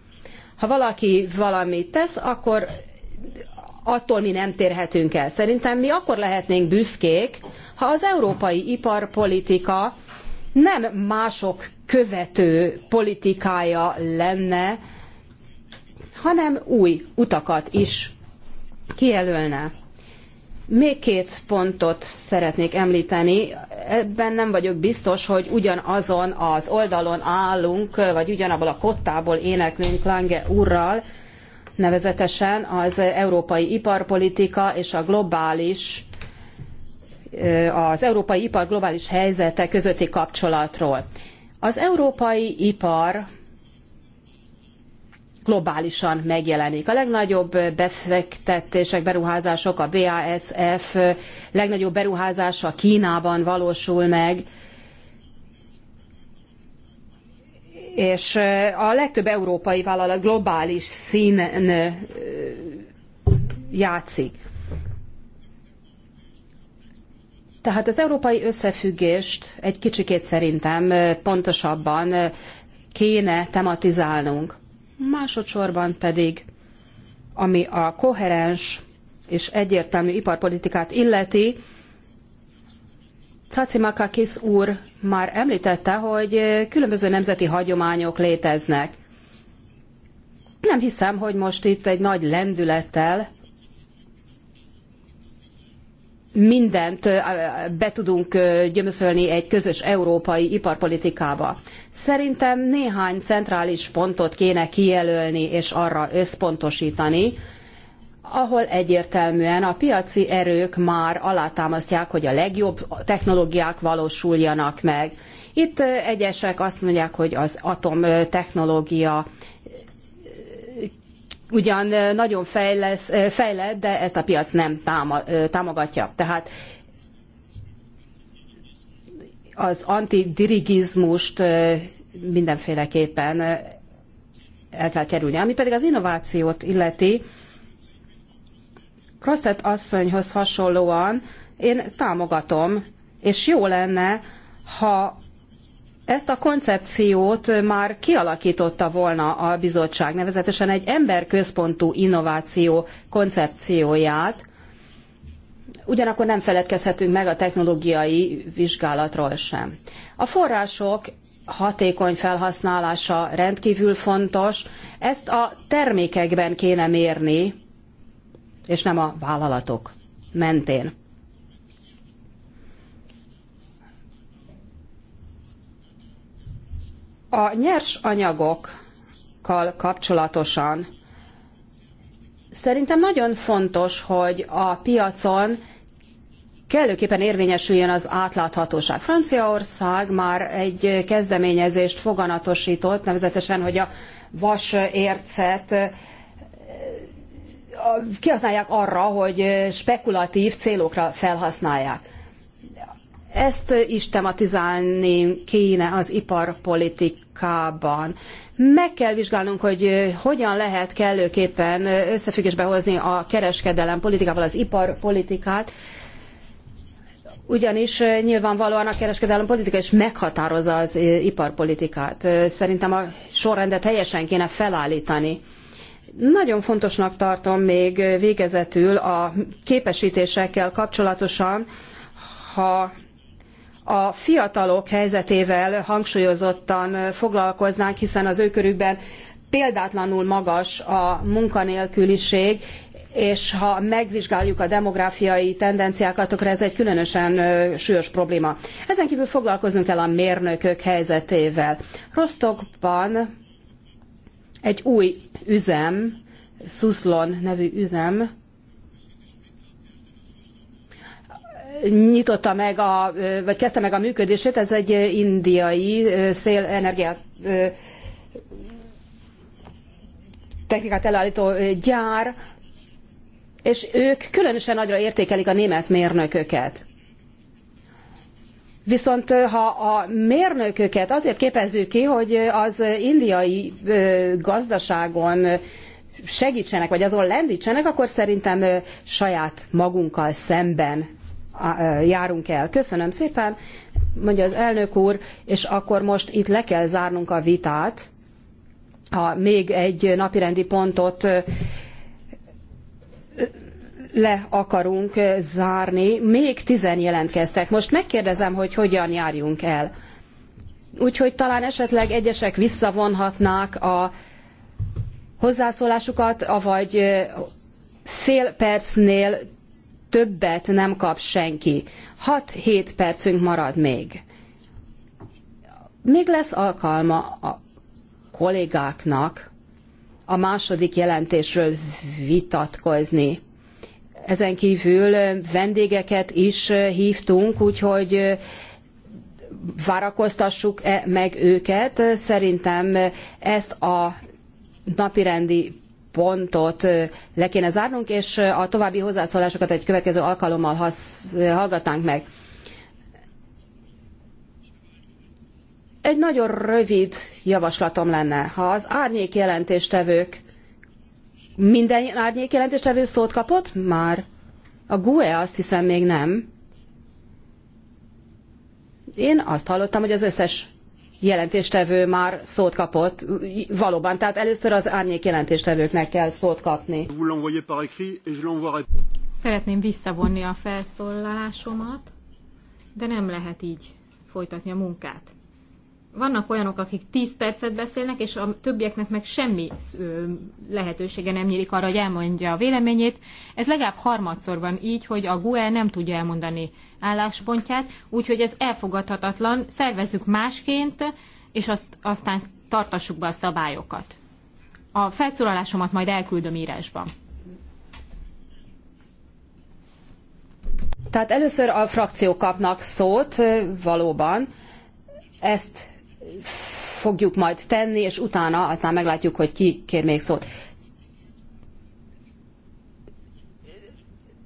Ha valaki valamit tesz, akkor attól mi nem térhetünk el. Szerintem mi akkor lehetnénk büszkék, ha az európai iparpolitika nem mások követő politikája lenne, hanem új utakat is kijelölne. Még két pontot szeretnék említeni. Ebben nem vagyok biztos, hogy ugyanazon az oldalon állunk, vagy ugyanabból a kottából éneklünk Lange úrral, nevezetesen az európai iparpolitika és a globális az európai ipar globális helyzete közötti kapcsolatról. Az európai ipar globálisan megjelenik. A legnagyobb befektetések, beruházások, a BASF legnagyobb beruházása Kínában valósul meg, és a legtöbb európai vállalat globális színen játszik. Tehát az európai összefüggést egy kicsikét szerintem pontosabban kéne tematizálnunk másodszorban pedig, ami a koherens és egyértelmű iparpolitikát illeti, Cacimakakis úr már említette, hogy különböző nemzeti hagyományok léteznek. Nem hiszem, hogy most itt egy nagy lendülettel mindent be tudunk gyömöszölni egy közös európai iparpolitikába. Szerintem néhány centrális pontot kéne kijelölni és arra összpontosítani, ahol egyértelműen a piaci erők már alátámasztják, hogy a legjobb technológiák valósuljanak meg. Itt egyesek azt mondják, hogy az atomtechnológia ugyan nagyon fejlesz, fejlett, de ezt a piac nem támogatja. Tehát az antidirigizmust mindenféleképpen el kell kerülni. Ami pedig az innovációt illeti, Krosztet asszonyhoz hasonlóan én támogatom, és jó lenne, ha ezt a koncepciót már kialakította volna a bizottság, nevezetesen egy emberközpontú innováció koncepcióját, ugyanakkor nem feledkezhetünk meg a technológiai vizsgálatról sem. A források hatékony felhasználása rendkívül fontos, ezt a termékekben kéne mérni, és nem a vállalatok mentén. A nyers anyagokkal kapcsolatosan szerintem nagyon fontos, hogy a piacon kellőképpen érvényesüljön az átláthatóság. Franciaország már egy kezdeményezést foganatosított, nevezetesen, hogy a vasércet eh, kihasználják arra, hogy spekulatív célokra felhasználják. Ezt is tematizálni kéne az iparpolitik munkában. Meg kell vizsgálnunk, hogy hogyan lehet kellőképpen összefüggésbe hozni a kereskedelem politikával, az iparpolitikát, ugyanis nyilvánvalóan a kereskedelem politika is meghatározza az iparpolitikát. Szerintem a sorrendet helyesen kéne felállítani. Nagyon fontosnak tartom még végezetül a képesítésekkel kapcsolatosan, ha a fiatalok helyzetével hangsúlyozottan foglalkoznánk, hiszen az ő körükben példátlanul magas a munkanélküliség, és ha megvizsgáljuk a demográfiai tendenciákat, akkor ez egy különösen súlyos probléma. Ezen kívül foglalkoznunk kell a mérnökök helyzetével. Rostokban egy új üzem, Szuszlon nevű üzem nyitotta meg, a, vagy kezdte meg a működését, ez egy indiai szélenergia technikát elállító gyár, és ők különösen nagyra értékelik a német mérnököket. Viszont ha a mérnököket azért képezzük ki, hogy az indiai gazdaságon segítsenek, vagy azon lendítsenek, akkor szerintem saját magunkkal szemben járunk el. Köszönöm szépen, mondja az elnök úr, és akkor most itt le kell zárnunk a vitát. Ha még egy napirendi pontot le akarunk zárni, még tizen jelentkeztek. Most megkérdezem, hogy hogyan járjunk el. Úgyhogy talán esetleg egyesek visszavonhatnák a hozzászólásukat, avagy fél percnél többet nem kap senki. 6-7 percünk marad még. Még lesz alkalma a kollégáknak a második jelentésről vitatkozni. Ezen kívül vendégeket is hívtunk, úgyhogy várakoztassuk -e meg őket. Szerintem ezt a napirendi pontot le kéne zárnunk, és a további hozzászólásokat egy következő alkalommal hallgatnánk meg. Egy nagyon rövid javaslatom lenne, ha az árnyék jelentéstevők minden árnyék jelentéstevő szót kapott már? A GUE azt hiszem még nem. Én azt hallottam, hogy az összes jelentéstevő már szót kapott. Valóban, tehát először az árnyék jelentéstevőknek kell szót kapni. Szeretném visszavonni a felszólalásomat, de nem lehet így folytatni a munkát. Vannak olyanok, akik 10 percet beszélnek, és a többieknek meg semmi lehetősége nem nyílik arra, hogy elmondja a véleményét. Ez legalább harmadszor van így, hogy a GUE nem tudja elmondani álláspontját, úgyhogy ez elfogadhatatlan, szervezzük másként, és azt, aztán tartassuk be a szabályokat. A felszólalásomat majd elküldöm írásban. Tehát először a frakciók kapnak szót, valóban. Ezt fogjuk majd tenni, és utána aztán meglátjuk, hogy ki kér még szót.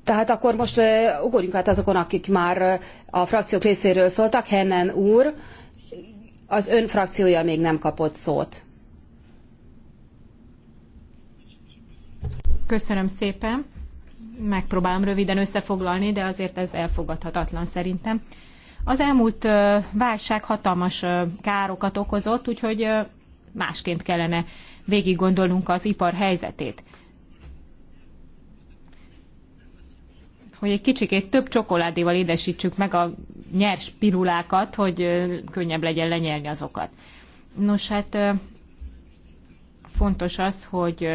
Tehát akkor most ugorjunk át azokon, akik már a frakciók részéről szóltak. Hennen úr, az ön frakciója még nem kapott szót. Köszönöm szépen. Megpróbálom röviden összefoglalni, de azért ez elfogadhatatlan szerintem. Az elmúlt válság hatalmas károkat okozott, úgyhogy másként kellene végig gondolnunk az ipar helyzetét. hogy egy kicsikét több csokoládéval édesítsük meg a nyers pirulákat, hogy könnyebb legyen lenyelni azokat. Nos, hát fontos az, hogy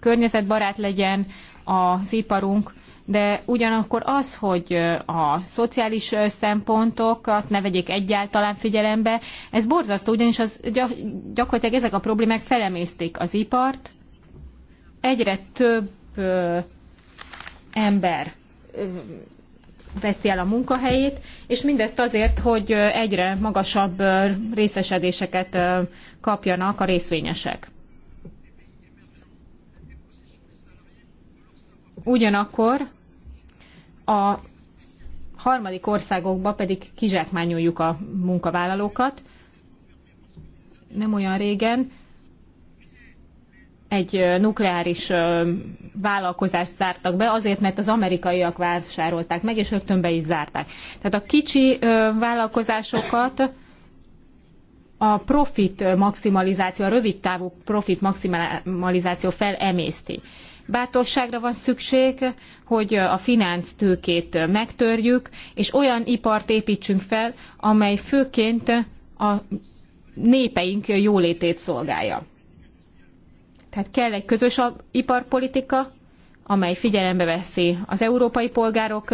környezetbarát legyen az iparunk, de ugyanakkor az, hogy a szociális szempontokat ne vegyék egyáltalán figyelembe, ez borzasztó, ugyanis az, gyakorlatilag ezek a problémák felemészték az ipart, egyre több ember veszi el a munkahelyét, és mindezt azért, hogy egyre magasabb részesedéseket kapjanak a részvényesek. Ugyanakkor a harmadik országokba pedig kizsákmányoljuk a munkavállalókat. Nem olyan régen egy nukleáris vállalkozást zártak be, azért, mert az amerikaiak vásárolták meg, és rögtön be is zárták. Tehát a kicsi vállalkozásokat a profit maximalizáció, a rövid távú profit maximalizáció felemészti. Bátorságra van szükség, hogy a tőkét megtörjük, és olyan ipart építsünk fel, amely főként a népeink jólétét szolgálja. Tehát kell egy közös iparpolitika, amely figyelembe veszi az európai polgárok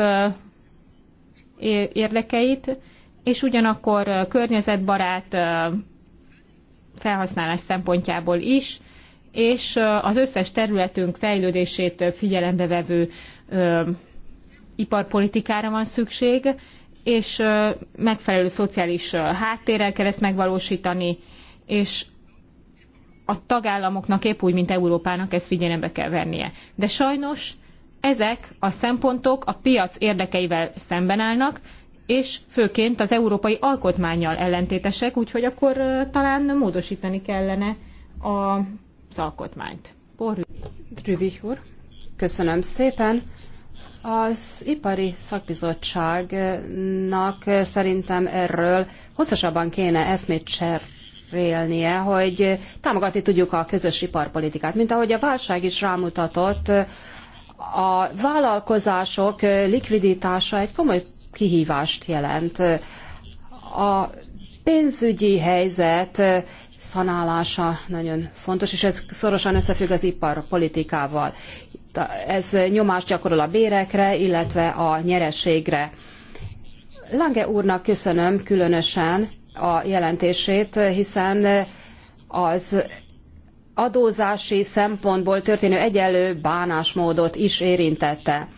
érdekeit, és ugyanakkor környezetbarát felhasználás szempontjából is, és az összes területünk fejlődését figyelembe vevő iparpolitikára van szükség, és megfelelő szociális háttérrel kell ezt megvalósítani, és a tagállamoknak épp úgy, mint Európának ezt figyelembe kell vennie. De sajnos ezek a szempontok a piac érdekeivel szemben állnak, és főként az európai alkotmányjal ellentétesek, úgyhogy akkor talán módosítani kellene az alkotmányt. Drüvich úr, köszönöm szépen. Az ipari szakbizottságnak szerintem erről hosszasabban kéne eszmét cserélni félnie, hogy támogatni tudjuk a közös iparpolitikát. Mint ahogy a válság is rámutatott, a vállalkozások likviditása egy komoly kihívást jelent. A pénzügyi helyzet szanálása nagyon fontos, és ez szorosan összefügg az iparpolitikával. Ez nyomást gyakorol a bérekre, illetve a nyereségre. Lange úrnak köszönöm különösen a jelentését, hiszen az adózási szempontból történő egyenlő bánásmódot is érintette.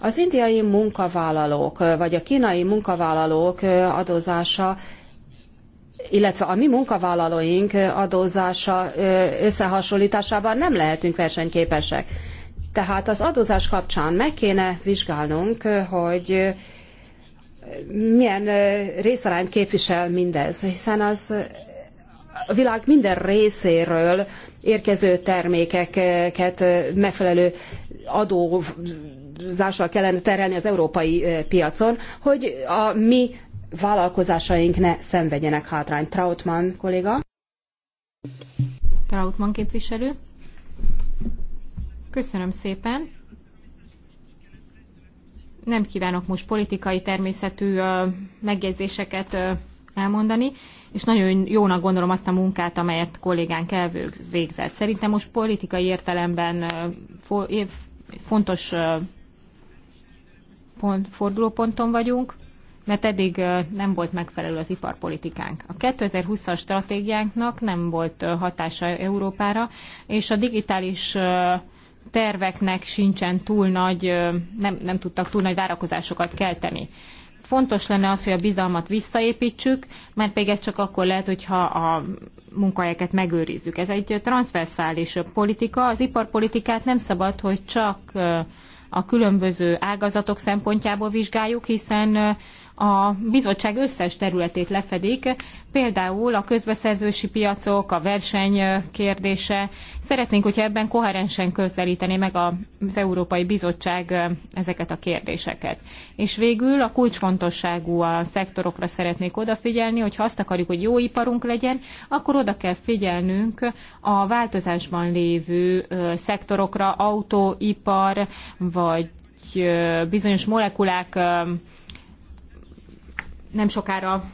Az indiai munkavállalók, vagy a kínai munkavállalók adózása, illetve a mi munkavállalóink adózása összehasonlításában nem lehetünk versenyképesek. Tehát az adózás kapcsán meg kéne vizsgálnunk, hogy milyen részarányt képvisel mindez, hiszen az a világ minden részéről érkező termékeket megfelelő adózással kellene terelni az európai piacon, hogy a mi vállalkozásaink ne szenvedjenek hátrányt. Trautmann kolléga. Trautmann képviselő. Köszönöm szépen nem kívánok most politikai természetű megjegyzéseket elmondani, és nagyon jónak gondolom azt a munkát, amelyet kollégánk elvégzett. Szerintem most politikai értelemben fontos pont, fordulóponton vagyunk, mert eddig nem volt megfelelő az iparpolitikánk. A 2020-as stratégiánknak nem volt hatása Európára, és a digitális terveknek sincsen túl nagy, nem, nem tudtak túl nagy várakozásokat kelteni. Fontos lenne az, hogy a bizalmat visszaépítsük, mert pedig ez csak akkor lehet, hogyha a munkahelyeket megőrizzük. Ez egy transzverszális politika. Az iparpolitikát nem szabad, hogy csak a különböző ágazatok szempontjából vizsgáljuk, hiszen a bizottság összes területét lefedik, például a közbeszerzősi piacok, a verseny kérdése. Szeretnénk, hogyha ebben koherensen közelíteni meg az Európai Bizottság ezeket a kérdéseket. És végül a kulcsfontosságú a szektorokra szeretnék odafigyelni, hogy ha azt akarjuk, hogy jó iparunk legyen, akkor oda kell figyelnünk a változásban lévő szektorokra, autóipar, vagy bizonyos molekulák nem sokára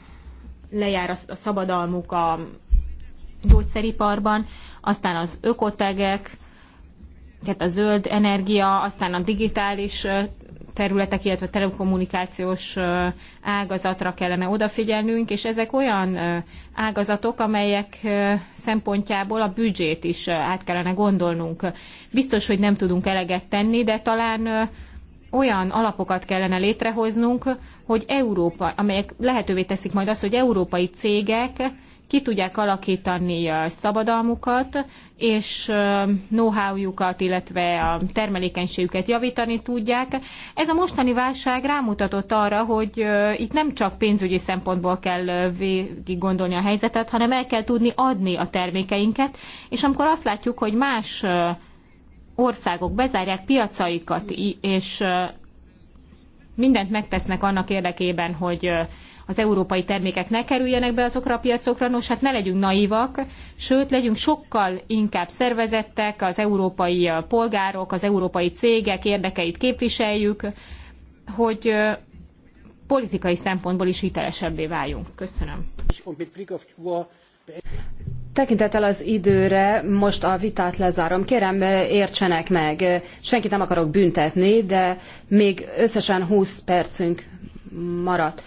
lejár a szabadalmuk a gyógyszeriparban, aztán az ökotegek, tehát a zöld energia, aztán a digitális területek, illetve telekommunikációs ágazatra kellene odafigyelnünk, és ezek olyan ágazatok, amelyek szempontjából a büdzsét is át kellene gondolnunk. Biztos, hogy nem tudunk eleget tenni, de talán olyan alapokat kellene létrehoznunk, hogy Európa, amelyek lehetővé teszik majd azt, hogy európai cégek ki tudják alakítani szabadalmukat, és know-howjukat, illetve a termelékenységüket javítani tudják. Ez a mostani válság rámutatott arra, hogy itt nem csak pénzügyi szempontból kell végig gondolni a helyzetet, hanem el kell tudni adni a termékeinket, és amikor azt látjuk, hogy más országok bezárják piacaikat, és mindent megtesznek annak érdekében, hogy az európai termékek ne kerüljenek be azokra a piacokra, nos hát ne legyünk naivak, sőt legyünk sokkal inkább szervezettek, az európai polgárok, az európai cégek érdekeit képviseljük, hogy politikai szempontból is hitelesebbé váljunk. Köszönöm. Tekintettel az időre most a vitát lezárom. Kérem, eh, értsenek meg. Senkit nem akarok büntetni, de még összesen 20 percünk maradt.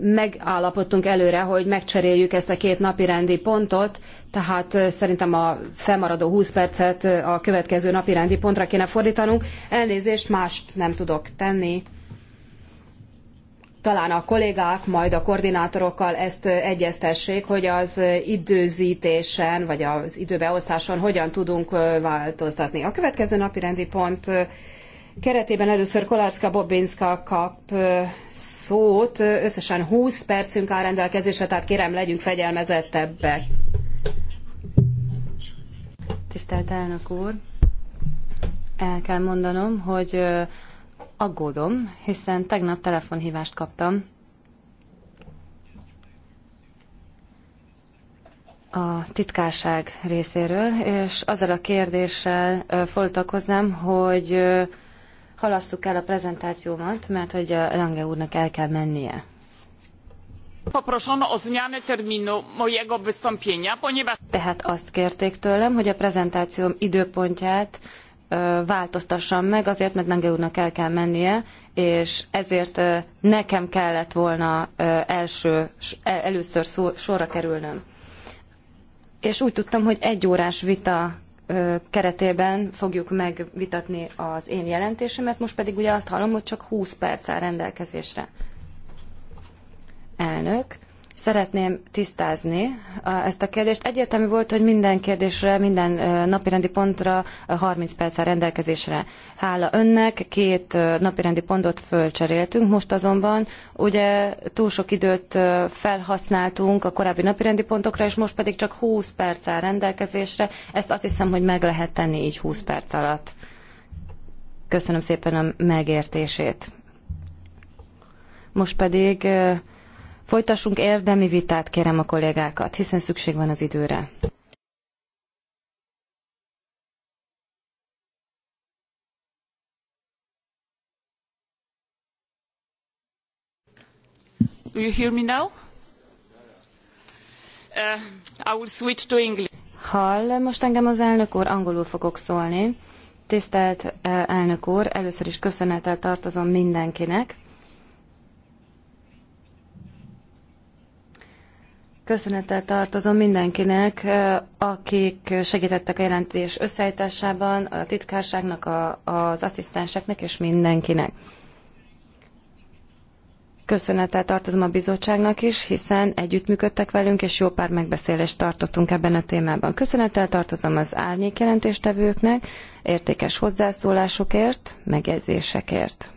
Megállapodtunk előre, hogy megcseréljük ezt a két napirendi pontot, tehát eh, szerintem a felmaradó 20 percet eh, a következő napirendi pontra kéne fordítanunk. Elnézést, mást nem tudok tenni talán a kollégák majd a koordinátorokkal ezt egyeztessék, hogy az időzítésen, vagy az időbeosztáson hogyan tudunk változtatni. A következő napi rendi pont keretében először Kolárszka Bobinska kap szót. Összesen 20 percünk áll rendelkezésre, tehát kérem, legyünk fegyelmezettebbek. Tisztelt elnök úr! El kell mondanom, hogy aggódom, hiszen tegnap telefonhívást kaptam a titkárság részéről, és azzal a kérdéssel fordultak hozzám, hogy halasszuk el a prezentációmat, mert hogy a Lange úrnak el kell mennie. Poproszono o zmianę terminu mojego wystąpienia, ponieważ... Tehát azt kérték tőlem, hogy a prezentációm időpontját változtassam meg, azért, mert Lange úrnak el kell mennie, és ezért nekem kellett volna első, e, először sorra kerülnöm. És úgy tudtam, hogy egy órás vita keretében fogjuk megvitatni az én jelentésemet, most pedig ugye azt hallom, hogy csak 20 perc áll rendelkezésre. Elnök, Szeretném tisztázni ezt a kérdést. Egyértelmű volt, hogy minden kérdésre, minden napirendi pontra 30 perc áll rendelkezésre. Hála önnek, két napirendi pontot fölcseréltünk, most azonban ugye túl sok időt felhasználtunk a korábbi napirendi pontokra, és most pedig csak 20 perc áll rendelkezésre. Ezt azt hiszem, hogy meg lehet tenni így 20 perc alatt. Köszönöm szépen a megértését. Most pedig Folytassunk érdemi vitát, kérem a kollégákat, hiszen szükség van az időre. Do you hear me now? Uh, I will switch to English. Hall, most engem az elnök úr, angolul fogok szólni. Tisztelt uh, elnök úr, először is köszönettel tartozom mindenkinek, Köszönettel tartozom mindenkinek, akik segítettek a jelentés összeállításában, a titkárságnak, a, az asszisztenseknek és mindenkinek. Köszönettel tartozom a bizottságnak is, hiszen együttműködtek velünk, és jó pár megbeszélést tartottunk ebben a témában. Köszönettel tartozom az árnyék jelentéstevőknek, értékes hozzászólásokért, megjegyzésekért.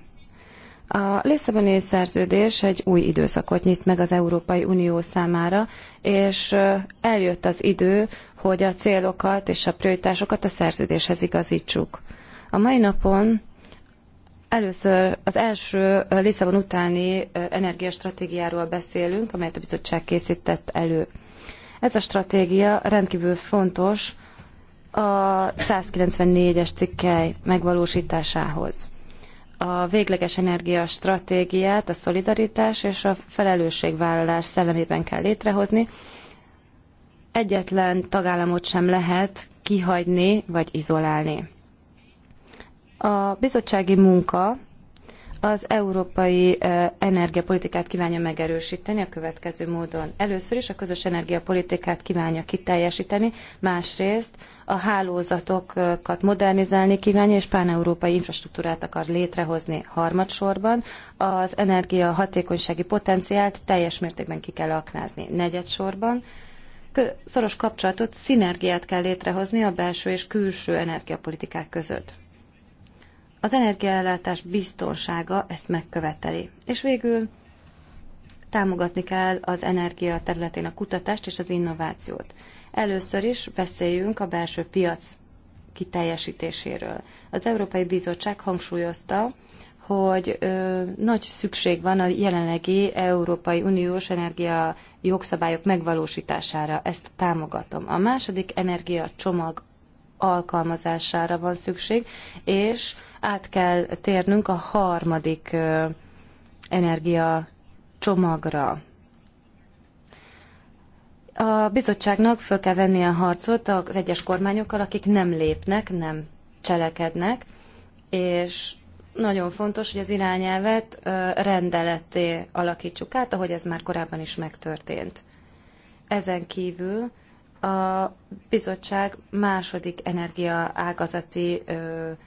A Lisszaboni szerződés egy új időszakot nyit meg az Európai Unió számára, és eljött az idő, hogy a célokat és a prioritásokat a szerződéshez igazítsuk. A mai napon először az első Lisszabon utáni energiastratégiáról beszélünk, amelyet a bizottság készített elő. Ez a stratégia rendkívül fontos a 194-es cikkely megvalósításához a végleges energiastratégiát a szolidaritás és a felelősségvállalás szellemében kell létrehozni. Egyetlen tagállamot sem lehet kihagyni vagy izolálni. A bizottsági munka az európai energiapolitikát kívánja megerősíteni a következő módon. Először is a közös energiapolitikát kívánja kiteljesíteni, másrészt a hálózatokat modernizálni kívánja, és páneurópai infrastruktúrát akar létrehozni harmadsorban. Az energia hatékonysági potenciált teljes mértékben ki kell aknázni negyedsorban. Szoros kapcsolatot, szinergiát kell létrehozni a belső és külső energiapolitikák között. Az energiaellátás biztonsága ezt megköveteli. És végül támogatni kell az energia területén a kutatást és az innovációt. Először is beszéljünk a belső piac kiteljesítéséről. Az Európai Bizottság hangsúlyozta, hogy ö, nagy szükség van a jelenlegi Európai Uniós energia jogszabályok megvalósítására. Ezt támogatom. A második energia csomag alkalmazására van szükség, és át kell térnünk a harmadik energia csomagra. A bizottságnak föl kell venni a harcot az egyes kormányokkal, akik nem lépnek, nem cselekednek, és nagyon fontos, hogy az irányelvet rendeletté alakítsuk át, ahogy ez már korábban is megtörtént. Ezen kívül a bizottság második energiaágazati ágazati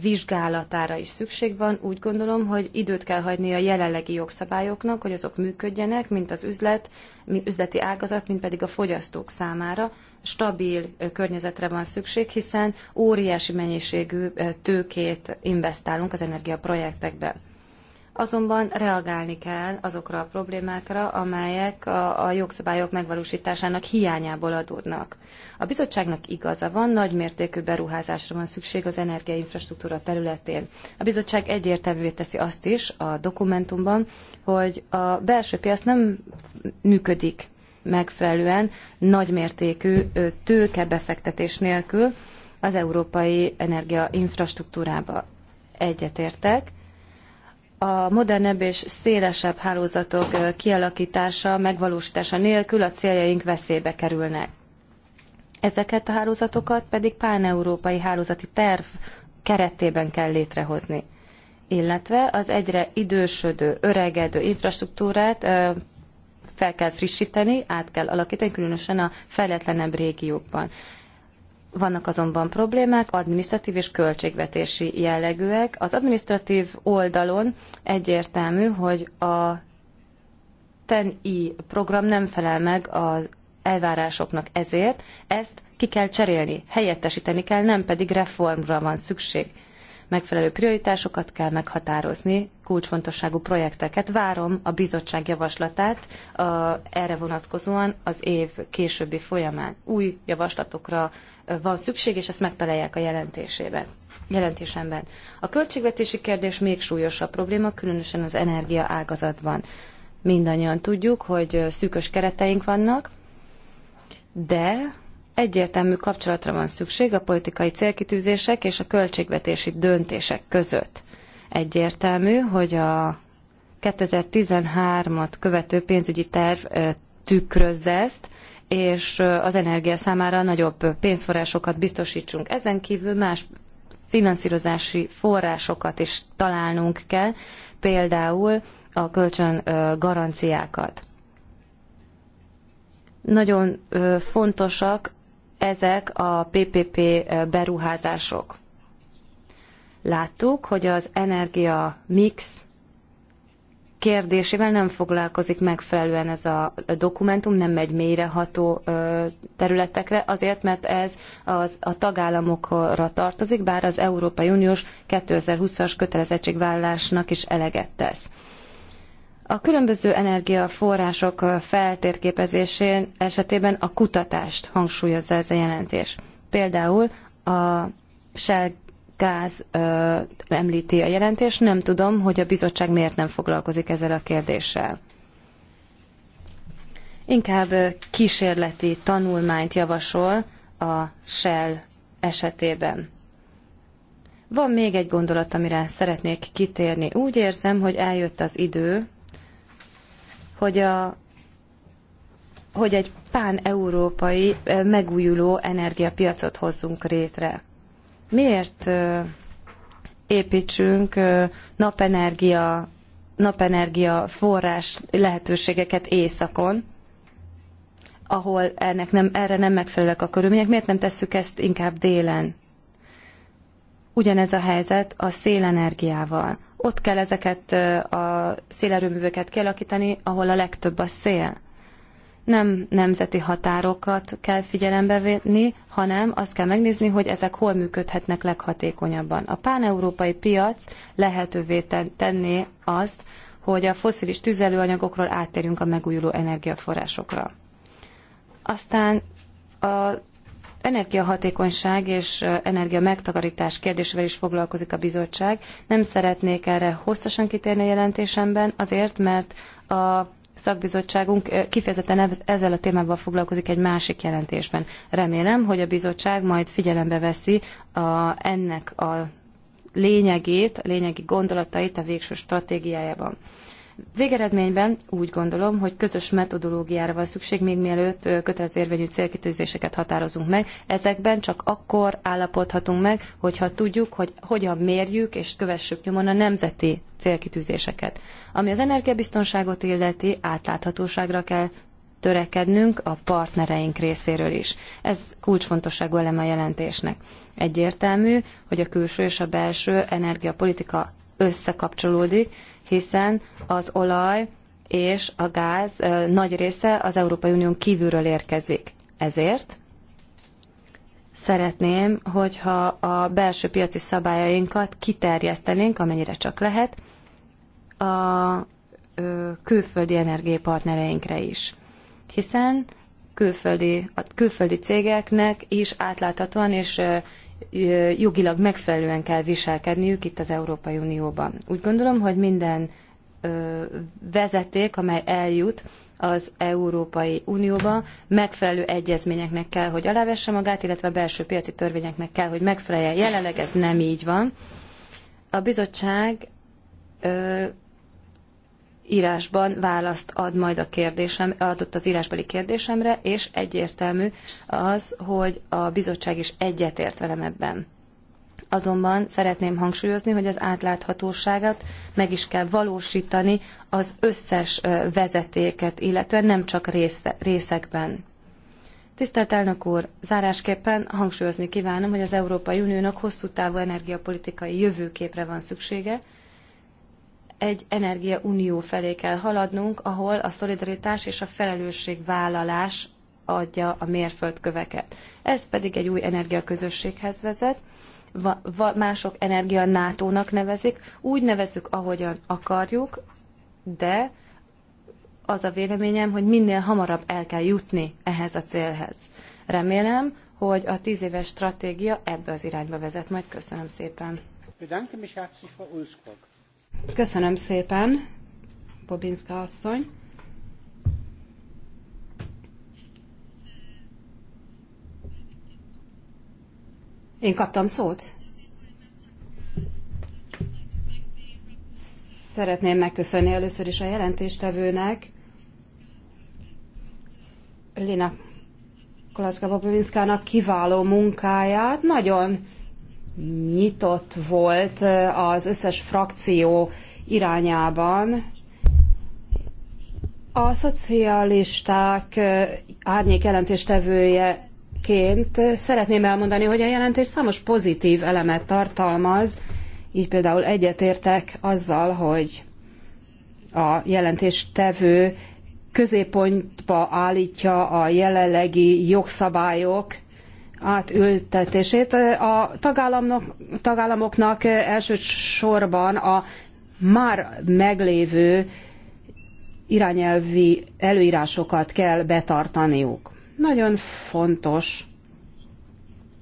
vizsgálatára is szükség van. Úgy gondolom, hogy időt kell hagyni a jelenlegi jogszabályoknak, hogy azok működjenek, mint az üzlet, mint üzleti ágazat, mint pedig a fogyasztók számára. Stabil környezetre van szükség, hiszen óriási mennyiségű tőkét investálunk az energiaprojektekbe azonban reagálni kell azokra a problémákra, amelyek a, a jogszabályok megvalósításának hiányából adódnak. A bizottságnak igaza van, nagymértékű beruházásra van szükség az energiainfrastruktúra területén. A bizottság egyértelművé teszi azt is a dokumentumban, hogy a belső piac nem működik megfelelően nagymértékű tőkebefektetés nélkül az európai energiainfrastruktúrába. Egyetértek, a modernebb és szélesebb hálózatok kialakítása, megvalósítása nélkül a céljaink veszélybe kerülnek. Ezeket a hálózatokat pedig páneurópai hálózati terv keretében kell létrehozni, illetve az egyre idősödő, öregedő infrastruktúrát fel kell frissíteni, át kell alakítani, különösen a fejletlenebb régiókban. Vannak azonban problémák, adminisztratív és költségvetési jellegűek. Az adminisztratív oldalon egyértelmű, hogy a TEN-I program nem felel meg az elvárásoknak ezért, ezt ki kell cserélni, helyettesíteni kell, nem pedig reformra van szükség megfelelő prioritásokat kell meghatározni, kulcsfontosságú projekteket. Várom a bizottság javaslatát a, erre vonatkozóan az év későbbi folyamán. Új javaslatokra van szükség, és ezt megtalálják a jelentésében. jelentésemben. A költségvetési kérdés még súlyosabb probléma, különösen az energia ágazatban. Mindannyian tudjuk, hogy szűkös kereteink vannak, de egyértelmű kapcsolatra van szükség a politikai célkitűzések és a költségvetési döntések között. Egyértelmű, hogy a 2013-at követő pénzügyi terv tükrözze ezt, és az energia számára nagyobb pénzforrásokat biztosítsunk. Ezen kívül más finanszírozási forrásokat is találnunk kell, például a kölcsön garanciákat. Nagyon fontosak ezek a PPP beruházások. Láttuk, hogy az energia mix kérdésével nem foglalkozik megfelelően ez a dokumentum, nem megy mélyreható területekre, azért, mert ez az, a tagállamokra tartozik, bár az Európai Uniós 2020-as kötelezettségvállásnak is eleget tesz. A különböző energiaforrások feltérképezésén esetében a kutatást hangsúlyozza ez a jelentés. Például a Shell gáz ö, említi a jelentés, nem tudom, hogy a bizottság miért nem foglalkozik ezzel a kérdéssel. Inkább kísérleti tanulmányt javasol a Shell esetében. Van még egy gondolat, amire szeretnék kitérni. Úgy érzem, hogy eljött az idő, hogy, a, hogy egy pán-európai megújuló energiapiacot hozzunk rétre. Miért építsünk napenergia, napenergia forrás lehetőségeket északon, ahol ennek nem, erre nem megfelelnek a körülmények, miért nem tesszük ezt inkább délen? Ugyanez a helyzet a szélenergiával ott kell ezeket a szélerőműveket kialakítani, ahol a legtöbb a szél. Nem nemzeti határokat kell figyelembe venni, hanem azt kell megnézni, hogy ezek hol működhetnek leghatékonyabban. A páneurópai piac lehetővé tenné azt, hogy a foszilis tüzelőanyagokról áttérjünk a megújuló energiaforrásokra. Aztán a Energiahatékonyság és energia megtakarítás kérdésével is foglalkozik a bizottság. Nem szeretnék erre hosszasan kitérni a jelentésemben, azért, mert a szakbizottságunk kifejezetten ezzel a témával foglalkozik egy másik jelentésben. Remélem, hogy a bizottság majd figyelembe veszi a, ennek a lényegét, a lényegi gondolatait a végső stratégiájában. Végeredményben úgy gondolom, hogy közös metodológiára van szükség, még mielőtt kötelező érvényű célkitűzéseket határozunk meg. Ezekben csak akkor állapodhatunk meg, hogyha tudjuk, hogy hogyan mérjük és kövessük nyomon a nemzeti célkitűzéseket. Ami az energiabiztonságot illeti, átláthatóságra kell törekednünk a partnereink részéről is. Ez kulcsfontosságú eleme a jelentésnek. Egyértelmű, hogy a külső és a belső energiapolitika összekapcsolódik, hiszen az olaj és a gáz nagy része az Európai Unión kívülről érkezik. Ezért szeretném, hogyha a belső piaci szabályainkat kiterjesztenénk, amennyire csak lehet, a külföldi energiapartnereinkre is. Hiszen külföldi, a külföldi cégeknek is átláthatóan és jogilag megfelelően kell viselkedniük itt az Európai Unióban. Úgy gondolom, hogy minden vezeték, amely eljut az Európai Unióba, megfelelő egyezményeknek kell, hogy alávesse magát, illetve a belső piaci törvényeknek kell, hogy megfeleljen. Jelenleg ez nem így van. A bizottság írásban választ ad majd a kérdésem, adott az írásbeli kérdésemre, és egyértelmű az, hogy a bizottság is egyetért velem ebben. Azonban szeretném hangsúlyozni, hogy az átláthatóságot meg is kell valósítani az összes vezetéket, illetően nem csak része, részekben. Tisztelt elnök úr, zárásképpen hangsúlyozni kívánom, hogy az Európai Uniónak hosszú távú energiapolitikai jövőképre van szüksége, egy energiaunió felé kell haladnunk, ahol a szolidaritás és a felelősségvállalás adja a mérföldköveket. Ez pedig egy új energiaközösséghez vezet, va, va, mások energia NATO-nak nevezik, úgy nevezük, ahogyan akarjuk, de az a véleményem, hogy minél hamarabb el kell jutni ehhez a célhez. Remélem, hogy a tíz éves stratégia ebbe az irányba vezet. Majd köszönöm szépen. Bedanke mich herzlich, Frau Ulskog. Köszönöm szépen, Bobinska asszony. Én kaptam szót? Szeretném megköszönni először is a jelentéstevőnek, Lina Kolaszka Bobinszkának kiváló munkáját. Nagyon nyitott volt eh, az összes frakció irányában. A szocialisták eh, árnyék jelentéstevőjeként szeretném elmondani, hogy a jelentés számos pozitív elemet tartalmaz, így például egyetértek azzal, hogy a jelentéstevő középpontba állítja a jelenlegi jogszabályok átültetését a tagállamok, tagállamoknak elsősorban a már meglévő irányelvi előírásokat kell betartaniuk. Nagyon fontos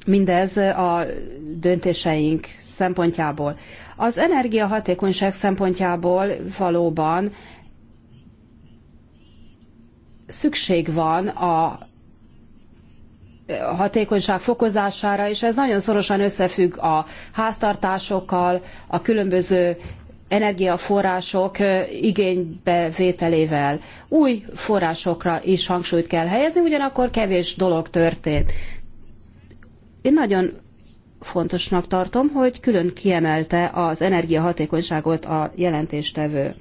mindez a döntéseink szempontjából. Az energiahatékonyság szempontjából valóban szükség van a hatékonyság fokozására, és ez nagyon szorosan összefügg a háztartásokkal, a különböző energiaforrások igénybevételével. Új forrásokra is hangsúlyt kell helyezni, ugyanakkor kevés dolog történt. Én nagyon fontosnak tartom, hogy külön kiemelte az energiahatékonyságot a jelentéstevő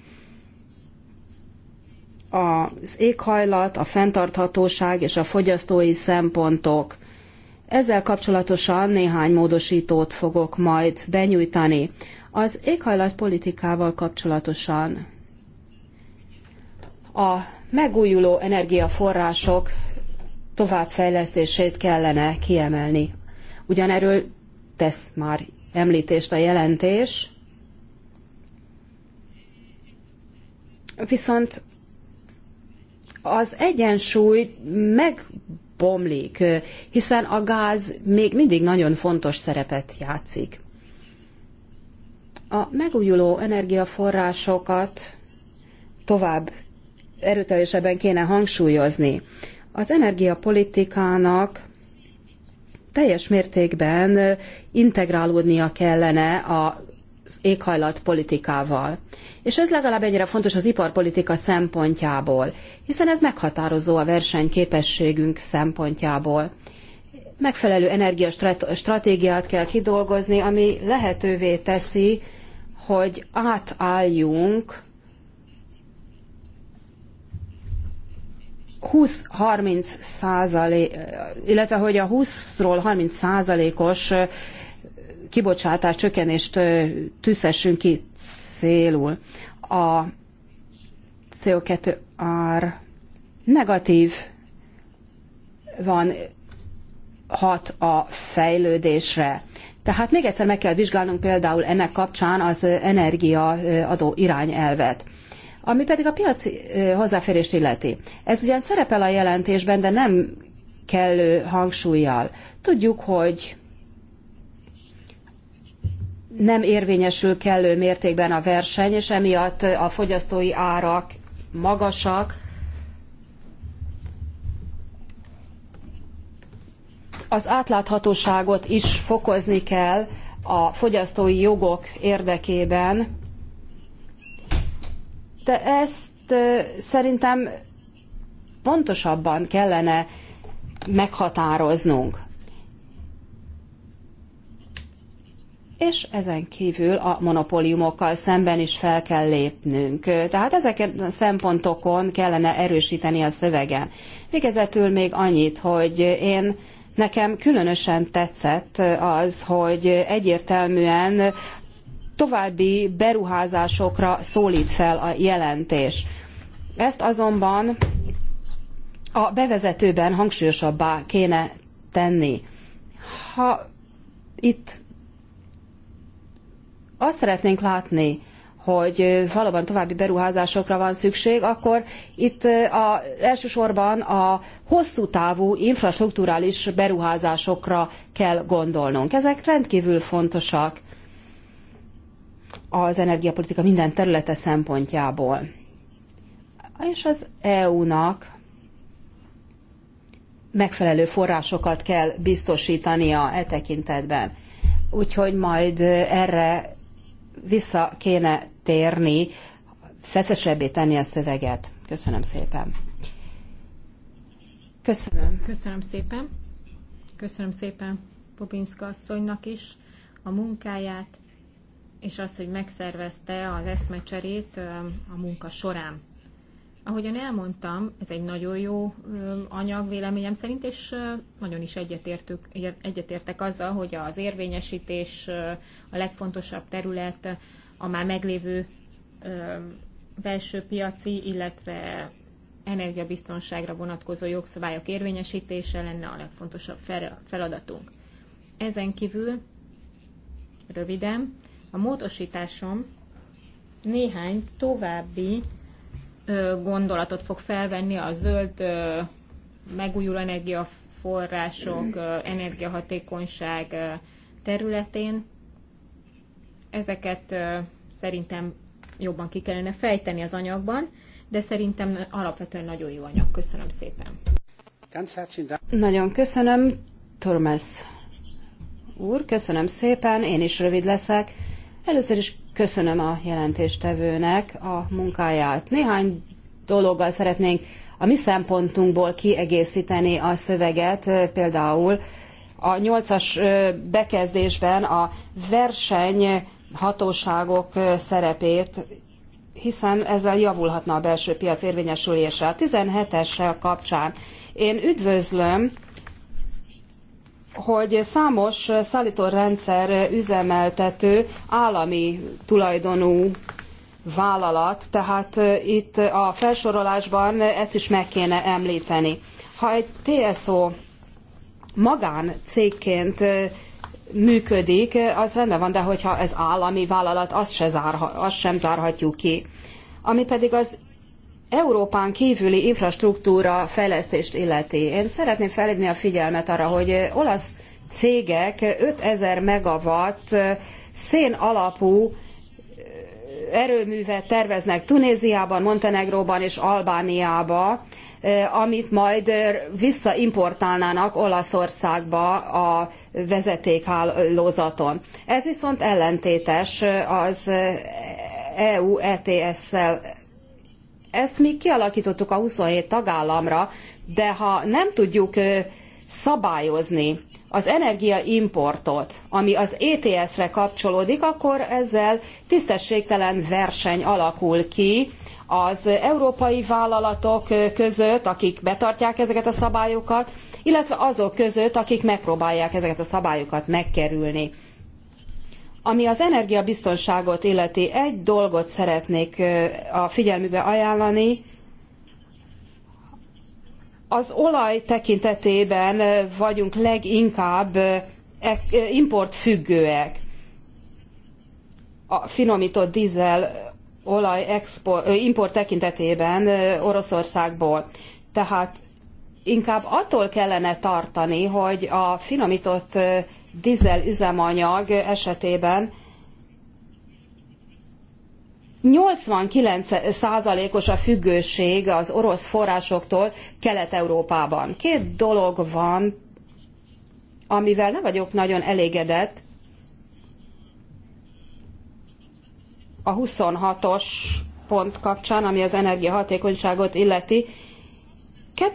az éghajlat, a fenntarthatóság és a fogyasztói szempontok. Ezzel kapcsolatosan néhány módosítót fogok majd benyújtani. Az éghajlatpolitikával kapcsolatosan a megújuló energiaforrások továbbfejlesztését kellene kiemelni. Ugyanerről tesz már említést a jelentés, viszont az egyensúly megbomlik, hiszen a gáz még mindig nagyon fontos szerepet játszik. A megújuló energiaforrásokat tovább erőteljesebben kéne hangsúlyozni. Az energiapolitikának teljes mértékben integrálódnia kellene a éghajlatpolitikával. És ez legalább egyre fontos az iparpolitika szempontjából, hiszen ez meghatározó a versenyképességünk szempontjából. Megfelelő energiastratégiát kell kidolgozni, ami lehetővé teszi, hogy átálljunk 20-30 százalék, illetve hogy a 20-ról 30 százalékos kibocsátás csökkenést tűzhessünk ki célul. A CO2 ár negatív van hat a fejlődésre. Tehát még egyszer meg kell vizsgálnunk például ennek kapcsán az energiaadó irányelvet. Ami pedig a piaci hozzáférést illeti. Ez ugyan szerepel a jelentésben, de nem kellő hangsúlyjal. Tudjuk, hogy nem érvényesül kellő mértékben a verseny, és emiatt a fogyasztói árak magasak. Az átláthatóságot is fokozni kell a fogyasztói jogok érdekében, de ezt szerintem pontosabban kellene meghatároznunk. és ezen kívül a monopóliumokkal szemben is fel kell lépnünk. Tehát ezeken a szempontokon kellene erősíteni a szövegen. Végezetül még annyit, hogy én nekem különösen tetszett az, hogy egyértelműen további beruházásokra szólít fel a jelentés. Ezt azonban a bevezetőben hangsúlyosabbá kéne tenni. Ha itt azt szeretnénk látni, hogy valóban további beruházásokra van szükség, akkor itt a, elsősorban a hosszú távú infrastruktúrális beruházásokra kell gondolnunk. Ezek rendkívül fontosak az energiapolitika minden területe szempontjából. És az EU-nak megfelelő forrásokat kell biztosítania e tekintetben. Úgyhogy majd erre vissza kéne térni, feszesebbé tenni a szöveget. Köszönöm szépen. Köszönöm. Köszönöm szépen. Köszönöm szépen Popinska asszonynak is a munkáját, és azt, hogy megszervezte az eszmecserét a munka során. Ahogyan elmondtam, ez egy nagyon jó anyag véleményem szerint, és nagyon is egyetértük, egyetértek azzal, hogy az érvényesítés a legfontosabb terület a már meglévő belső piaci, illetve energiabiztonságra vonatkozó jogszabályok érvényesítése lenne a legfontosabb feladatunk. Ezen kívül röviden a módosításom néhány további gondolatot fog felvenni a zöld megújuló energiaforrások, energiahatékonyság területén. Ezeket szerintem jobban ki kellene fejteni az anyagban, de szerintem alapvetően nagyon jó anyag. Köszönöm szépen. Nagyon köszönöm, Tormes úr, köszönöm szépen, én is rövid leszek. Először is Köszönöm a jelentéstevőnek a munkáját. Néhány dologgal szeretnénk a mi szempontunkból kiegészíteni a szöveget, például a nyolcas bekezdésben a verseny hatóságok szerepét, hiszen ezzel javulhatna a belső piac érvényesülése. A 17-essel kapcsán én üdvözlöm hogy számos szállítórendszer üzemeltető állami tulajdonú vállalat, tehát itt a felsorolásban ezt is meg kéne említeni. Ha egy TSO magáncégként működik, az rendben van, de hogyha ez állami vállalat, azt, se zárha, azt sem zárhatjuk ki. Ami pedig az Európán kívüli infrastruktúra fejlesztést illeti. Én szeretném felhívni a figyelmet arra, hogy olasz cégek 5000 megawatt szén alapú erőművet terveznek Tunéziában, Montenegróban és Albániába, amit majd visszaimportálnának Olaszországba a vezetékhálózaton. Ez viszont ellentétes az EU ETS-szel ezt mi kialakítottuk a 27 tagállamra, de ha nem tudjuk szabályozni az energiaimportot, ami az ETS-re kapcsolódik, akkor ezzel tisztességtelen verseny alakul ki, az európai vállalatok között, akik betartják ezeket a szabályokat, illetve azok között, akik megpróbálják ezeket a szabályokat megkerülni. Ami az energiabiztonságot illeti, egy dolgot szeretnék a figyelmükbe ajánlani. Az olaj tekintetében vagyunk leginkább e, importfüggőek. A finomított dizel olaj export, import tekintetében Oroszországból. Tehát inkább attól kellene tartani, hogy a finomított dizel üzemanyag esetében 89%-os a függőség az orosz forrásoktól Kelet-Európában. Két dolog van, amivel nem vagyok nagyon elégedett. A 26-os pont kapcsán, ami az energiahatékonyságot illeti.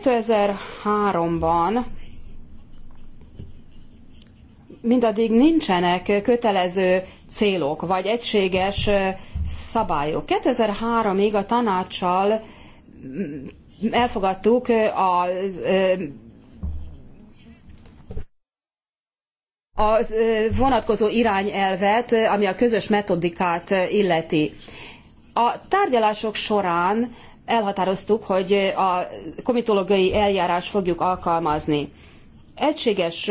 2003-ban mindaddig nincsenek kötelező célok, vagy egységes szabályok. 2003-ig a tanácssal mm, elfogadtuk az az vonatkozó irányelvet, ami a közös metodikát illeti. A tárgyalások során elhatároztuk, hogy a komitológiai eljárás fogjuk alkalmazni. Egységes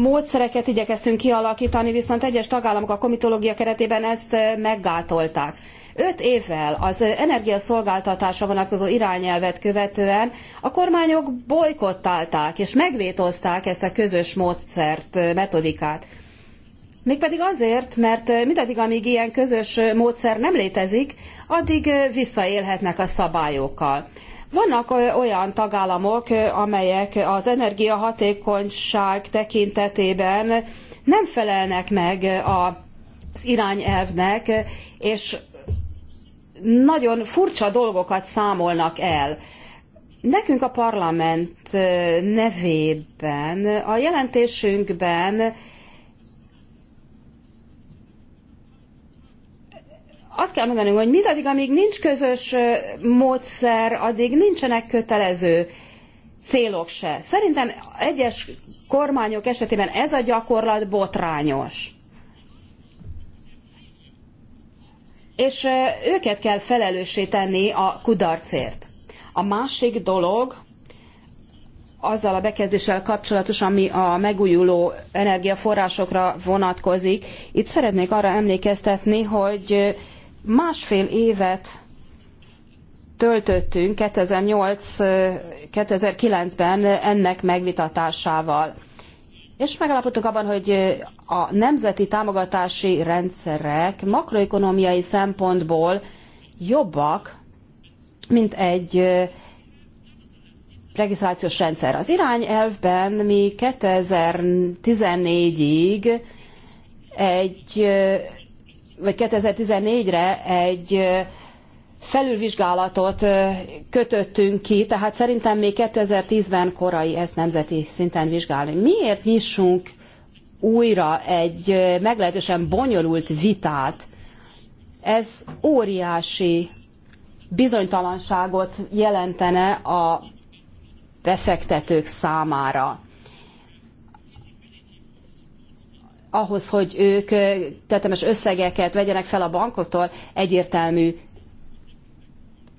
módszereket igyekeztünk kialakítani, viszont egyes tagállamok a komitológia keretében ezt meggátolták. Öt évvel az energiaszolgáltatásra vonatkozó irányelvet követően a kormányok bojkottálták és megvétózták ezt a közös módszert, metodikát. Mégpedig azért, mert mindaddig, amíg ilyen közös módszer nem létezik, addig visszaélhetnek a szabályokkal. Vannak olyan tagállamok, amelyek az energiahatékonyság tekintetében nem felelnek meg az irányelvnek, és nagyon furcsa dolgokat számolnak el. Nekünk a parlament nevében, a jelentésünkben azt kell mondanunk, hogy mindaddig, amíg nincs közös módszer, addig nincsenek kötelező célok se. Szerintem egyes kormányok esetében ez a gyakorlat botrányos. És őket kell felelőssé tenni a kudarcért. A másik dolog, azzal a bekezdéssel kapcsolatos, ami a megújuló energiaforrásokra vonatkozik. Itt szeretnék arra emlékeztetni, hogy Másfél évet töltöttünk 2008-2009-ben ennek megvitatásával. És megállapodtunk abban, hogy a nemzeti támogatási rendszerek makroökonómiai szempontból jobbak, mint egy regisztrációs rendszer. Az irányelvben mi 2014-ig egy vagy 2014-re egy felülvizsgálatot kötöttünk ki, tehát szerintem még 2010-ben korai ezt nemzeti szinten vizsgálni. Miért nyissunk újra egy meglehetősen bonyolult vitát? Ez óriási bizonytalanságot jelentene a befektetők számára. ahhoz, hogy ők tetemes összegeket vegyenek fel a bankoktól, egyértelmű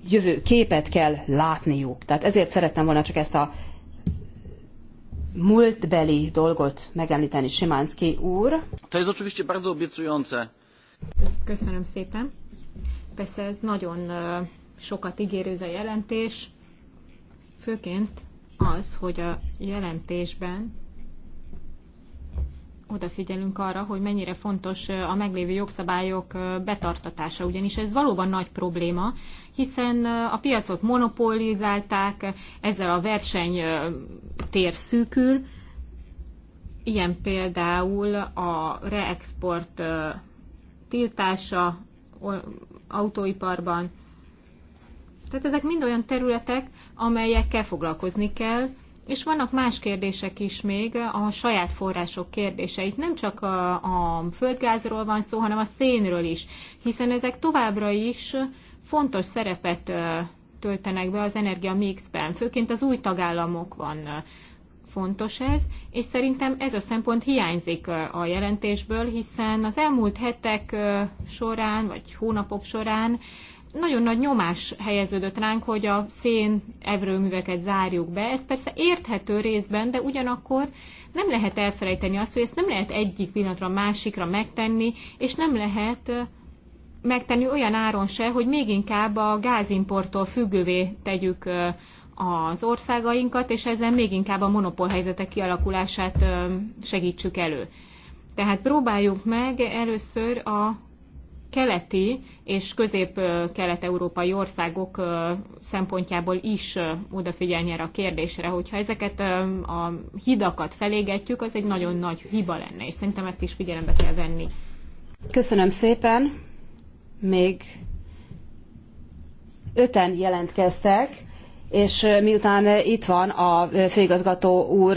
jövő képet kell látniuk. Tehát ezért szerettem volna csak ezt a múltbeli dolgot megemlíteni Simánszki úr. ez oczywiście bardzo obiecujące. Köszönöm szépen. Persze ez nagyon sokat ígérő a jelentés, főként az, hogy a jelentésben odafigyelünk arra, hogy mennyire fontos a meglévő jogszabályok betartatása, ugyanis ez valóban nagy probléma, hiszen a piacot monopolizálták, ezzel a verseny tér szűkül, ilyen például a reexport tiltása autóiparban. Tehát ezek mind olyan területek, amelyekkel foglalkozni kell, és vannak más kérdések is még, a saját források kérdéseit. Nem csak a, a földgázról van szó, hanem a szénről is, hiszen ezek továbbra is fontos szerepet töltenek be az energia mixben. Főként az új tagállamok van fontos ez, és szerintem ez a szempont hiányzik a jelentésből, hiszen az elmúlt hetek során, vagy hónapok során nagyon nagy nyomás helyeződött ránk, hogy a szén evrőműveket zárjuk be. Ez persze érthető részben, de ugyanakkor nem lehet elfelejteni azt, hogy ezt nem lehet egyik pillanatra másikra megtenni, és nem lehet megtenni olyan áron se, hogy még inkább a gázimporttól függővé tegyük az országainkat, és ezzel még inkább a monopólhelyzetek kialakulását segítsük elő. Tehát próbáljuk meg először a keleti és közép-kelet-európai országok szempontjából is odafigyelni erre a kérdésre. Hogyha ezeket a hidakat felégetjük, az egy nagyon nagy hiba lenne, és szerintem ezt is figyelembe kell venni. Köszönöm szépen. Még öten jelentkeztek, és miután itt van a főigazgató úr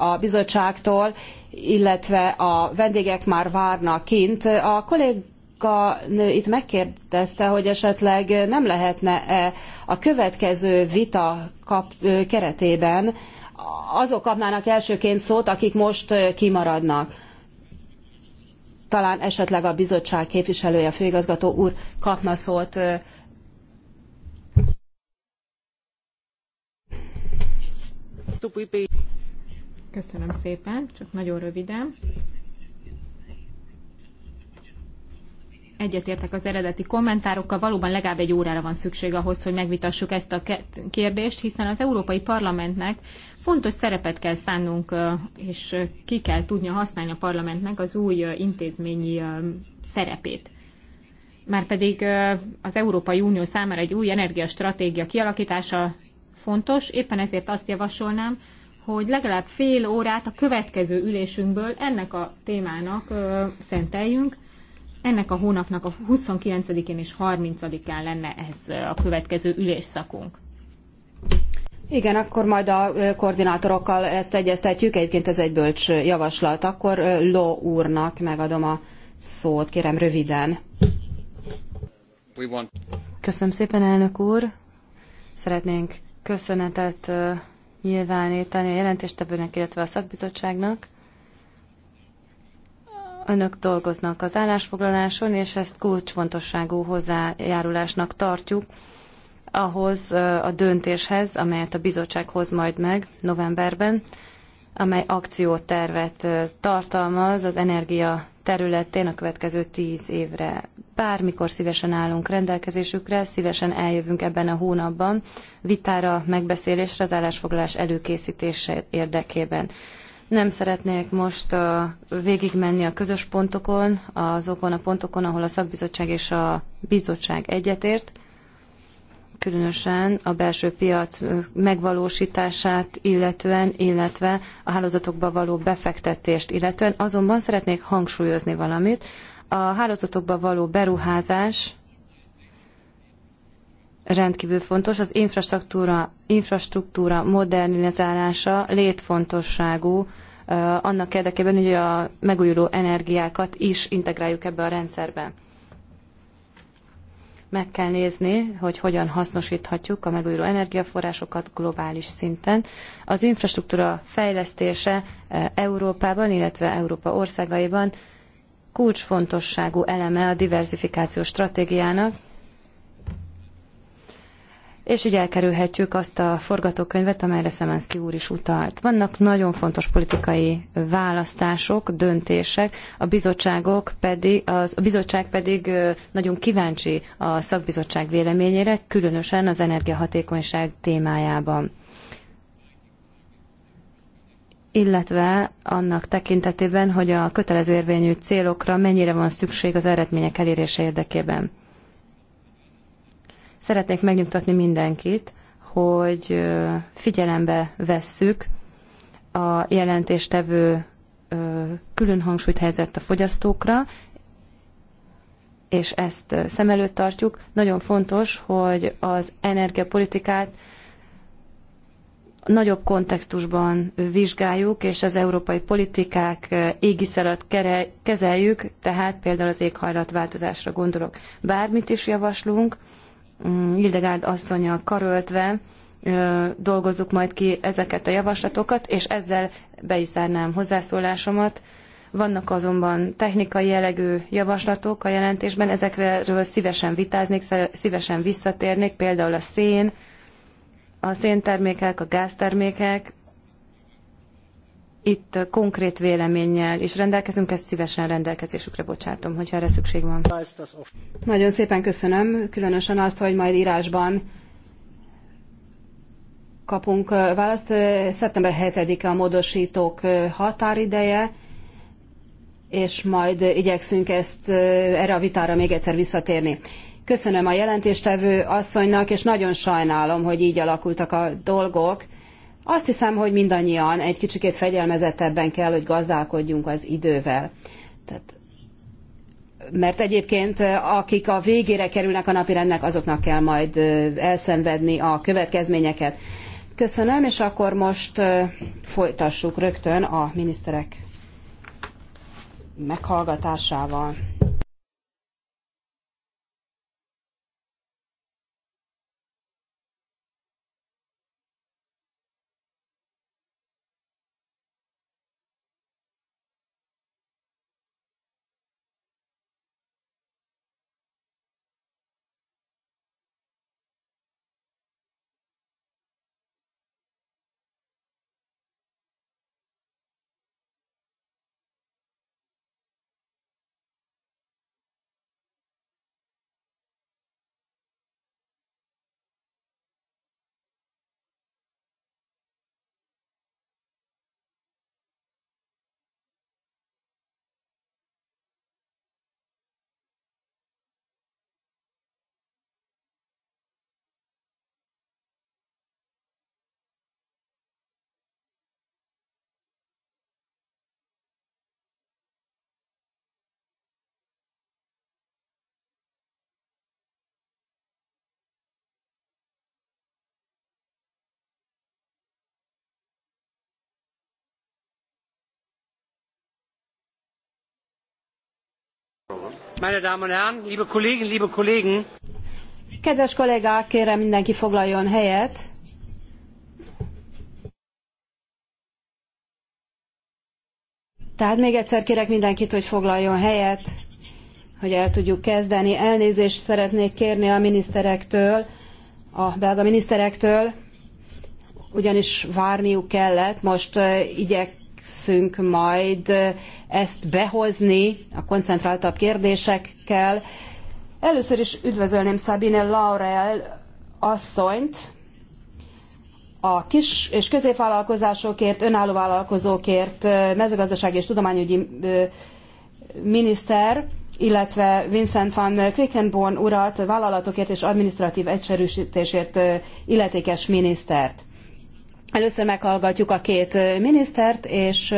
a bizottságtól, illetve a vendégek már várnak kint, a kollég kolléganő itt megkérdezte, hogy esetleg nem lehetne-e a következő vita kap, keretében azok kapnának elsőként szót, akik most kimaradnak. Talán esetleg a bizottság képviselője, a főigazgató úr kapna szót. Köszönöm szépen, csak nagyon röviden. egyetértek az eredeti kommentárokkal, valóban legalább egy órára van szükség ahhoz, hogy megvitassuk ezt a kérdést, hiszen az Európai Parlamentnek fontos szerepet kell szánnunk, és ki kell tudnia használni a parlamentnek az új intézményi szerepét. Márpedig az Európai Unió számára egy új energiastratégia kialakítása fontos, éppen ezért azt javasolnám, hogy legalább fél órát a következő ülésünkből ennek a témának ö, szenteljünk, ennek a hónapnak a 29-én és 30-án lenne ez a következő ülésszakunk. Igen, akkor majd a koordinátorokkal ezt egyeztetjük. Egyébként ez egy bölcs javaslat. Akkor Ló úrnak megadom a szót, kérem röviden. Köszönöm szépen, elnök úr. Szeretnénk köszönetet nyilvánítani a jelentéstevőnek, illetve a szakbizottságnak. Önök dolgoznak az állásfoglaláson, és ezt kulcsfontosságú hozzájárulásnak tartjuk ahhoz a döntéshez, amelyet a bizottság hoz majd meg novemberben, amely akciótervet tartalmaz az energia területén a következő tíz évre. Bármikor szívesen állunk rendelkezésükre, szívesen eljövünk ebben a hónapban vitára, megbeszélésre az állásfoglalás előkészítése érdekében. Nem szeretnék most végigmenni a közös pontokon, azokon a pontokon, ahol a szakbizottság és a bizottság egyetért, különösen a belső piac megvalósítását illetően, illetve a hálózatokba való befektetést illetően. Azonban szeretnék hangsúlyozni valamit. A hálózatokba való beruházás rendkívül fontos. Az infrastruktúra, infrastruktúra modernizálása létfontosságú eh, annak érdekében, hogy a megújuló energiákat is integráljuk ebbe a rendszerbe. Meg kell nézni, hogy hogyan hasznosíthatjuk a megújuló energiaforrásokat globális szinten. Az infrastruktúra fejlesztése eh, Európában, illetve Európa országaiban kulcsfontosságú eleme a diversifikációs stratégiának, és így elkerülhetjük azt a forgatókönyvet, amelyre Szemenszki úr is utalt. Vannak nagyon fontos politikai választások, döntések, a, bizottságok pedig, az, a bizottság pedig nagyon kíváncsi a szakbizottság véleményére, különösen az energiahatékonyság témájában illetve annak tekintetében, hogy a kötelező érvényű célokra mennyire van szükség az eredmények elérése érdekében. Szeretnék megnyugtatni mindenkit, hogy figyelembe vesszük a jelentéstevő külön hangsúlyt helyezett a fogyasztókra, és ezt szem előtt tartjuk. Nagyon fontos, hogy az energiapolitikát nagyobb kontextusban vizsgáljuk, és az európai politikák égisz alatt kezeljük, tehát például az éghajlatváltozásra gondolok. Bármit is javaslunk, Hildegárd asszonyjal karöltve dolgozzuk majd ki ezeket a javaslatokat, és ezzel be is zárnám hozzászólásomat. Vannak azonban technikai jellegű javaslatok a jelentésben, ezekről szívesen vitáznék, szívesen visszatérnék, például a szén, a széntermékek, a gáztermékek, itt konkrét véleménnyel is rendelkezünk, ezt szívesen rendelkezésükre bocsátom, hogyha erre szükség van. Nagyon szépen köszönöm, különösen azt, hogy majd írásban kapunk választ. Szeptember 7-e a módosítók határideje, és majd igyekszünk ezt erre a vitára még egyszer visszatérni. Köszönöm a jelentéstevő asszonynak, és nagyon sajnálom, hogy így alakultak a dolgok azt hiszem, hogy mindannyian egy kicsikét fegyelmezettebben kell, hogy gazdálkodjunk az idővel. Tehát, mert egyébként akik a végére kerülnek a napirendnek, azoknak kell majd elszenvedni a következményeket. Köszönöm, és akkor most folytassuk rögtön a miniszterek meghallgatásával. Kedves kollégák, kérem mindenki foglaljon helyet. Tehát még egyszer kérek mindenkit, hogy foglaljon helyet, hogy el tudjuk kezdeni. Elnézést szeretnék kérni a miniszterektől, a belga miniszterektől, ugyanis várniuk kellett. Most eh, igyek igyekszünk majd ezt behozni a koncentráltabb kérdésekkel. Először is üdvözölném Sabine Laurel asszonyt, a kis és középvállalkozásokért, önálló vállalkozókért, mezőgazdasági és tudományügyi miniszter, illetve Vincent van Quickenborn urat, vállalatokért és administratív egyszerűsítésért illetékes minisztert. Először meghallgatjuk a két minisztert, és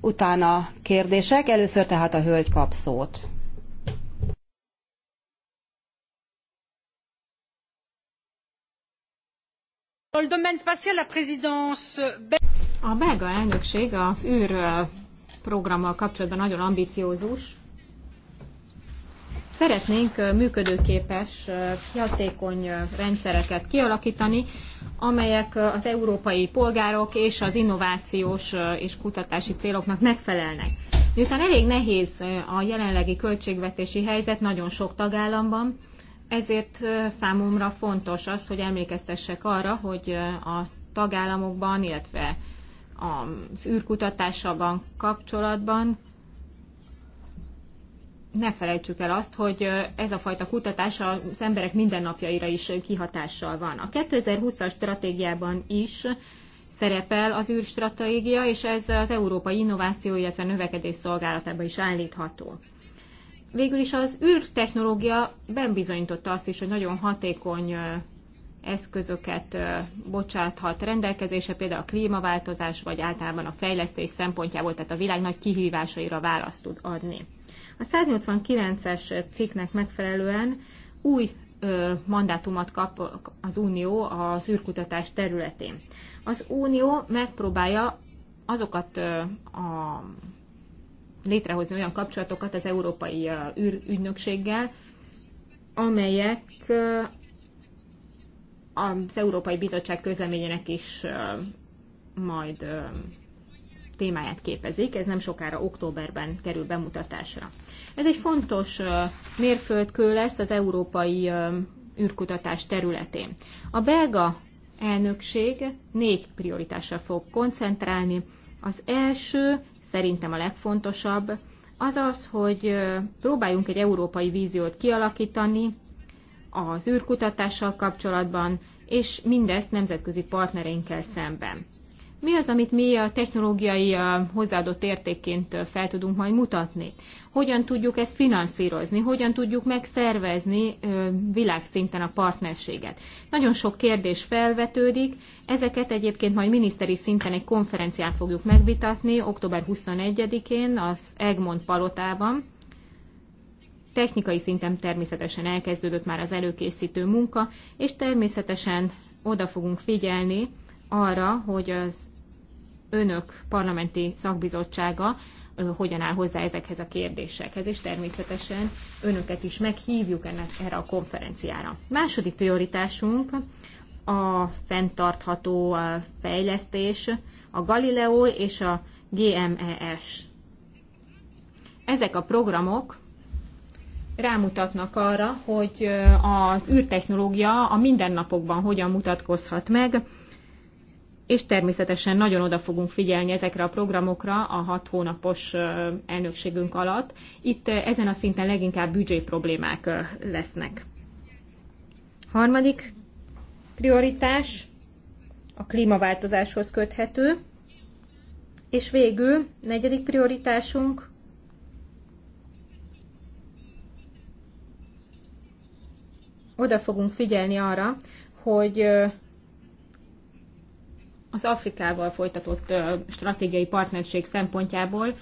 utána kérdések. Először tehát a hölgy kap szót. A belga elnökség az űr programmal kapcsolatban nagyon ambiciózus. Szeretnénk működőképes, hatékony rendszereket kialakítani, amelyek az európai polgárok és az innovációs és kutatási céloknak megfelelnek. Miután elég nehéz a jelenlegi költségvetési helyzet nagyon sok tagállamban, ezért számomra fontos az, hogy emlékeztessek arra, hogy a tagállamokban, illetve az űrkutatásában kapcsolatban ne felejtsük el azt, hogy ez a fajta kutatás az emberek mindennapjaira is kihatással van. A 2020-as stratégiában is szerepel az űrstratégia, és ez az európai innováció, illetve növekedés Szolgálatában is állítható. Végül is az űrtechnológia bebizonyította azt is, hogy nagyon hatékony eszközöket bocsáthat rendelkezése, például a klímaváltozás, vagy általában a fejlesztés szempontjából, tehát a világ nagy kihívásaira választ tud adni. A 189-es cikknek megfelelően új ö, mandátumot kap az Unió az űrkutatás területén. Az Unió megpróbálja azokat ö, a, létrehozni olyan kapcsolatokat az Európai űrügynökséggel, amelyek az Európai Bizottság közleményének is majd témáját képezik, ez nem sokára októberben kerül bemutatásra. Ez egy fontos mérföldkő lesz az európai űrkutatás területén. A belga elnökség négy prioritásra fog koncentrálni. Az első, szerintem a legfontosabb, az az, hogy próbáljunk egy európai víziót kialakítani az űrkutatással kapcsolatban, és mindezt nemzetközi partnereinkkel szemben mi az, amit mi a technológiai hozzáadott értékként fel tudunk majd mutatni? Hogyan tudjuk ezt finanszírozni? Hogyan tudjuk megszervezni világszinten a partnerséget? Nagyon sok kérdés felvetődik, ezeket egyébként majd miniszteri szinten egy konferencián fogjuk megvitatni, október 21-én az Egmont Palotában. Technikai szinten természetesen elkezdődött már az előkészítő munka, és természetesen oda fogunk figyelni arra, hogy az önök parlamenti szakbizottsága hogyan áll hozzá ezekhez a kérdésekhez, és természetesen önöket is meghívjuk ennek, erre a konferenciára. Második prioritásunk a fenntartható fejlesztés, a Galileo és a GMES. Ezek a programok rámutatnak arra, hogy az űrtechnológia a mindennapokban hogyan mutatkozhat meg, és természetesen nagyon oda fogunk figyelni ezekre a programokra a hat hónapos elnökségünk alatt. Itt ezen a szinten leginkább büdzsé problémák lesznek. Harmadik prioritás a klímaváltozáshoz köthető, és végül negyedik prioritásunk oda fogunk figyelni arra, hogy az Afrikával folytatott stratégiai partnerség szempontjából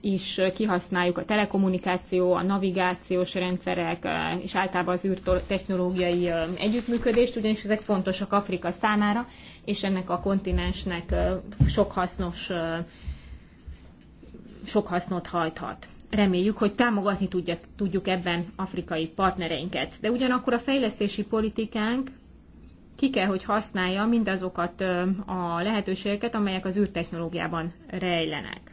is kihasználjuk a telekommunikáció, a navigációs rendszerek és általában az technológiai együttműködést, ugyanis ezek fontosak Afrika számára, és ennek a kontinensnek sok hasznos sok hasznot hajthat. Reméljük, hogy támogatni tudja, tudjuk ebben afrikai partnereinket. De ugyanakkor a fejlesztési politikánk ki kell, hogy használja mindazokat a lehetőségeket, amelyek az űrtechnológiában rejlenek.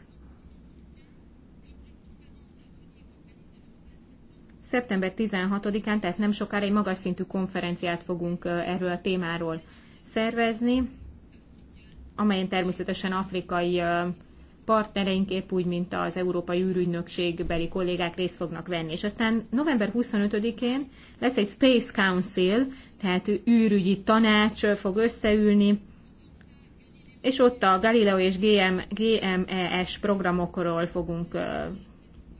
Szeptember 16-án, tehát nem sokára egy magas szintű konferenciát fogunk erről a témáról szervezni, amelyen természetesen afrikai partnereink épp úgy, mint az Európai űrügynökség beli kollégák részt fognak venni. És aztán november 25-én lesz egy Space Council, tehát űrügyi tanács fog összeülni, és ott a Galileo és GM, GMES programokról fogunk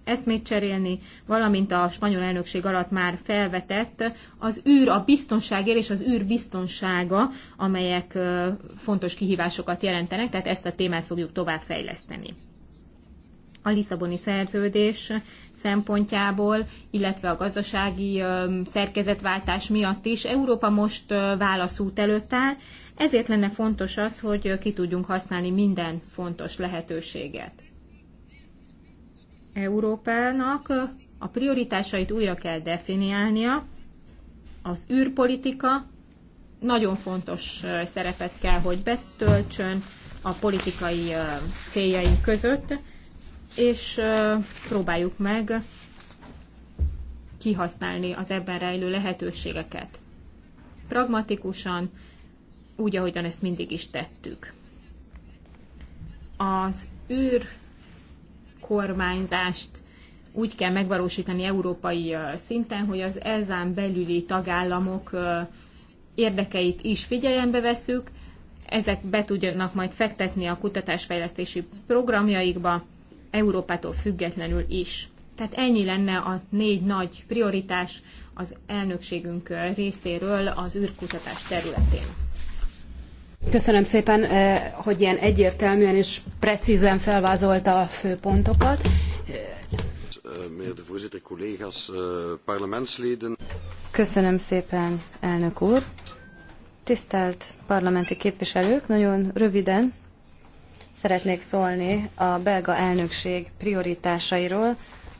eszmét cserélni, valamint a spanyol elnökség alatt már felvetett az űr a biztonságért és az űr biztonsága, amelyek fontos kihívásokat jelentenek, tehát ezt a témát fogjuk tovább fejleszteni. A Lisszaboni szerződés szempontjából, illetve a gazdasági szerkezetváltás miatt is Európa most válaszút előtt áll, ezért lenne fontos az, hogy ki tudjunk használni minden fontos lehetőséget. Európának a prioritásait újra kell definiálnia, az űrpolitika nagyon fontos eh, szerepet kell, hogy betöltsön a politikai eh, céljaink között, és eh, próbáljuk meg kihasználni az ebben rejlő lehetőségeket. Pragmatikusan, úgy, ahogyan ezt mindig is tettük. Az űr kormányzást úgy kell megvalósítani európai szinten, hogy az ezán belüli tagállamok érdekeit is figyelembe veszük, ezek be tudjanak majd fektetni a kutatásfejlesztési programjaikba, Európától függetlenül is. Tehát ennyi lenne a négy nagy prioritás az elnökségünk részéről az űrkutatás területén. Köszönöm szépen, eh, hogy ilyen egyértelműen és precízen felvázolta a fő pontokat. Köszönöm szépen, elnök úr. Tisztelt parlamenti képviselők, nagyon röviden szeretnék szólni a belga elnökség prioritásairól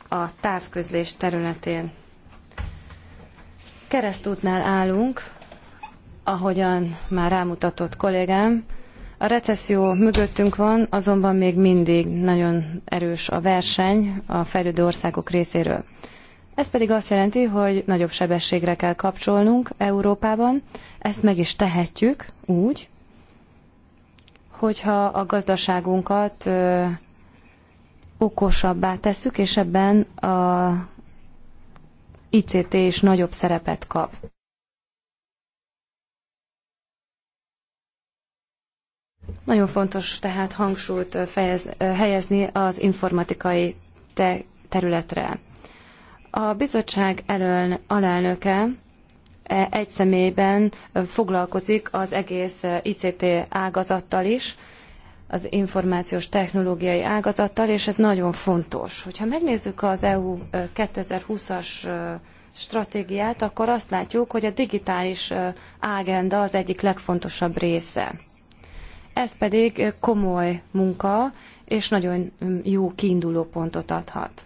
a távközlés területén. Keresztútnál állunk Ahogyan már rámutatott kollégám, a recesszió mögöttünk van, azonban még mindig nagyon erős a verseny a fejlődő országok részéről. Ez pedig azt jelenti, hogy nagyobb sebességre kell kapcsolnunk Európában. Ezt meg is tehetjük úgy, hogyha a gazdaságunkat ö, okosabbá tesszük, és ebben a ICT is nagyobb szerepet kap. Nagyon fontos tehát hangsúlyt fejez, helyezni az informatikai te területre. A bizottság elől alelnöke e, egy személyben foglalkozik az egész ICT ágazattal is, az információs technológiai ágazattal, és ez nagyon fontos. Hogyha megnézzük az EU 2020-as stratégiát, akkor azt látjuk, hogy a digitális ágenda az egyik legfontosabb része. Ez pedig komoly munka, és nagyon jó kiinduló pontot adhat.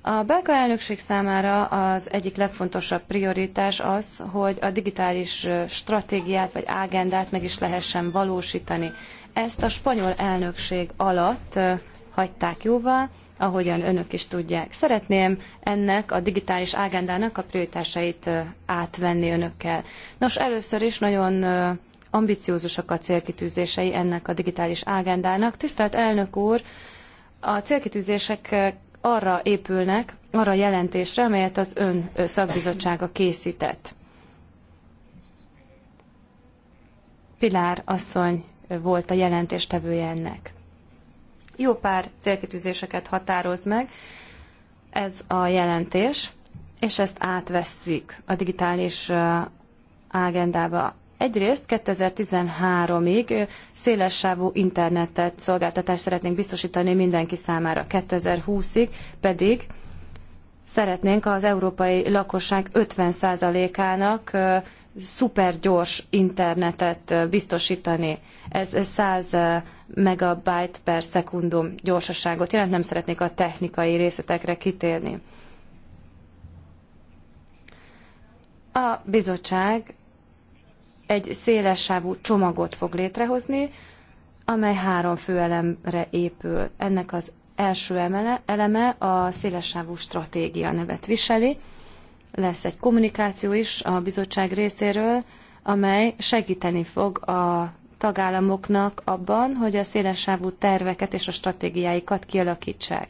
A belga elnökség számára az egyik legfontosabb prioritás az, hogy a digitális stratégiát vagy ágendát meg is lehessen valósítani. Ezt a spanyol elnökség alatt hagyták jóvá, ahogyan önök is tudják. Szeretném ennek a digitális ágendának a prioritásait átvenni önökkel. Nos, először is nagyon ambiciózusak a célkitűzései ennek a digitális ágendának. Tisztelt elnök úr, a célkitűzések eh, arra épülnek, arra a jelentésre, amelyet az ön eh, szakbizottsága készített. Pilár asszony eh, volt a jelentéstevője ennek. Jó pár célkitűzéseket határoz meg ez a jelentés, és ezt átvesszük a digitális ágendába. Egyrészt 2013-ig szélessávú internetet szolgáltatást szeretnénk biztosítani mindenki számára, 2020-ig pedig szeretnénk az európai lakosság 50%-ának szupergyors internetet biztosítani. Ez 100 megabyte per szekundum gyorsaságot jelent, nem szeretnék a technikai részletekre kitérni. A bizottság egy szélessávú csomagot fog létrehozni, amely három fő elemre épül. Ennek az első emele, eleme a szélessávú stratégia nevet viseli. Lesz egy kommunikáció is a bizottság részéről, amely segíteni fog a tagállamoknak abban, hogy a szélessávú terveket és a stratégiáikat kialakítsák.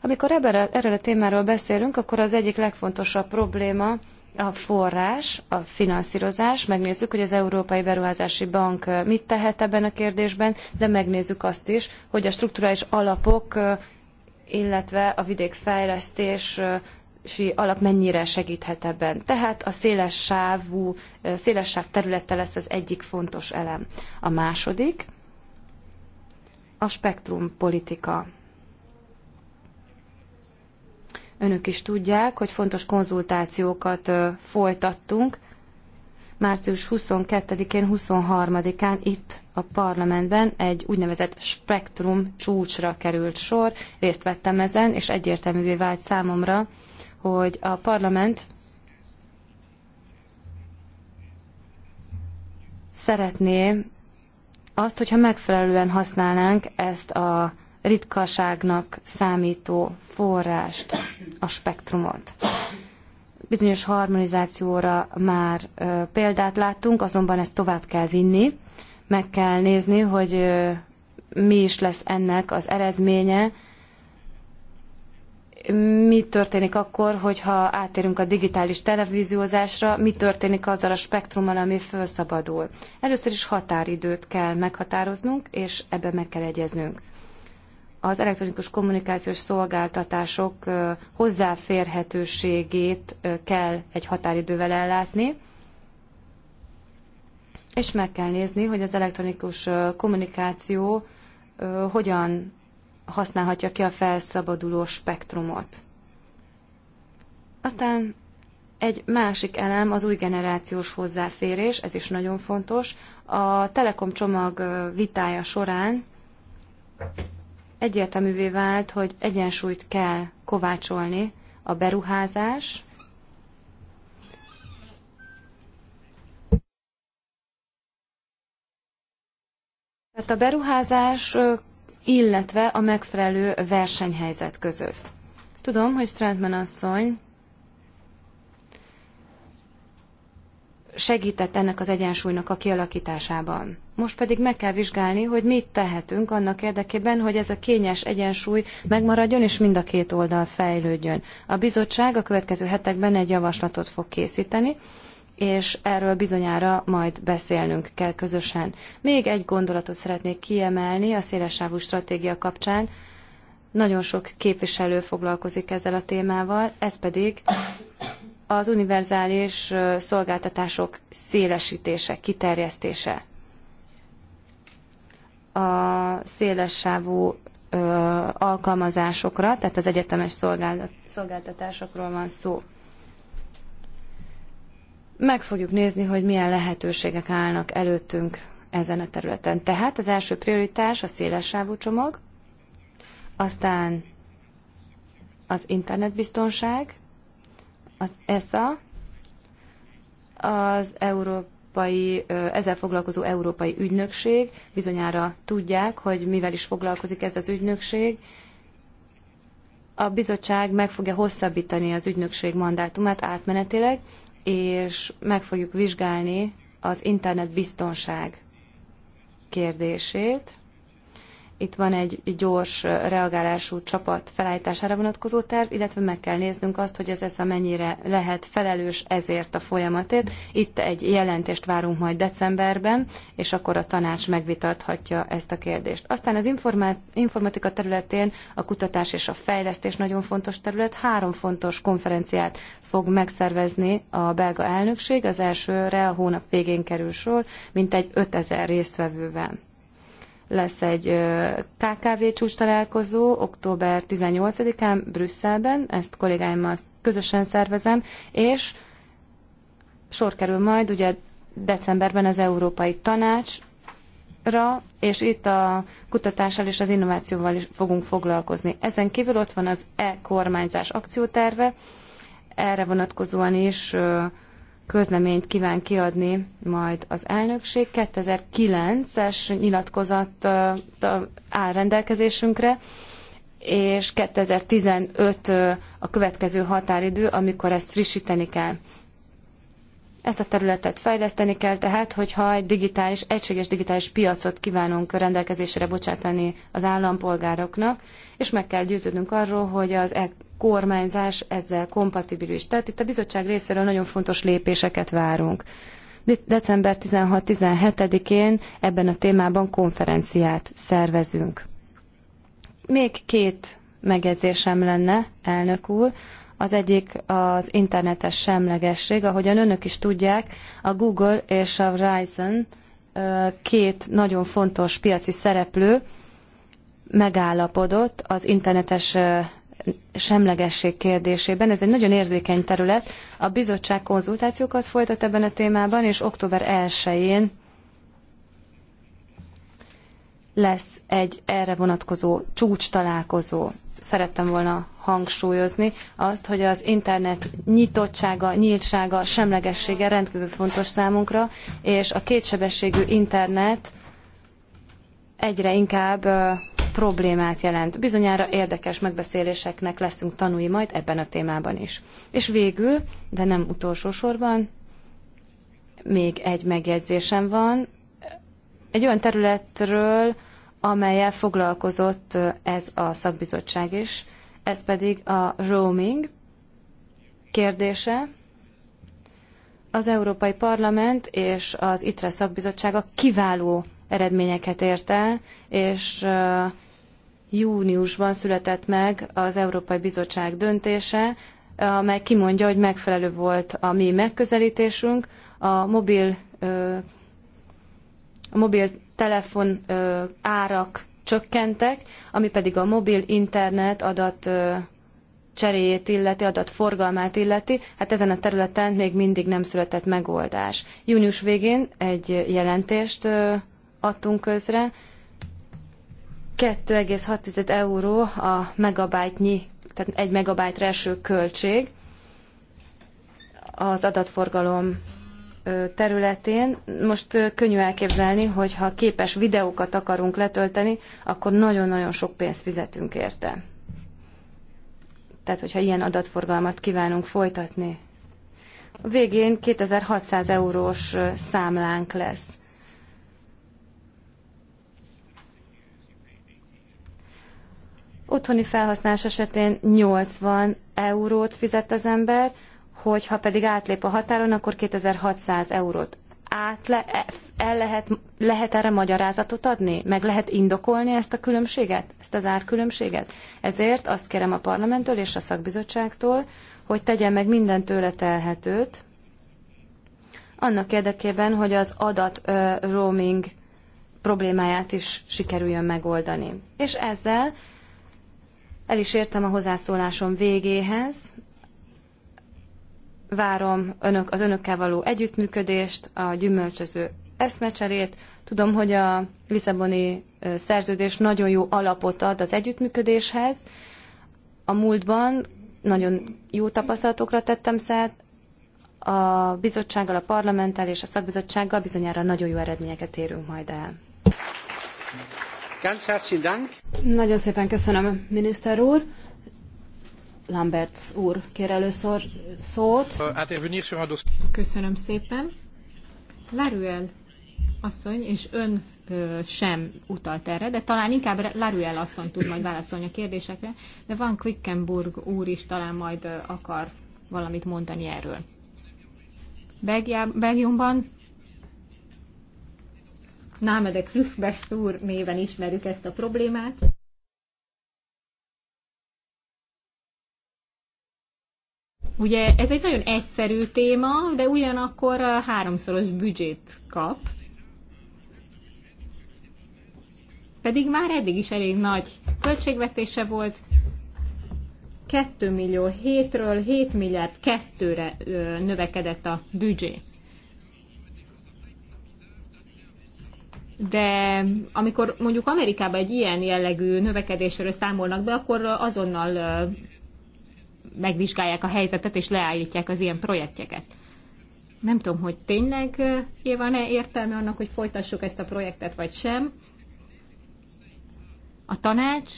Amikor erről a témáról beszélünk, akkor az egyik legfontosabb probléma a forrás, a finanszírozás, megnézzük, hogy az Európai Beruházási Bank mit tehet ebben a kérdésben, de megnézzük azt is, hogy a strukturális alapok, illetve a vidékfejlesztés alap mennyire segíthet ebben. Tehát a széles sávú, széles sáv területe lesz az egyik fontos elem. A második a spektrumpolitika. Önök is tudják, hogy fontos konzultációkat folytattunk március 22-én, 23-án itt a parlamentben egy úgynevezett spektrum csúcsra került sor. Részt vettem ezen, és egyértelművé vált számomra, hogy a parlament szeretné azt, hogyha megfelelően használnánk ezt a ritkaságnak számító forrást, a spektrumot. Bizonyos harmonizációra már példát láttunk, azonban ezt tovább kell vinni, meg kell nézni, hogy mi is lesz ennek az eredménye, mi történik akkor, hogyha átérünk a digitális televíziózásra, mi történik azzal a spektrummal, ami felszabadul. Először is határidőt kell meghatároznunk, és ebben meg kell egyeznünk az elektronikus kommunikációs szolgáltatások hozzáférhetőségét kell egy határidővel ellátni, és meg kell nézni, hogy az elektronikus kommunikáció hogyan használhatja ki a felszabaduló spektrumot. Aztán egy másik elem az új generációs hozzáférés, ez is nagyon fontos. A Telekom csomag vitája során egyértelművé vált, hogy egyensúlyt kell kovácsolni a beruházás, Tehát a beruházás, illetve a megfelelő versenyhelyzet között. Tudom, hogy Strandman asszony segített ennek az egyensúlynak a kialakításában. Most pedig meg kell vizsgálni, hogy mit tehetünk annak érdekében, hogy ez a kényes egyensúly megmaradjon, és mind a két oldal fejlődjön. A bizottság a következő hetekben egy javaslatot fog készíteni, és erről bizonyára majd beszélnünk kell közösen. Még egy gondolatot szeretnék kiemelni a szélesávú stratégia kapcsán. Nagyon sok képviselő foglalkozik ezzel a témával, ez pedig az univerzális szolgáltatások szélesítése, kiterjesztése a szélessávú alkalmazásokra, tehát az egyetemes szolgáltatásokról van szó. Meg fogjuk nézni, hogy milyen lehetőségek állnak előttünk ezen a területen. Tehát az első prioritás a szélessávú csomag, aztán az internetbiztonság, az ESA, az Európa európai, ezzel foglalkozó európai ügynökség. Bizonyára tudják, hogy mivel is foglalkozik ez az ügynökség. A bizottság meg fogja hosszabbítani az ügynökség mandátumát átmenetileg, és meg fogjuk vizsgálni az internet biztonság kérdését. Itt van egy gyors reagálású csapat felállítására vonatkozó terv, illetve meg kell néznünk azt, hogy ez a mennyire lehet felelős ezért a folyamatért. Itt egy jelentést várunk majd decemberben, és akkor a tanács megvitathatja ezt a kérdést. Aztán az informatika területén a kutatás és a fejlesztés nagyon fontos terület. Három fontos konferenciát fog megszervezni a belga elnökség. Az elsőre a hónap végén kerül sor, mintegy 5000 résztvevővel lesz egy KKV csúcs találkozó október 18-án Brüsszelben, ezt kollégáimmal közösen szervezem, és sor kerül majd ugye decemberben az Európai Tanácsra, és itt a kutatással és az innovációval is fogunk foglalkozni. Ezen kívül ott van az e-kormányzás akcióterve, erre vonatkozóan is közleményt kíván kiadni majd az elnökség. 2009-es nyilatkozat áll rendelkezésünkre, és 2015 a következő határidő, amikor ezt frissíteni kell. Ezt a területet fejleszteni kell, tehát hogyha egy digitális, egységes digitális piacot kívánunk rendelkezésre bocsátani az állampolgároknak, és meg kell győződnünk arról, hogy az e- kormányzás ezzel kompatibilis. Tehát itt a bizottság részéről nagyon fontos lépéseket várunk. December 16-17-én ebben a témában konferenciát szervezünk. Még két megjegyzésem lenne, elnök úr. Az egyik az internetes semlegesség. Ahogyan önök is tudják, a Google és a Verizon két nagyon fontos piaci szereplő megállapodott az internetes semlegesség kérdésében. Ez egy nagyon érzékeny terület. A bizottság konzultációkat folytat ebben a témában, és október 1-én lesz egy erre vonatkozó csúcs találkozó. Szerettem volna hangsúlyozni azt, hogy az internet nyitottsága, nyíltsága, semlegessége rendkívül fontos számunkra, és a kétsebességű internet egyre inkább problémát jelent. Bizonyára érdekes megbeszéléseknek leszünk tanúi majd ebben a témában is. És végül, de nem utolsó sorban, még egy megjegyzésem van. Egy olyan területről, amelyel foglalkozott ez a szakbizottság is, ez pedig a roaming kérdése. Az Európai Parlament és az ITRE szakbizottsága kiváló eredményeket ért el, és júniusban született meg az Európai Bizottság döntése, amely kimondja, hogy megfelelő volt a mi megközelítésünk, a mobil a telefon árak csökkentek, ami pedig a mobil internet adat cseréjét illeti, adatforgalmát illeti, hát ezen a területen még mindig nem született megoldás. Június végén egy jelentést adtunk közre, 2,6 euró a megabájtnyi, tehát egy megabájtra eső költség az adatforgalom területén. Most könnyű elképzelni, hogy ha képes videókat akarunk letölteni, akkor nagyon-nagyon sok pénzt fizetünk érte. Tehát, hogyha ilyen adatforgalmat kívánunk folytatni. A végén 2600 eurós számlánk lesz. otthoni felhasználás esetén 80 eurót fizet az ember, hogyha pedig átlép a határon, akkor 2600 eurót átle, el lehet, lehet erre magyarázatot adni? Meg lehet indokolni ezt a különbséget, ezt az árkülönbséget? Ezért azt kérem a parlamenttől és a szakbizottságtól, hogy tegyen meg minden tőle telhetőt, annak érdekében, hogy az adat roaming problémáját is sikerüljön megoldani. És ezzel el is értem a hozzászólásom végéhez. Várom önök, az önökkel való együttműködést, a gyümölcsöző eszmecserét. Tudom, hogy a Lisszaboni szerződés nagyon jó alapot ad az együttműködéshez. A múltban nagyon jó tapasztalatokra tettem szert, a bizottsággal, a parlamenttel és a szakbizottsággal bizonyára nagyon jó eredményeket érünk majd el. Nagyon szépen köszönöm, miniszter úr. Lamberts úr kér először szót. Uh, köszönöm szépen. Laruel asszony, és ön ö, sem utalt erre, de talán inkább Laruel asszony tud majd válaszolni a kérdésekre, de van Quickenburg úr is talán majd ö, akar valamit mondani erről. Belgiumban Námedek Krüchbest úr néven ismerjük ezt a problémát. Ugye ez egy nagyon egyszerű téma, de ugyanakkor uh, háromszoros büdzsét kap. Pedig már eddig is elég nagy költségvetése volt. 2 millió 7-ről 7 milliárd 2-re növekedett a büdzsé. de amikor mondjuk Amerikában egy ilyen jellegű növekedésről számolnak be, akkor azonnal megvizsgálják a helyzetet és leállítják az ilyen projektjeket. Nem tudom, hogy tényleg van-e értelme annak, hogy folytassuk ezt a projektet, vagy sem. A tanács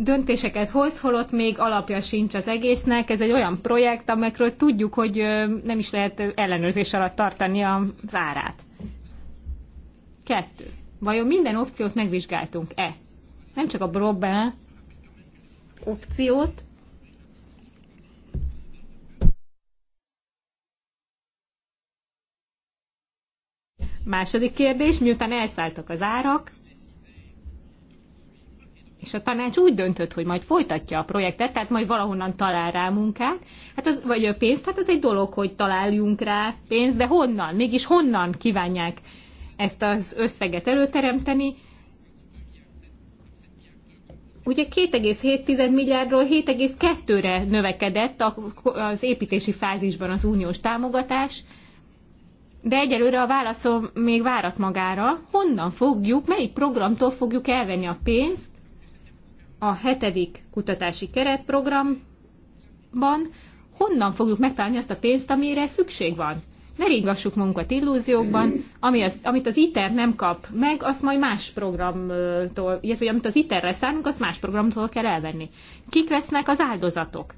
döntéseket hoz, holott még alapja sincs az egésznek. Ez egy olyan projekt, amelyekről tudjuk, hogy nem is lehet ellenőrzés alatt tartani a zárát. Kettő. Vajon minden opciót megvizsgáltunk-e? Nem csak a Brobel opciót, Második kérdés, miután elszálltak az árak, és a tanács úgy döntött, hogy majd folytatja a projektet, tehát majd valahonnan talál rá munkát, hát az, vagy a pénzt, hát az egy dolog, hogy találjunk rá pénzt, de honnan? Mégis honnan kívánják ezt az összeget előteremteni? Ugye 2,7 milliárdról 7,2-re növekedett az építési fázisban az uniós támogatás, de egyelőre a válaszom még várat magára, honnan fogjuk, melyik programtól fogjuk elvenni a pénzt, a hetedik kutatási keretprogramban, honnan fogjuk megtalálni azt a pénzt, amire szükség van. Ne ringassuk magunkat illúziókban, ami az, amit az ITER nem kap meg, azt majd más programtól, illetve amit az ITER-re szánunk, azt más programtól kell elvenni. Kik lesznek az áldozatok?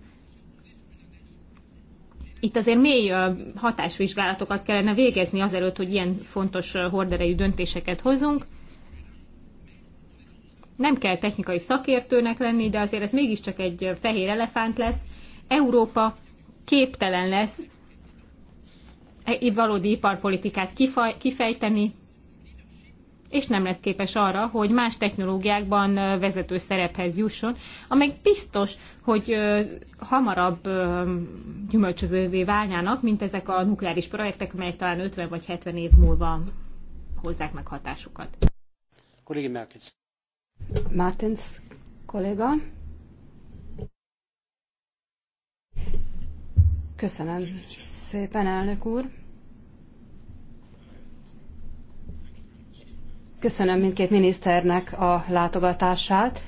Itt azért mély hatásvizsgálatokat kellene végezni azelőtt, hogy ilyen fontos horderejű döntéseket hozunk. Nem kell technikai szakértőnek lenni, de azért ez mégiscsak egy fehér elefánt lesz. Európa képtelen lesz e- valódi iparpolitikát kifejteni, és nem lesz képes arra, hogy más technológiákban vezető szerephez jusson, amely biztos, hogy hamarabb gyümölcsözővé válnának, mint ezek a nukleáris projektek, amelyek talán 50 vagy 70 év múlva hozzák meg hatásukat. Kollégi Merkis. Martens kolléga. Köszönöm szépen, elnök úr. Köszönöm mindkét miniszternek a látogatását,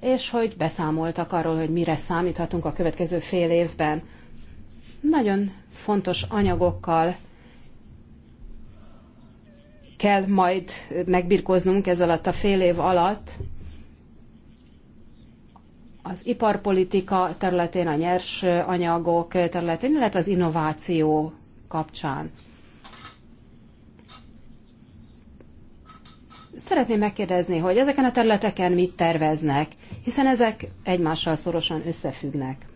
és hogy beszámoltak arról, hogy mire számíthatunk a következő fél évben. Nagyon fontos anyagokkal kell majd megbirkóznunk ez alatt a fél év alatt. Az iparpolitika területén, a nyers anyagok területén, illetve az innováció kapcsán. Szeretném megkérdezni, hogy ezeken a területeken mit terveznek, hiszen ezek egymással szorosan összefüggnek.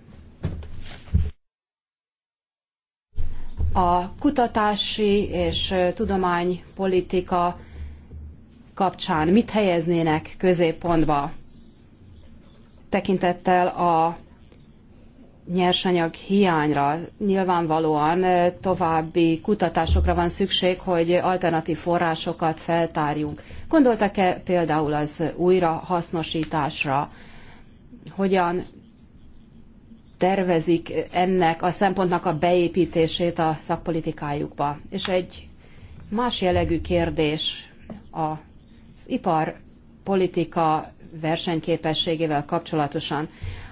a kutatási és tudománypolitika kapcsán mit helyeznének középpontba tekintettel a nyersanyag hiányra. Nyilvánvalóan további kutatásokra van szükség, hogy alternatív forrásokat feltárjunk. Gondoltak-e például az újrahasznosításra? Hogyan tervezik ennek a szempontnak a beépítését a szakpolitikájukba. És egy más jellegű kérdés az iparpolitika versenyképességével kapcsolatosan.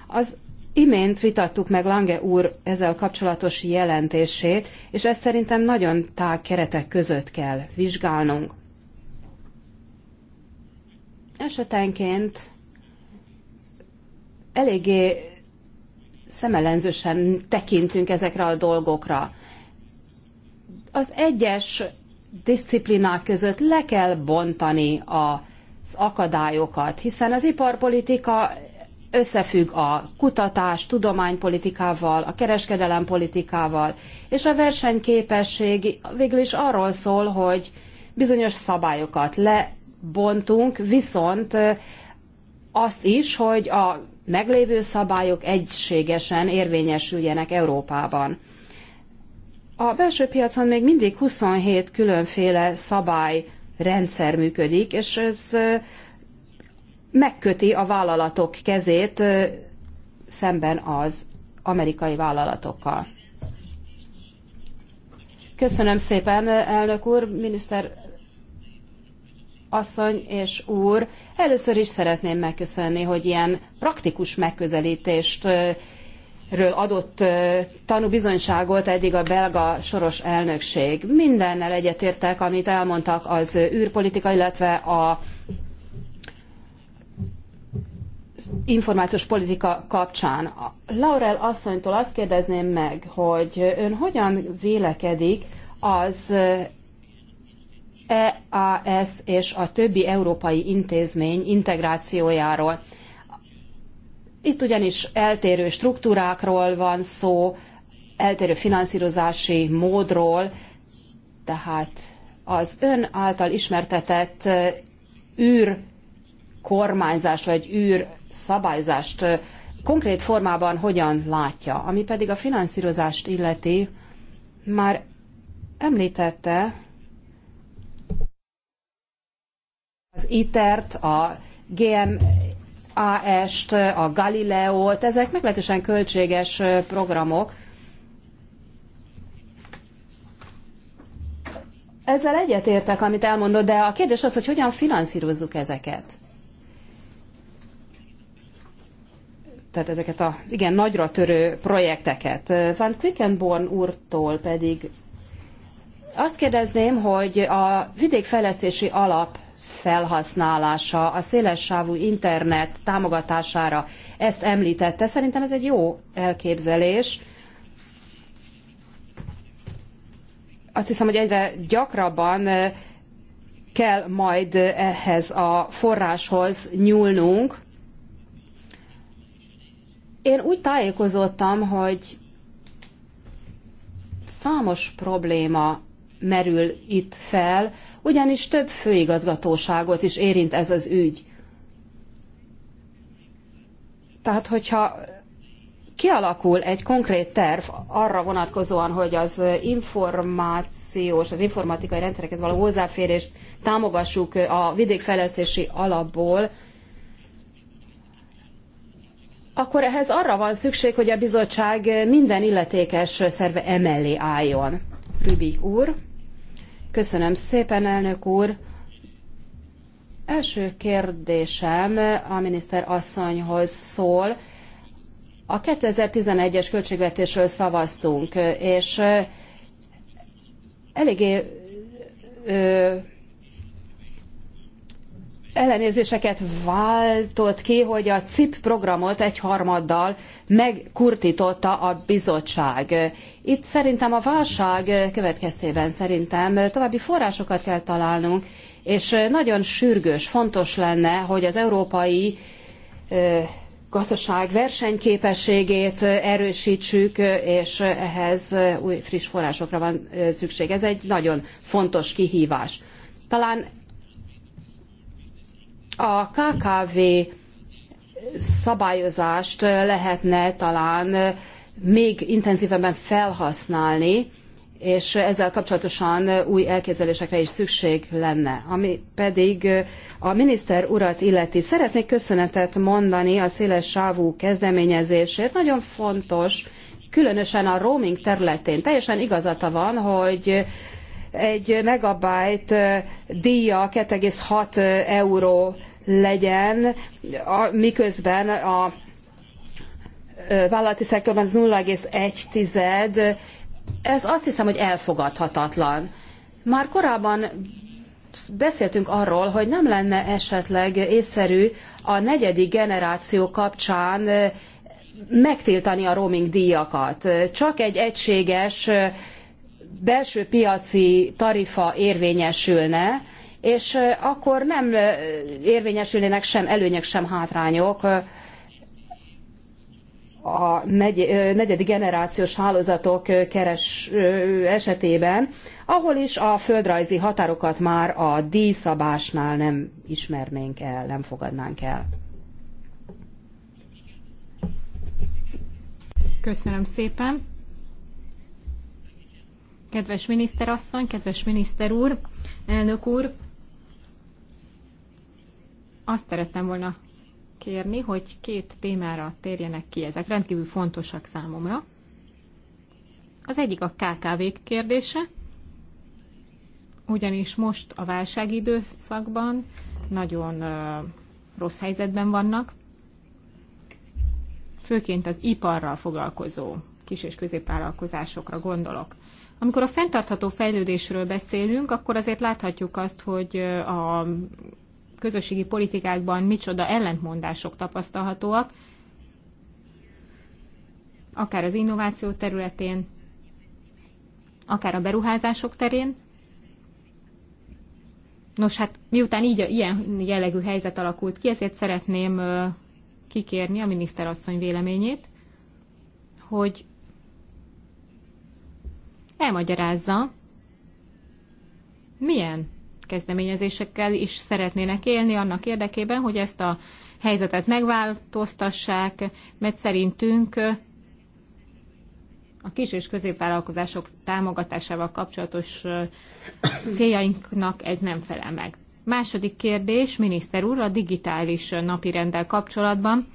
Az imént vitattuk meg Lange úr ezzel kapcsolatos jelentését, és ezt szerintem nagyon tág keretek között kell vizsgálnunk. Esetenként eléggé szemellenzősen tekintünk ezekre a dolgokra. Az egyes disziplinák között le kell bontani az akadályokat, hiszen az iparpolitika összefügg a kutatás, tudománypolitikával, a kereskedelempolitikával, és a versenyképesség végül is arról szól, hogy bizonyos szabályokat lebontunk, viszont azt is, hogy a meglévő szabályok egységesen érvényesüljenek Európában. A belső piacon még mindig 27 különféle szabályrendszer működik, és ez megköti a vállalatok kezét szemben az amerikai vállalatokkal. Köszönöm szépen, elnök úr, miniszter asszony és úr, először is szeretném megköszönni, hogy ilyen praktikus megközelítést ről adott tanúbizonyságot eddig a belga soros elnökség. Mindennel egyetértek, amit elmondtak az űrpolitika, illetve a információs politika kapcsán. Laurel asszonytól azt kérdezném meg, hogy ön hogyan vélekedik az EAS és a többi európai intézmény integrációjáról. Itt ugyanis eltérő struktúrákról van szó, eltérő finanszírozási módról, tehát az ön által ismertetett űr kormányzást vagy űr szabályzást konkrét formában hogyan látja, ami pedig a finanszírozást illeti, már említette, az ITER-t, e a GMAS-t, a Galileo-t, ezek meglehetősen költséges programok. Ezzel egyetértek, amit elmondott, de a kérdés az, hogy hogyan finanszírozzuk ezeket. tehát ezeket az igen nagyra törő projekteket. Van Quickenborn úrtól pedig azt kérdezném, hogy a vidékfejlesztési alap felhasználása, a szélessávú internet támogatására, ezt említette. Szerintem ez egy jó elképzelés. Azt hiszem, hogy egyre gyakrabban kell majd ehhez a forráshoz nyúlnunk. Én úgy tájékozottam, hogy számos probléma merül itt fel, ugyanis több főigazgatóságot is érint ez az ügy. Tehát, hogyha kialakul egy konkrét terv arra vonatkozóan, hogy az információs, az informatikai rendszerekhez való hozzáférést támogassuk a vidékfejlesztési alapból, akkor ehhez arra van szükség, hogy a bizottság minden illetékes szerve emellé álljon. Rübig úr. Köszönöm szépen, elnök úr. Első kérdésem a miniszter asszonyhoz szól. A 2011-es költségvetésről szavaztunk, és eléggé ellenérzéseket váltott ki, hogy a CIP programot egyharmaddal megkurtította a bizottság. Itt szerintem a válság következtében szerintem további forrásokat kell találnunk, és nagyon sürgős, fontos lenne, hogy az európai gazdaság versenyképességét erősítsük, és ehhez új, friss forrásokra van szükség. Ez egy nagyon fontos kihívás. Talán a KKV szabályozást lehetne talán még intenzívebben felhasználni, és ezzel kapcsolatosan új elképzelésekre is szükség lenne. Ami pedig a miniszter urat illeti. Szeretnék köszönetet mondani a széles sávú kezdeményezésért. Nagyon fontos, különösen a roaming területén. Teljesen igazata van, hogy egy megabyte díja 2,6 euró legyen, miközben a vállalati szektorban ez 0,1 tized. Ez azt hiszem, hogy elfogadhatatlan. Már korábban beszéltünk arról, hogy nem lenne esetleg észszerű a negyedik generáció kapcsán megtiltani a roaming díjakat. Csak egy egységes belső piaci tarifa érvényesülne, és akkor nem érvényesülnének sem előnyök, sem hátrányok a negyedik generációs hálózatok keres esetében, ahol is a földrajzi határokat már a díszabásnál nem ismernénk el, nem fogadnánk el. Köszönöm szépen! Kedves miniszterasszony, kedves miniszter úr, elnök úr, azt szerettem volna kérni, hogy két témára térjenek ki, ezek rendkívül fontosak számomra. Az egyik a kkv kérdése, ugyanis most a válságidőszakban nagyon rossz helyzetben vannak, főként az iparral foglalkozó kis- és középvállalkozásokra gondolok. Amikor a fenntartható fejlődésről beszélünk, akkor azért láthatjuk azt, hogy a közösségi politikákban micsoda ellentmondások tapasztalhatóak, akár az innováció területén, akár a beruházások terén. Nos, hát miután így ilyen jellegű helyzet alakult ki, ezért szeretném kikérni a miniszterasszony véleményét, hogy elmagyarázza, milyen kezdeményezésekkel is szeretnének élni annak érdekében, hogy ezt a helyzetet megváltoztassák, mert szerintünk a kis és középvállalkozások támogatásával kapcsolatos céljainknak ez nem felel meg. Második kérdés, miniszter úr, a digitális napirenddel kapcsolatban.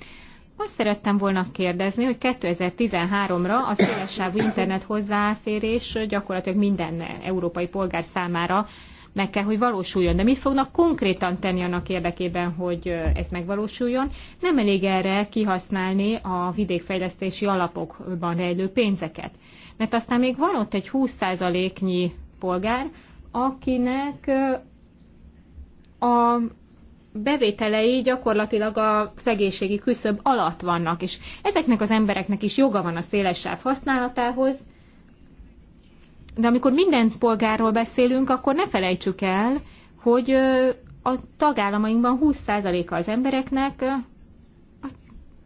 Azt szerettem volna kérdezni, hogy 2013-ra a szélessávú internet hozzáférés gyakorlatilag minden európai polgár számára meg kell, hogy valósuljon. De mit fognak konkrétan tenni annak érdekében, hogy ez megvalósuljon? Nem elég erre kihasználni a vidékfejlesztési alapokban rejlő pénzeket. Mert aztán még van ott egy 20%-nyi polgár, akinek a bevételei gyakorlatilag a szegénységi küszöb alatt vannak, és ezeknek az embereknek is joga van a széles sáv használatához, de amikor minden polgárról beszélünk, akkor ne felejtsük el, hogy a tagállamainkban 20%-a az embereknek a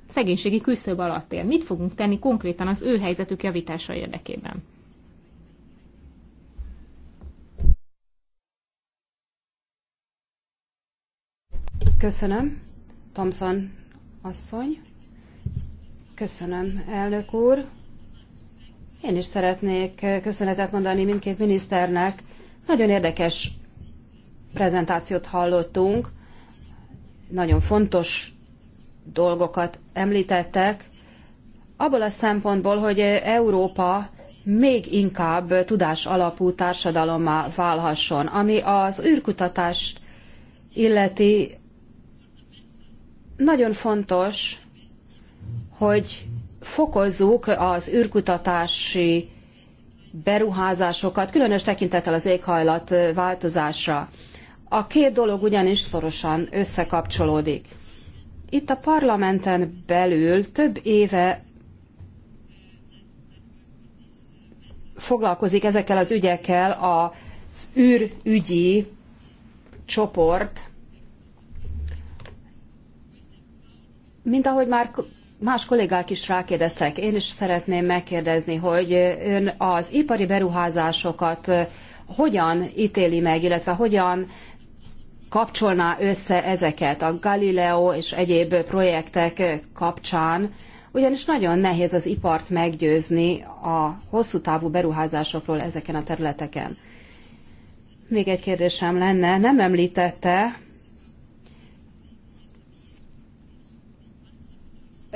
szegénységi küszöb alatt él. Mit fogunk tenni konkrétan az ő helyzetük javítása érdekében? Köszönöm, Thomson asszony. Köszönöm, elnök úr. Én is szeretnék eh, köszönetet mondani mindkét miniszternek. Nagyon érdekes prezentációt hallottunk, nagyon fontos dolgokat említettek, abból a szempontból, hogy Európa még inkább tudás alapú társadalommá válhasson, ami az űrkutatást illeti nagyon fontos, hogy fokozzuk az űrkutatási beruházásokat, különös tekintettel az éghajlat változásra. A két dolog ugyanis szorosan összekapcsolódik. Itt a parlamenten belül több éve foglalkozik ezekkel az ügyekkel az űrügyi csoport, Mint ahogy már más kollégák is rákérdeztek, én is szeretném megkérdezni, hogy ön az ipari beruházásokat hogyan ítéli meg, illetve hogyan kapcsolná össze ezeket a Galileo és egyéb projektek kapcsán, ugyanis nagyon nehéz az ipart meggyőzni a hosszú távú beruházásokról ezeken a területeken. Még egy kérdésem lenne, nem említette,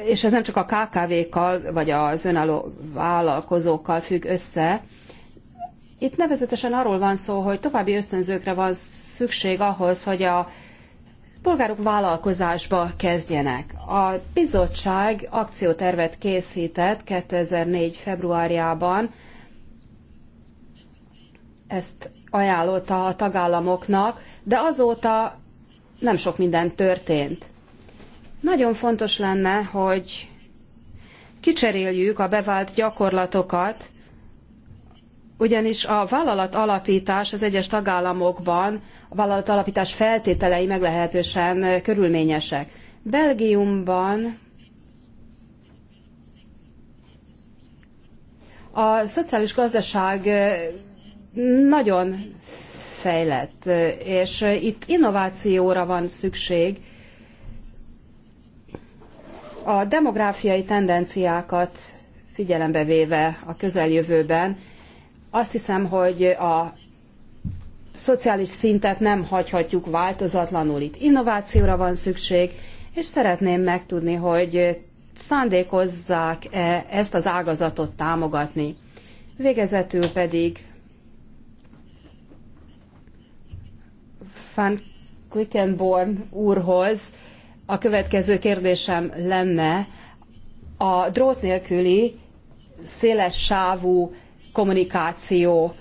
és ez nem csak a KKV-kkal, vagy az önálló vállalkozókkal függ össze. Itt nevezetesen arról van szó, hogy további ösztönzőkre van szükség ahhoz, hogy a polgárok vállalkozásba kezdjenek. A bizottság akciótervet készített 2004. februárjában, ezt ajánlotta a tagállamoknak, de azóta nem sok minden történt. Nagyon fontos lenne, hogy kicseréljük a bevált gyakorlatokat, ugyanis a vállalat alapítás az egyes tagállamokban, a vállalat alapítás feltételei meglehetősen körülményesek. Belgiumban a szociális gazdaság nagyon fejlett, és itt innovációra van szükség, a demográfiai tendenciákat figyelembe véve a közeljövőben azt hiszem, hogy a szociális szintet nem hagyhatjuk változatlanul. Itt innovációra van szükség, és szeretném megtudni, hogy szándékozzák -e ezt az ágazatot támogatni. Végezetül pedig Van Quickenborn úrhoz a következő kérdésem lenne, a drót nélküli széles sávú kommunikáció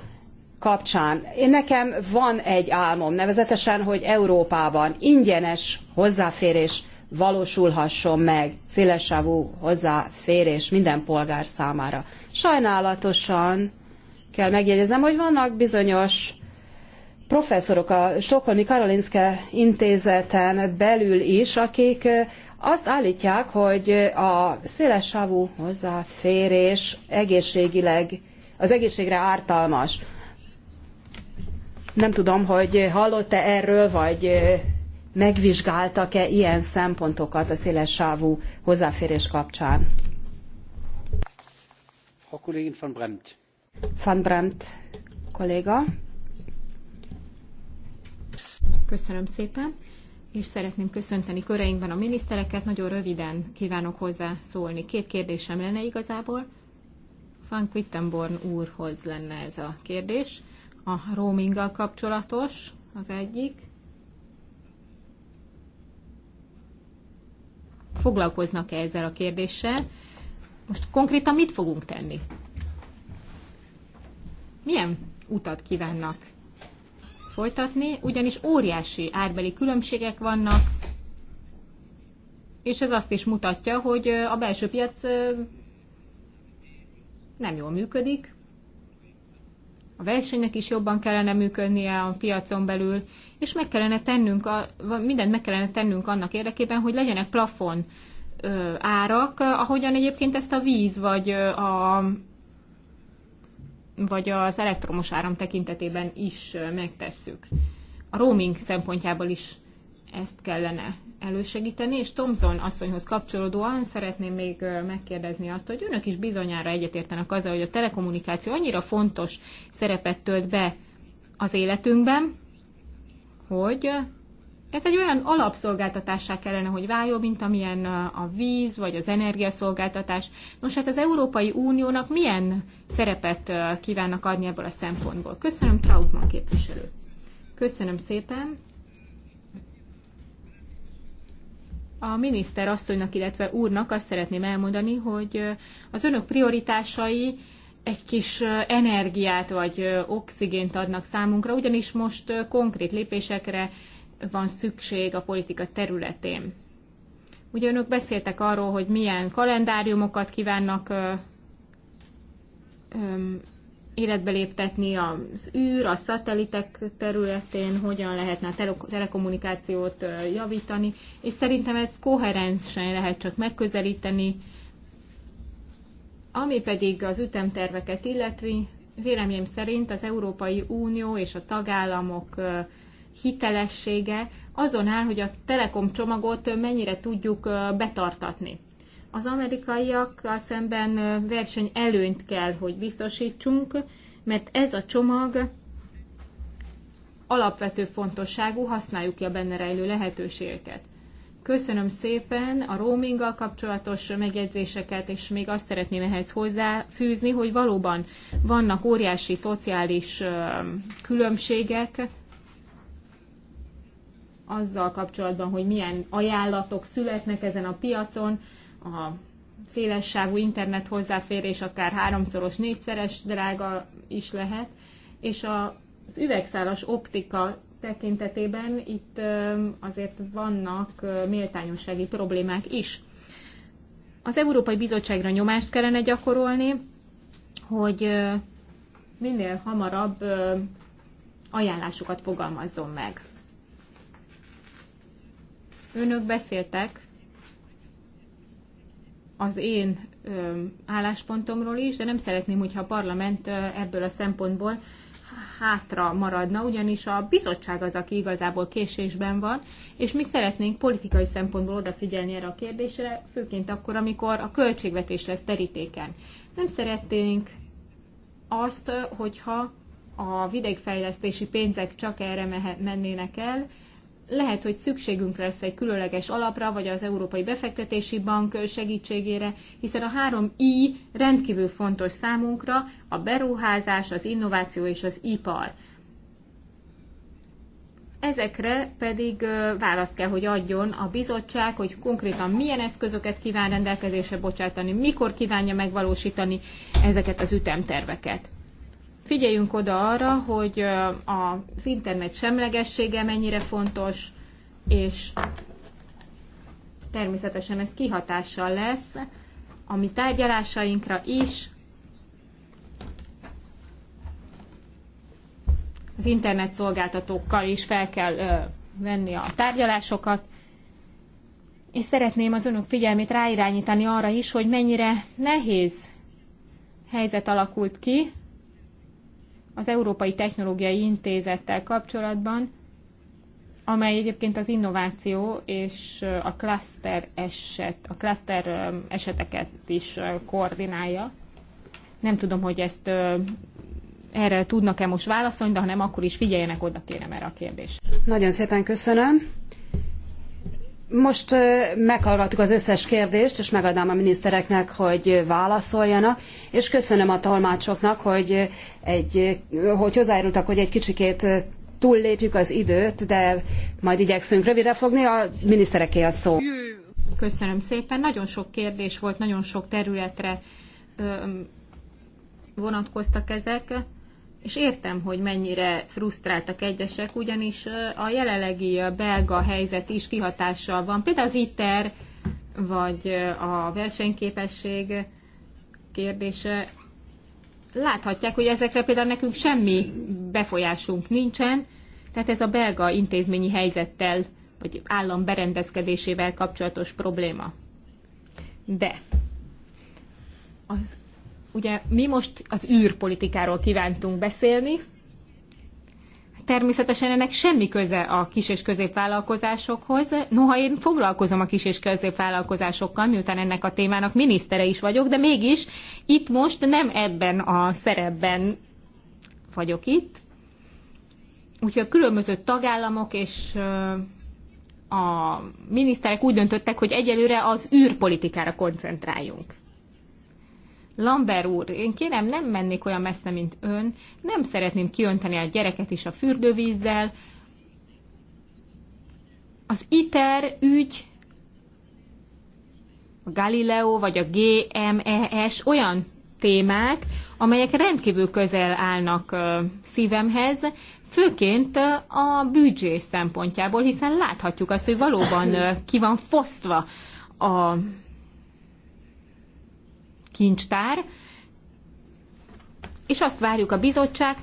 kapcsán. Én nekem van egy álmom, nevezetesen, hogy Európában ingyenes hozzáférés valósulhasson meg, szélesávú hozzáférés minden polgár számára. Sajnálatosan kell megjegyeznem, hogy vannak bizonyos professzorok a Stockholmi Karolinska Intézeten belül is, akik azt állítják, hogy a széles sávú hozzáférés egészségileg, az egészségre ártalmas. Nem tudom, hogy hallott-e erről, vagy megvizsgáltak-e ilyen szempontokat a széles sávú hozzáférés kapcsán. Frau Kollegin van Bremt. Van Bremt kolléga. Köszönöm szépen, és szeretném köszönteni köreinkben a minisztereket. Nagyon röviden kívánok hozzá szólni. Két kérdésem lenne igazából. Van Quittenborn úrhoz lenne ez a kérdés. A roaminggal kapcsolatos az egyik. Foglalkoznak-e ezzel a kérdéssel? Most konkrétan mit fogunk tenni? Milyen utat kívánnak folytatni, ugyanis óriási árbeli különbségek vannak, és ez azt is mutatja, hogy a belső piac nem jól működik. A versenynek is jobban kellene működnie a piacon belül, és meg kellene tennünk, a, mindent meg kellene tennünk annak érdekében, hogy legyenek plafon árak, ahogyan egyébként ezt a víz vagy a vagy az elektromos áram tekintetében is megtesszük. A roaming szempontjából is ezt kellene elősegíteni, és Thomson asszonyhoz kapcsolódóan szeretném még megkérdezni azt, hogy önök is bizonyára egyetértenek azzal, hogy a telekommunikáció annyira fontos szerepet tölt be az életünkben, hogy ez egy olyan alapszolgáltatássá kellene, hogy váljon, mint amilyen a víz vagy az energiaszolgáltatás. Nos, hát az Európai Uniónak milyen szerepet kívánnak adni ebből a szempontból? Köszönöm, Trautmann képviselő. Köszönöm szépen. A miniszter asszonynak, illetve úrnak azt szeretném elmondani, hogy az önök prioritásai egy kis energiát vagy oxigént adnak számunkra, ugyanis most konkrét lépésekre van szükség a politika területén. Ugye önök beszéltek arról, hogy milyen kalendáriumokat kívánnak ö, ö, életbe léptetni az űr, a szatelitek területén, hogyan lehetne a telekommunikációt javítani, és szerintem ez koherensen lehet csak megközelíteni, ami pedig az ütemterveket illeti, véleményem szerint az Európai Unió és a tagállamok hitelessége azon áll, hogy a telekom csomagot mennyire tudjuk betartatni. Az amerikaiakkal szemben verseny előnyt kell, hogy biztosítsunk, mert ez a csomag alapvető fontosságú, használjuk ki a benne rejlő lehetőségeket. Köszönöm szépen a roaminggal kapcsolatos megjegyzéseket, és még azt szeretném ehhez hozzáfűzni, hogy valóban vannak óriási szociális különbségek azzal kapcsolatban, hogy milyen ajánlatok születnek ezen a piacon, a széles sávú internet hozzáférés akár háromszoros, négyszeres drága is lehet, és az üvegszálas optika tekintetében itt azért vannak méltányossági problémák is. Az Európai Bizottságra nyomást kellene gyakorolni, hogy minél hamarabb ajánlásokat fogalmazzon meg. Önök beszéltek az én álláspontomról is, de nem szeretném, hogyha a parlament ebből a szempontból hátra maradna, ugyanis a bizottság az, aki igazából késésben van, és mi szeretnénk politikai szempontból odafigyelni erre a kérdésre, főként akkor, amikor a költségvetés lesz terítéken. Nem szeretnénk azt, hogyha a vidékfejlesztési pénzek csak erre mennének el, lehet, hogy szükségünk lesz egy különleges alapra, vagy az Európai Befektetési Bank segítségére, hiszen a három I rendkívül fontos számunkra, a beruházás, az innováció és az ipar. Ezekre pedig választ kell, hogy adjon a bizottság, hogy konkrétan milyen eszközöket kíván rendelkezésre bocsátani, mikor kívánja megvalósítani ezeket az ütemterveket. Figyeljünk oda arra, hogy az internet semlegessége mennyire fontos, és természetesen ez kihatással lesz a mi tárgyalásainkra is, az internet szolgáltatókkal is fel kell ö, venni a tárgyalásokat, és szeretném az önök figyelmét ráirányítani arra is, hogy mennyire nehéz helyzet alakult ki, az Európai Technológiai Intézettel kapcsolatban, amely egyébként az innováció és a cluster, eset, a cluster eseteket is koordinálja. Nem tudom, hogy ezt erre tudnak-e most válaszolni, de ha nem, akkor is figyeljenek oda kérem erre a kérdésre. Nagyon szépen köszönöm. Most meghallgattuk az összes kérdést, és megadám a minisztereknek, hogy válaszoljanak, és köszönöm a tolmácsoknak, hogy, egy, hogy hozzájárultak, hogy egy kicsikét túllépjük az időt, de majd igyekszünk rövidre fogni, a minisztereké a szó. Köszönöm szépen. Nagyon sok kérdés volt, nagyon sok területre vonatkoztak ezek és értem, hogy mennyire frusztráltak egyesek, ugyanis a jelenlegi belga helyzet is kihatással van. Például az ITER vagy a versenyképesség kérdése. Láthatják, hogy ezekre például nekünk semmi befolyásunk nincsen, tehát ez a belga intézményi helyzettel vagy állam berendezkedésével kapcsolatos probléma. De az ugye mi most az űrpolitikáról kívántunk beszélni, természetesen ennek semmi köze a kis- és középvállalkozásokhoz. Noha én foglalkozom a kis- és középvállalkozásokkal, miután ennek a témának minisztere is vagyok, de mégis itt most nem ebben a szerepben vagyok itt. Úgyhogy a különböző tagállamok és a miniszterek úgy döntöttek, hogy egyelőre az űrpolitikára koncentráljunk. Lambert úr, én kérem, nem mennék olyan messze, mint ön, nem szeretném kiönteni a gyereket is a fürdővízzel. Az ITER ügy, a Galileo vagy a GMES olyan témák, amelyek rendkívül közel állnak szívemhez, főként a büdzsé szempontjából, hiszen láthatjuk azt, hogy valóban ki van fosztva a kincstár, és azt várjuk a bizottságtól,